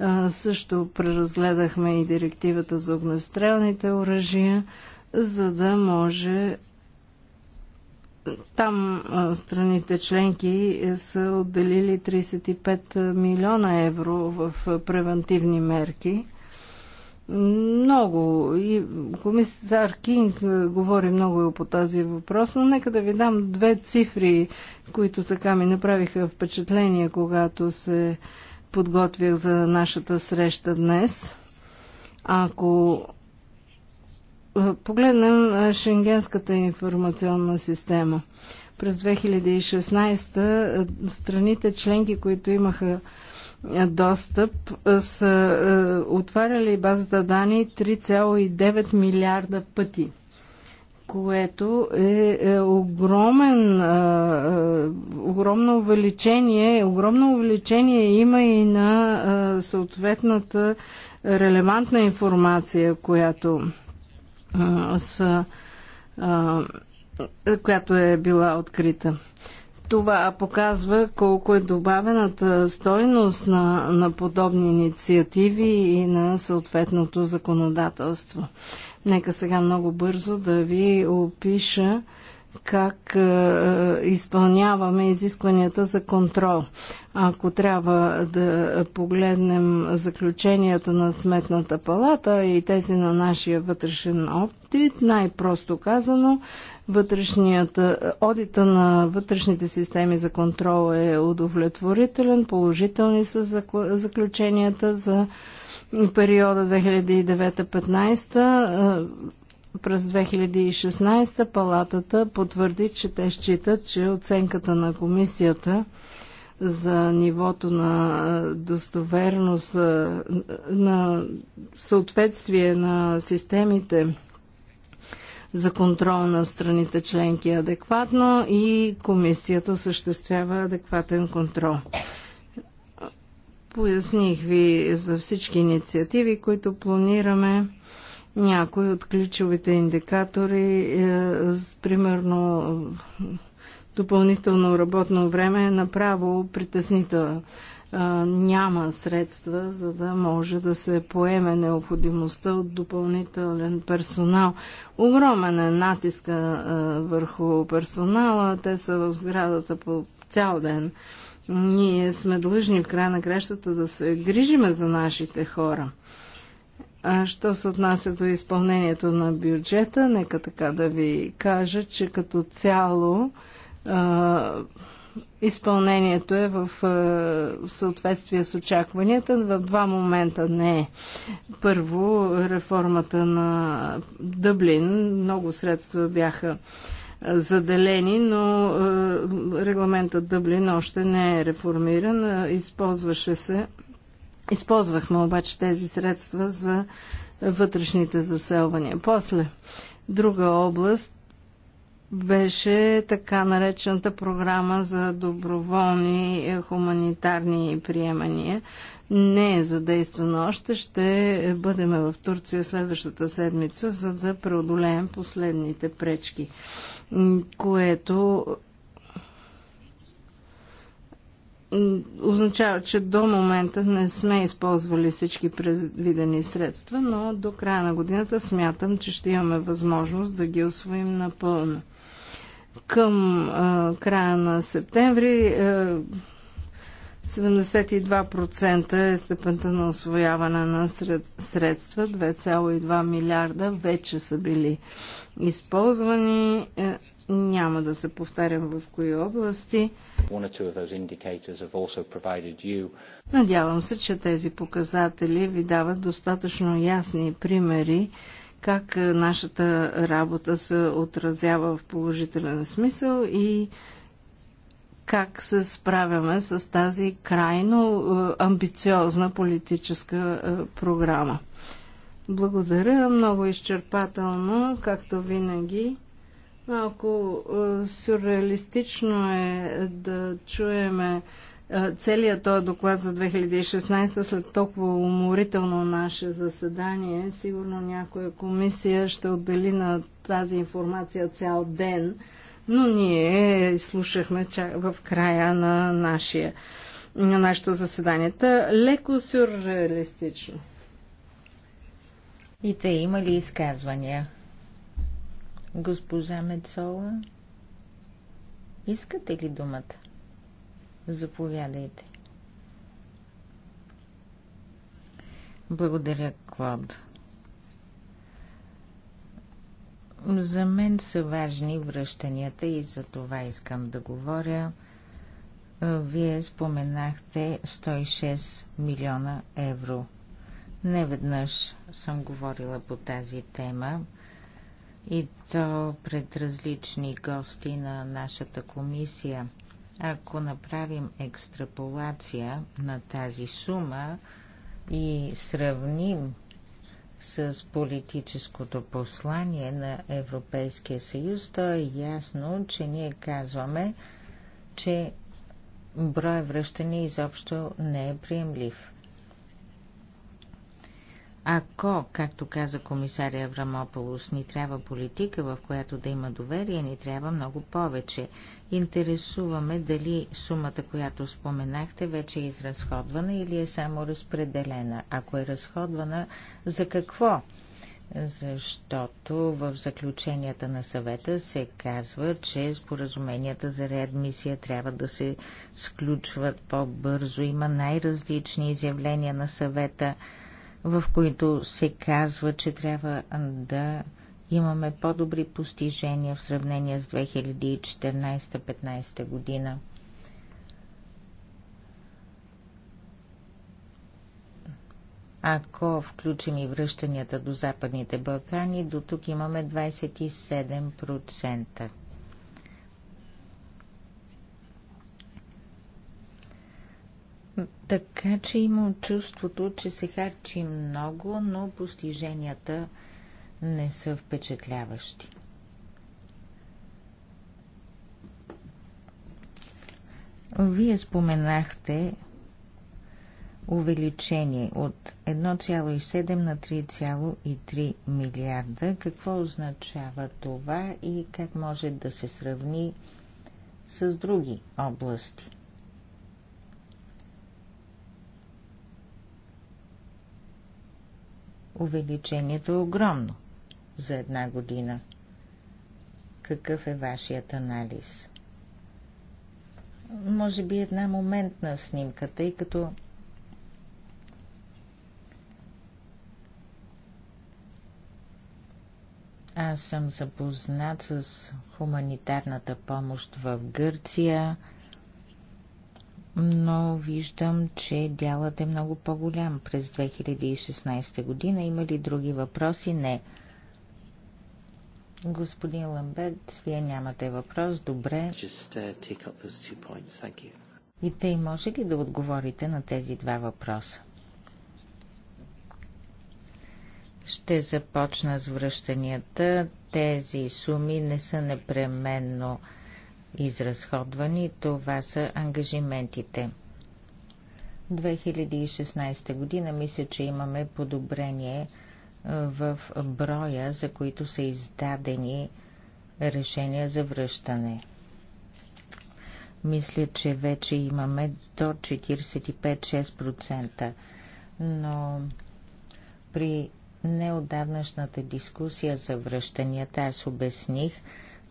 А, също преразгледахме и директивата за огнестрелните оръжия, за да може там а, страните членки са отделили 35 милиона евро в превентивни мерки много. И комисар Кинг е, говори много и по тази въпрос, но нека да ви дам две цифри, които така ми направиха впечатление, когато се подготвях за нашата среща днес. Ако е, погледнем е, Шенгенската информационна система, през 2016 страните членки, които имаха достъп са отваряли базата данни 3,9 милиарда пъти което е, е огромен, огромно увеличение. Огромно увеличение има и на съответната релевантна информация, която са която е била открита. Това показва колко е добавената стойност на, на подобни инициативи и на съответното законодателство. Нека сега много бързо да ви опиша как е, изпълняваме изискванията за контрол. Ако трябва да погледнем заключенията на Сметната палата и тези на нашия вътрешен опит, най-просто казано, вътрешният, е, одита на вътрешните системи за контрол е удовлетворителен, положителни са заключенията за периода 2009-15. Е, през 2016 палатата потвърди, че те считат, че оценката на комисията за нивото на е, достоверност, на съответствие на системите за контрол на страните членки адекватно и комисията осъществява адекватен контрол. Поясних ви за всички инициативи, които планираме. Някои от ключовите индикатори, е, примерно допълнително работно време, е направо притеснително няма средства, за да може да се поеме необходимостта от допълнителен персонал. Огромен е натиска върху персонала. Те са в сградата по цял ден. Ние сме длъжни в края на кращата да се грижиме за нашите хора. А що се отнася до изпълнението на бюджета, нека така да ви кажа, че като цяло изпълнението е в е, съответствие с очакванията. В два момента не е. Първо, реформата на Дъблин. Много средства бяха е, заделени, но е, регламентът Дъблин още не е реформиран. Използваше се. Използвахме обаче тези средства за вътрешните заселвания. После, друга област беше така наречената програма за доброволни е, хуманитарни приемания. Не е задействана още. Ще бъдем в Турция следващата седмица, за да преодолеем последните пречки, което означава, че до момента не сме използвали всички предвидени средства, но до края на годината смятам, че ще имаме възможност да ги освоим напълно. Към а, края на септември а, 72% е степента на освояване на сред, средства, 2,2 милиарда вече са били използвани. А, е, няма да се повтарям в кои области. Надявам се, че тези показатели ви дават достатъчно ясни примери как е, нашата работа се отразява в положителен смисъл и как се справяме с тази крайно е, амбициозна политическа е, програма. Благодаря много изчерпателно, както винаги. Малко сюрреалистично е да чуеме целият този доклад за 2016 след толкова уморително наше заседание, сигурно някоя комисия ще отдели на тази информация цял ден, но ние слушахме в края на, нашия, на нашето заседание. Та, леко сюрреалистично. И те има ли изказвания? Госпожа Мецола, искате ли думата? Заповядайте. Благодаря, Клод. За мен са важни връщанията и за това искам да говоря. Вие споменахте 106 милиона евро. Не веднъж съм говорила по тази тема и то пред различни гости на нашата комисия – ако направим екстраполация на тази сума и сравним с политическото послание на Европейския съюз, то е ясно, че ние казваме, че брой връщане изобщо не е приемлив. Ако, както каза комисаря Аврамополус, ни трябва политика, в която да има доверие, ни трябва много повече интересуваме дали сумата, която споменахте, вече е изразходвана или е само разпределена. Ако е разходвана, за какво? Защото в заключенията на съвета се казва, че споразуменията за реадмисия трябва да се сключват по-бързо. Има най-различни изявления на съвета, в които се казва, че трябва да имаме по-добри постижения в сравнение с 2014-15 година. Ако включим и връщанията до Западните Балкани, до тук имаме 27%. Така че имам чувството, че се харчи много, но постиженията не са впечатляващи. Вие споменахте увеличение от 1,7 на 3,3 милиарда. Какво означава това и как може да се сравни с други области? Увеличението е огромно за една година. Какъв е вашият анализ? Може би една моментна снимка, тъй като Аз съм запознат с хуманитарната помощ в Гърция, но виждам, че дялът е много по-голям през 2016 година. Има ли други въпроси? Не. Господин Ламберт, вие нямате въпрос. Добре. Uh, и тъй може ли да отговорите на тези два въпроса? Ще започна с връщанията. Тези суми не са непременно изразходвани. Това са ангажиментите. 2016 година мисля, че имаме подобрение – в броя, за които са издадени решения за връщане. Мисля, че вече имаме до 45-6%, но при неодавнашната дискусия за връщанията аз обясних,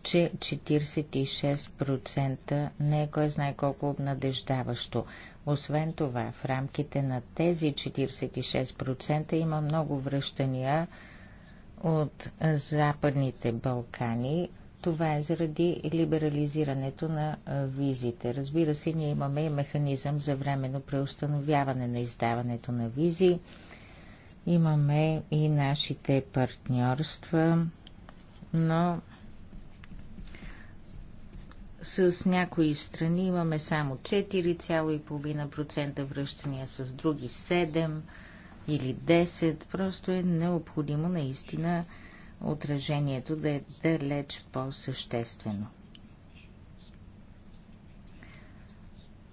че 46% не е кой знае колко обнадеждаващо. Освен това, в рамките на тези 46% има много връщания от Западните Балкани. Това е заради либерализирането на визите. Разбира се, ние имаме и механизъм за временно преустановяване на издаването на визи. Имаме и нашите партньорства, но с някои страни имаме само 4,5% връщания, с други 7 или 10. Просто е необходимо наистина отражението да е далеч по-съществено.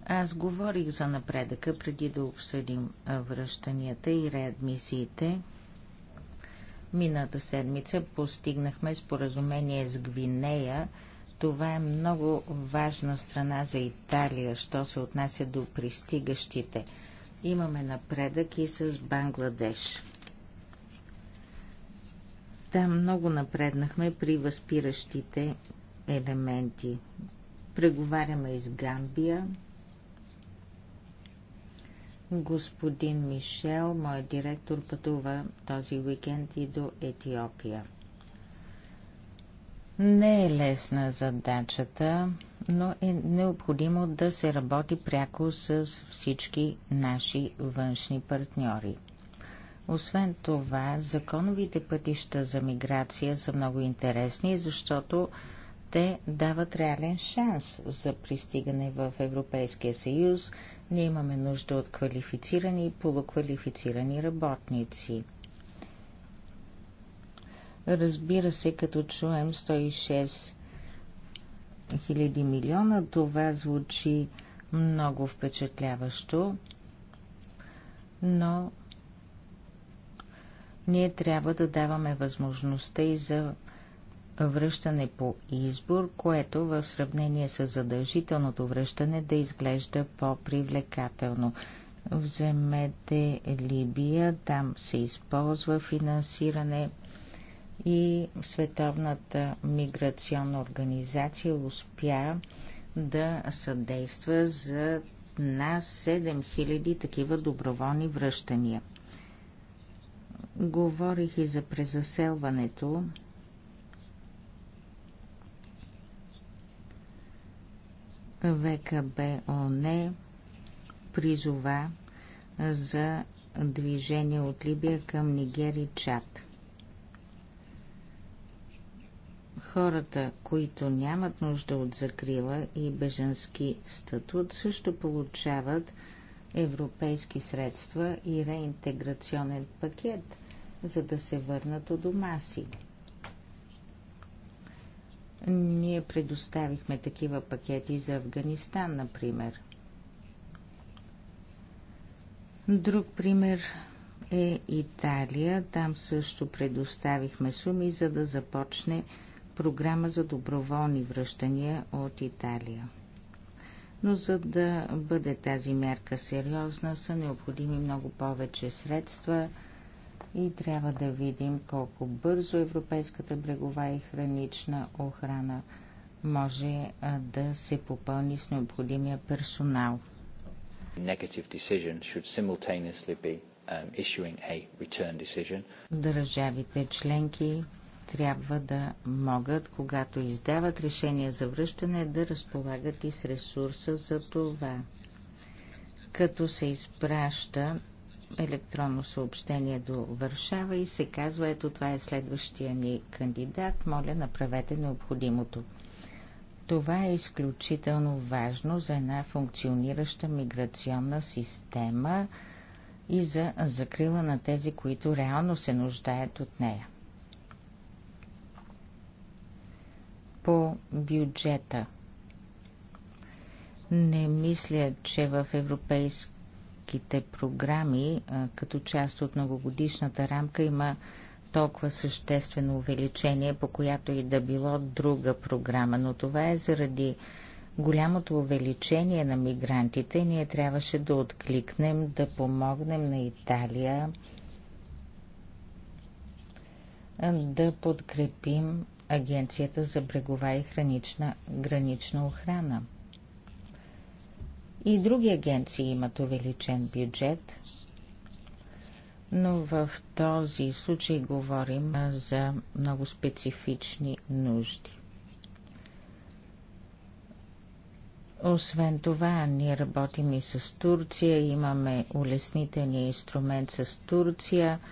Аз говорих за напредъка преди да обсъдим връщанията и реадмисиите. Мината седмица постигнахме споразумение с Гвинея – това е много важна страна за Италия, що се отнася до пристигащите. Имаме напредък и с Бангладеш. Там много напреднахме при възпиращите елементи. Преговаряме из Гамбия. Господин Мишел, моят директор, пътува този уикенд и до Етиопия. Не е лесна задачата, но е необходимо да се работи пряко с всички наши външни партньори. Освен това, законовите пътища за миграция са много интересни, защото те дават реален шанс за пристигане в Европейския съюз. Ние имаме нужда от квалифицирани и полуквалифицирани работници – Разбира се, като чуем 106 000 милиона, това звучи много впечатляващо, но ние трябва да даваме възможността и за връщане по избор, което в сравнение с задължителното връщане да изглежда по-привлекателно. Вземете Либия, там се използва финансиране и Световната миграционна организация успя да съдейства за над 7000 такива доброволни връщания. Говорих и за презаселването. ВКБ ОНЕ призова за движение от Либия към Нигери и Чад. Хората, които нямат нужда от закрила и беженски статут, също получават европейски средства и реинтеграционен пакет, за да се върнат у дома си. Ние предоставихме такива пакети за Афганистан, например. Друг пример е Италия. Там също предоставихме суми, за да започне програма за доброволни връщания от Италия. Но за да бъде тази мярка сериозна, са необходими много повече средства и трябва да видим колко бързо европейската брегова и хранична охрана може да се попълни с необходимия персонал. Um, Държавите членки трябва да могат, когато издават решение за връщане, да разполагат и с ресурса за това. Като се изпраща електронно съобщение до Варшава и се казва, ето това е следващия ни кандидат, моля направете необходимото. Това е изключително важно за една функционираща миграционна система и за закрила на тези, които реално се нуждаят от нея. по бюджета. Не мисля, че в европейските програми, като част от многогодишната рамка, има толкова съществено увеличение, по която и да било друга програма, но това е заради голямото увеличение на мигрантите. Ние трябваше да откликнем, да помогнем на Италия, да подкрепим Агенцията за брегова и хранична гранична охрана. И други агенции имат увеличен бюджет, но в този случай говорим за много специфични нужди. Освен това, ние работим и с Турция, имаме улеснителния инструмент с Турция –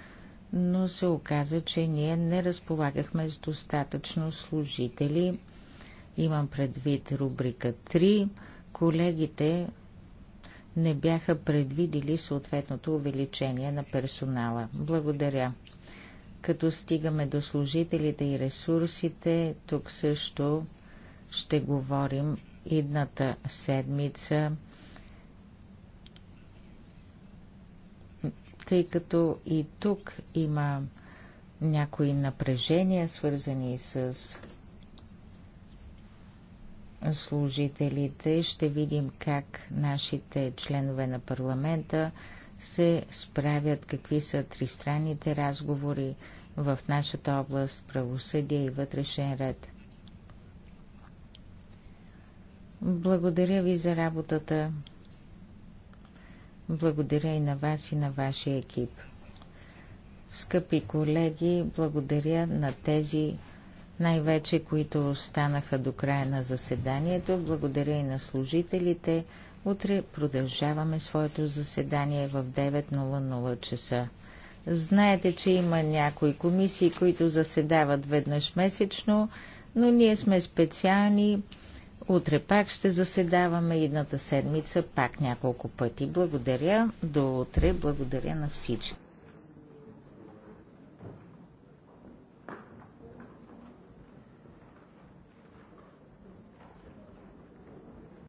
но се оказа, че ние не разполагахме с достатъчно служители. Имам предвид рубрика 3. Колегите не бяха предвидили съответното увеличение на персонала. Благодаря. Като стигаме до служителите и ресурсите, тук също ще говорим идната седмица тъй като и тук има някои напрежения, свързани с служителите. Ще видим как нашите членове на парламента се справят, какви са тристранните разговори в нашата област, правосъдие и вътрешен ред. Благодаря ви за работата. Благодаря и на вас и на вашия екип. Скъпи колеги, благодаря на тези, най-вече които останаха до края на заседанието. Благодаря и на служителите. Утре продължаваме своето заседание в 9.00 часа. Знаете, че има някои комисии, които заседават веднъж месечно, но ние сме специални Утре пак ще заседаваме едната седмица, пак няколко пъти. Благодаря. До утре. Благодаря на всички.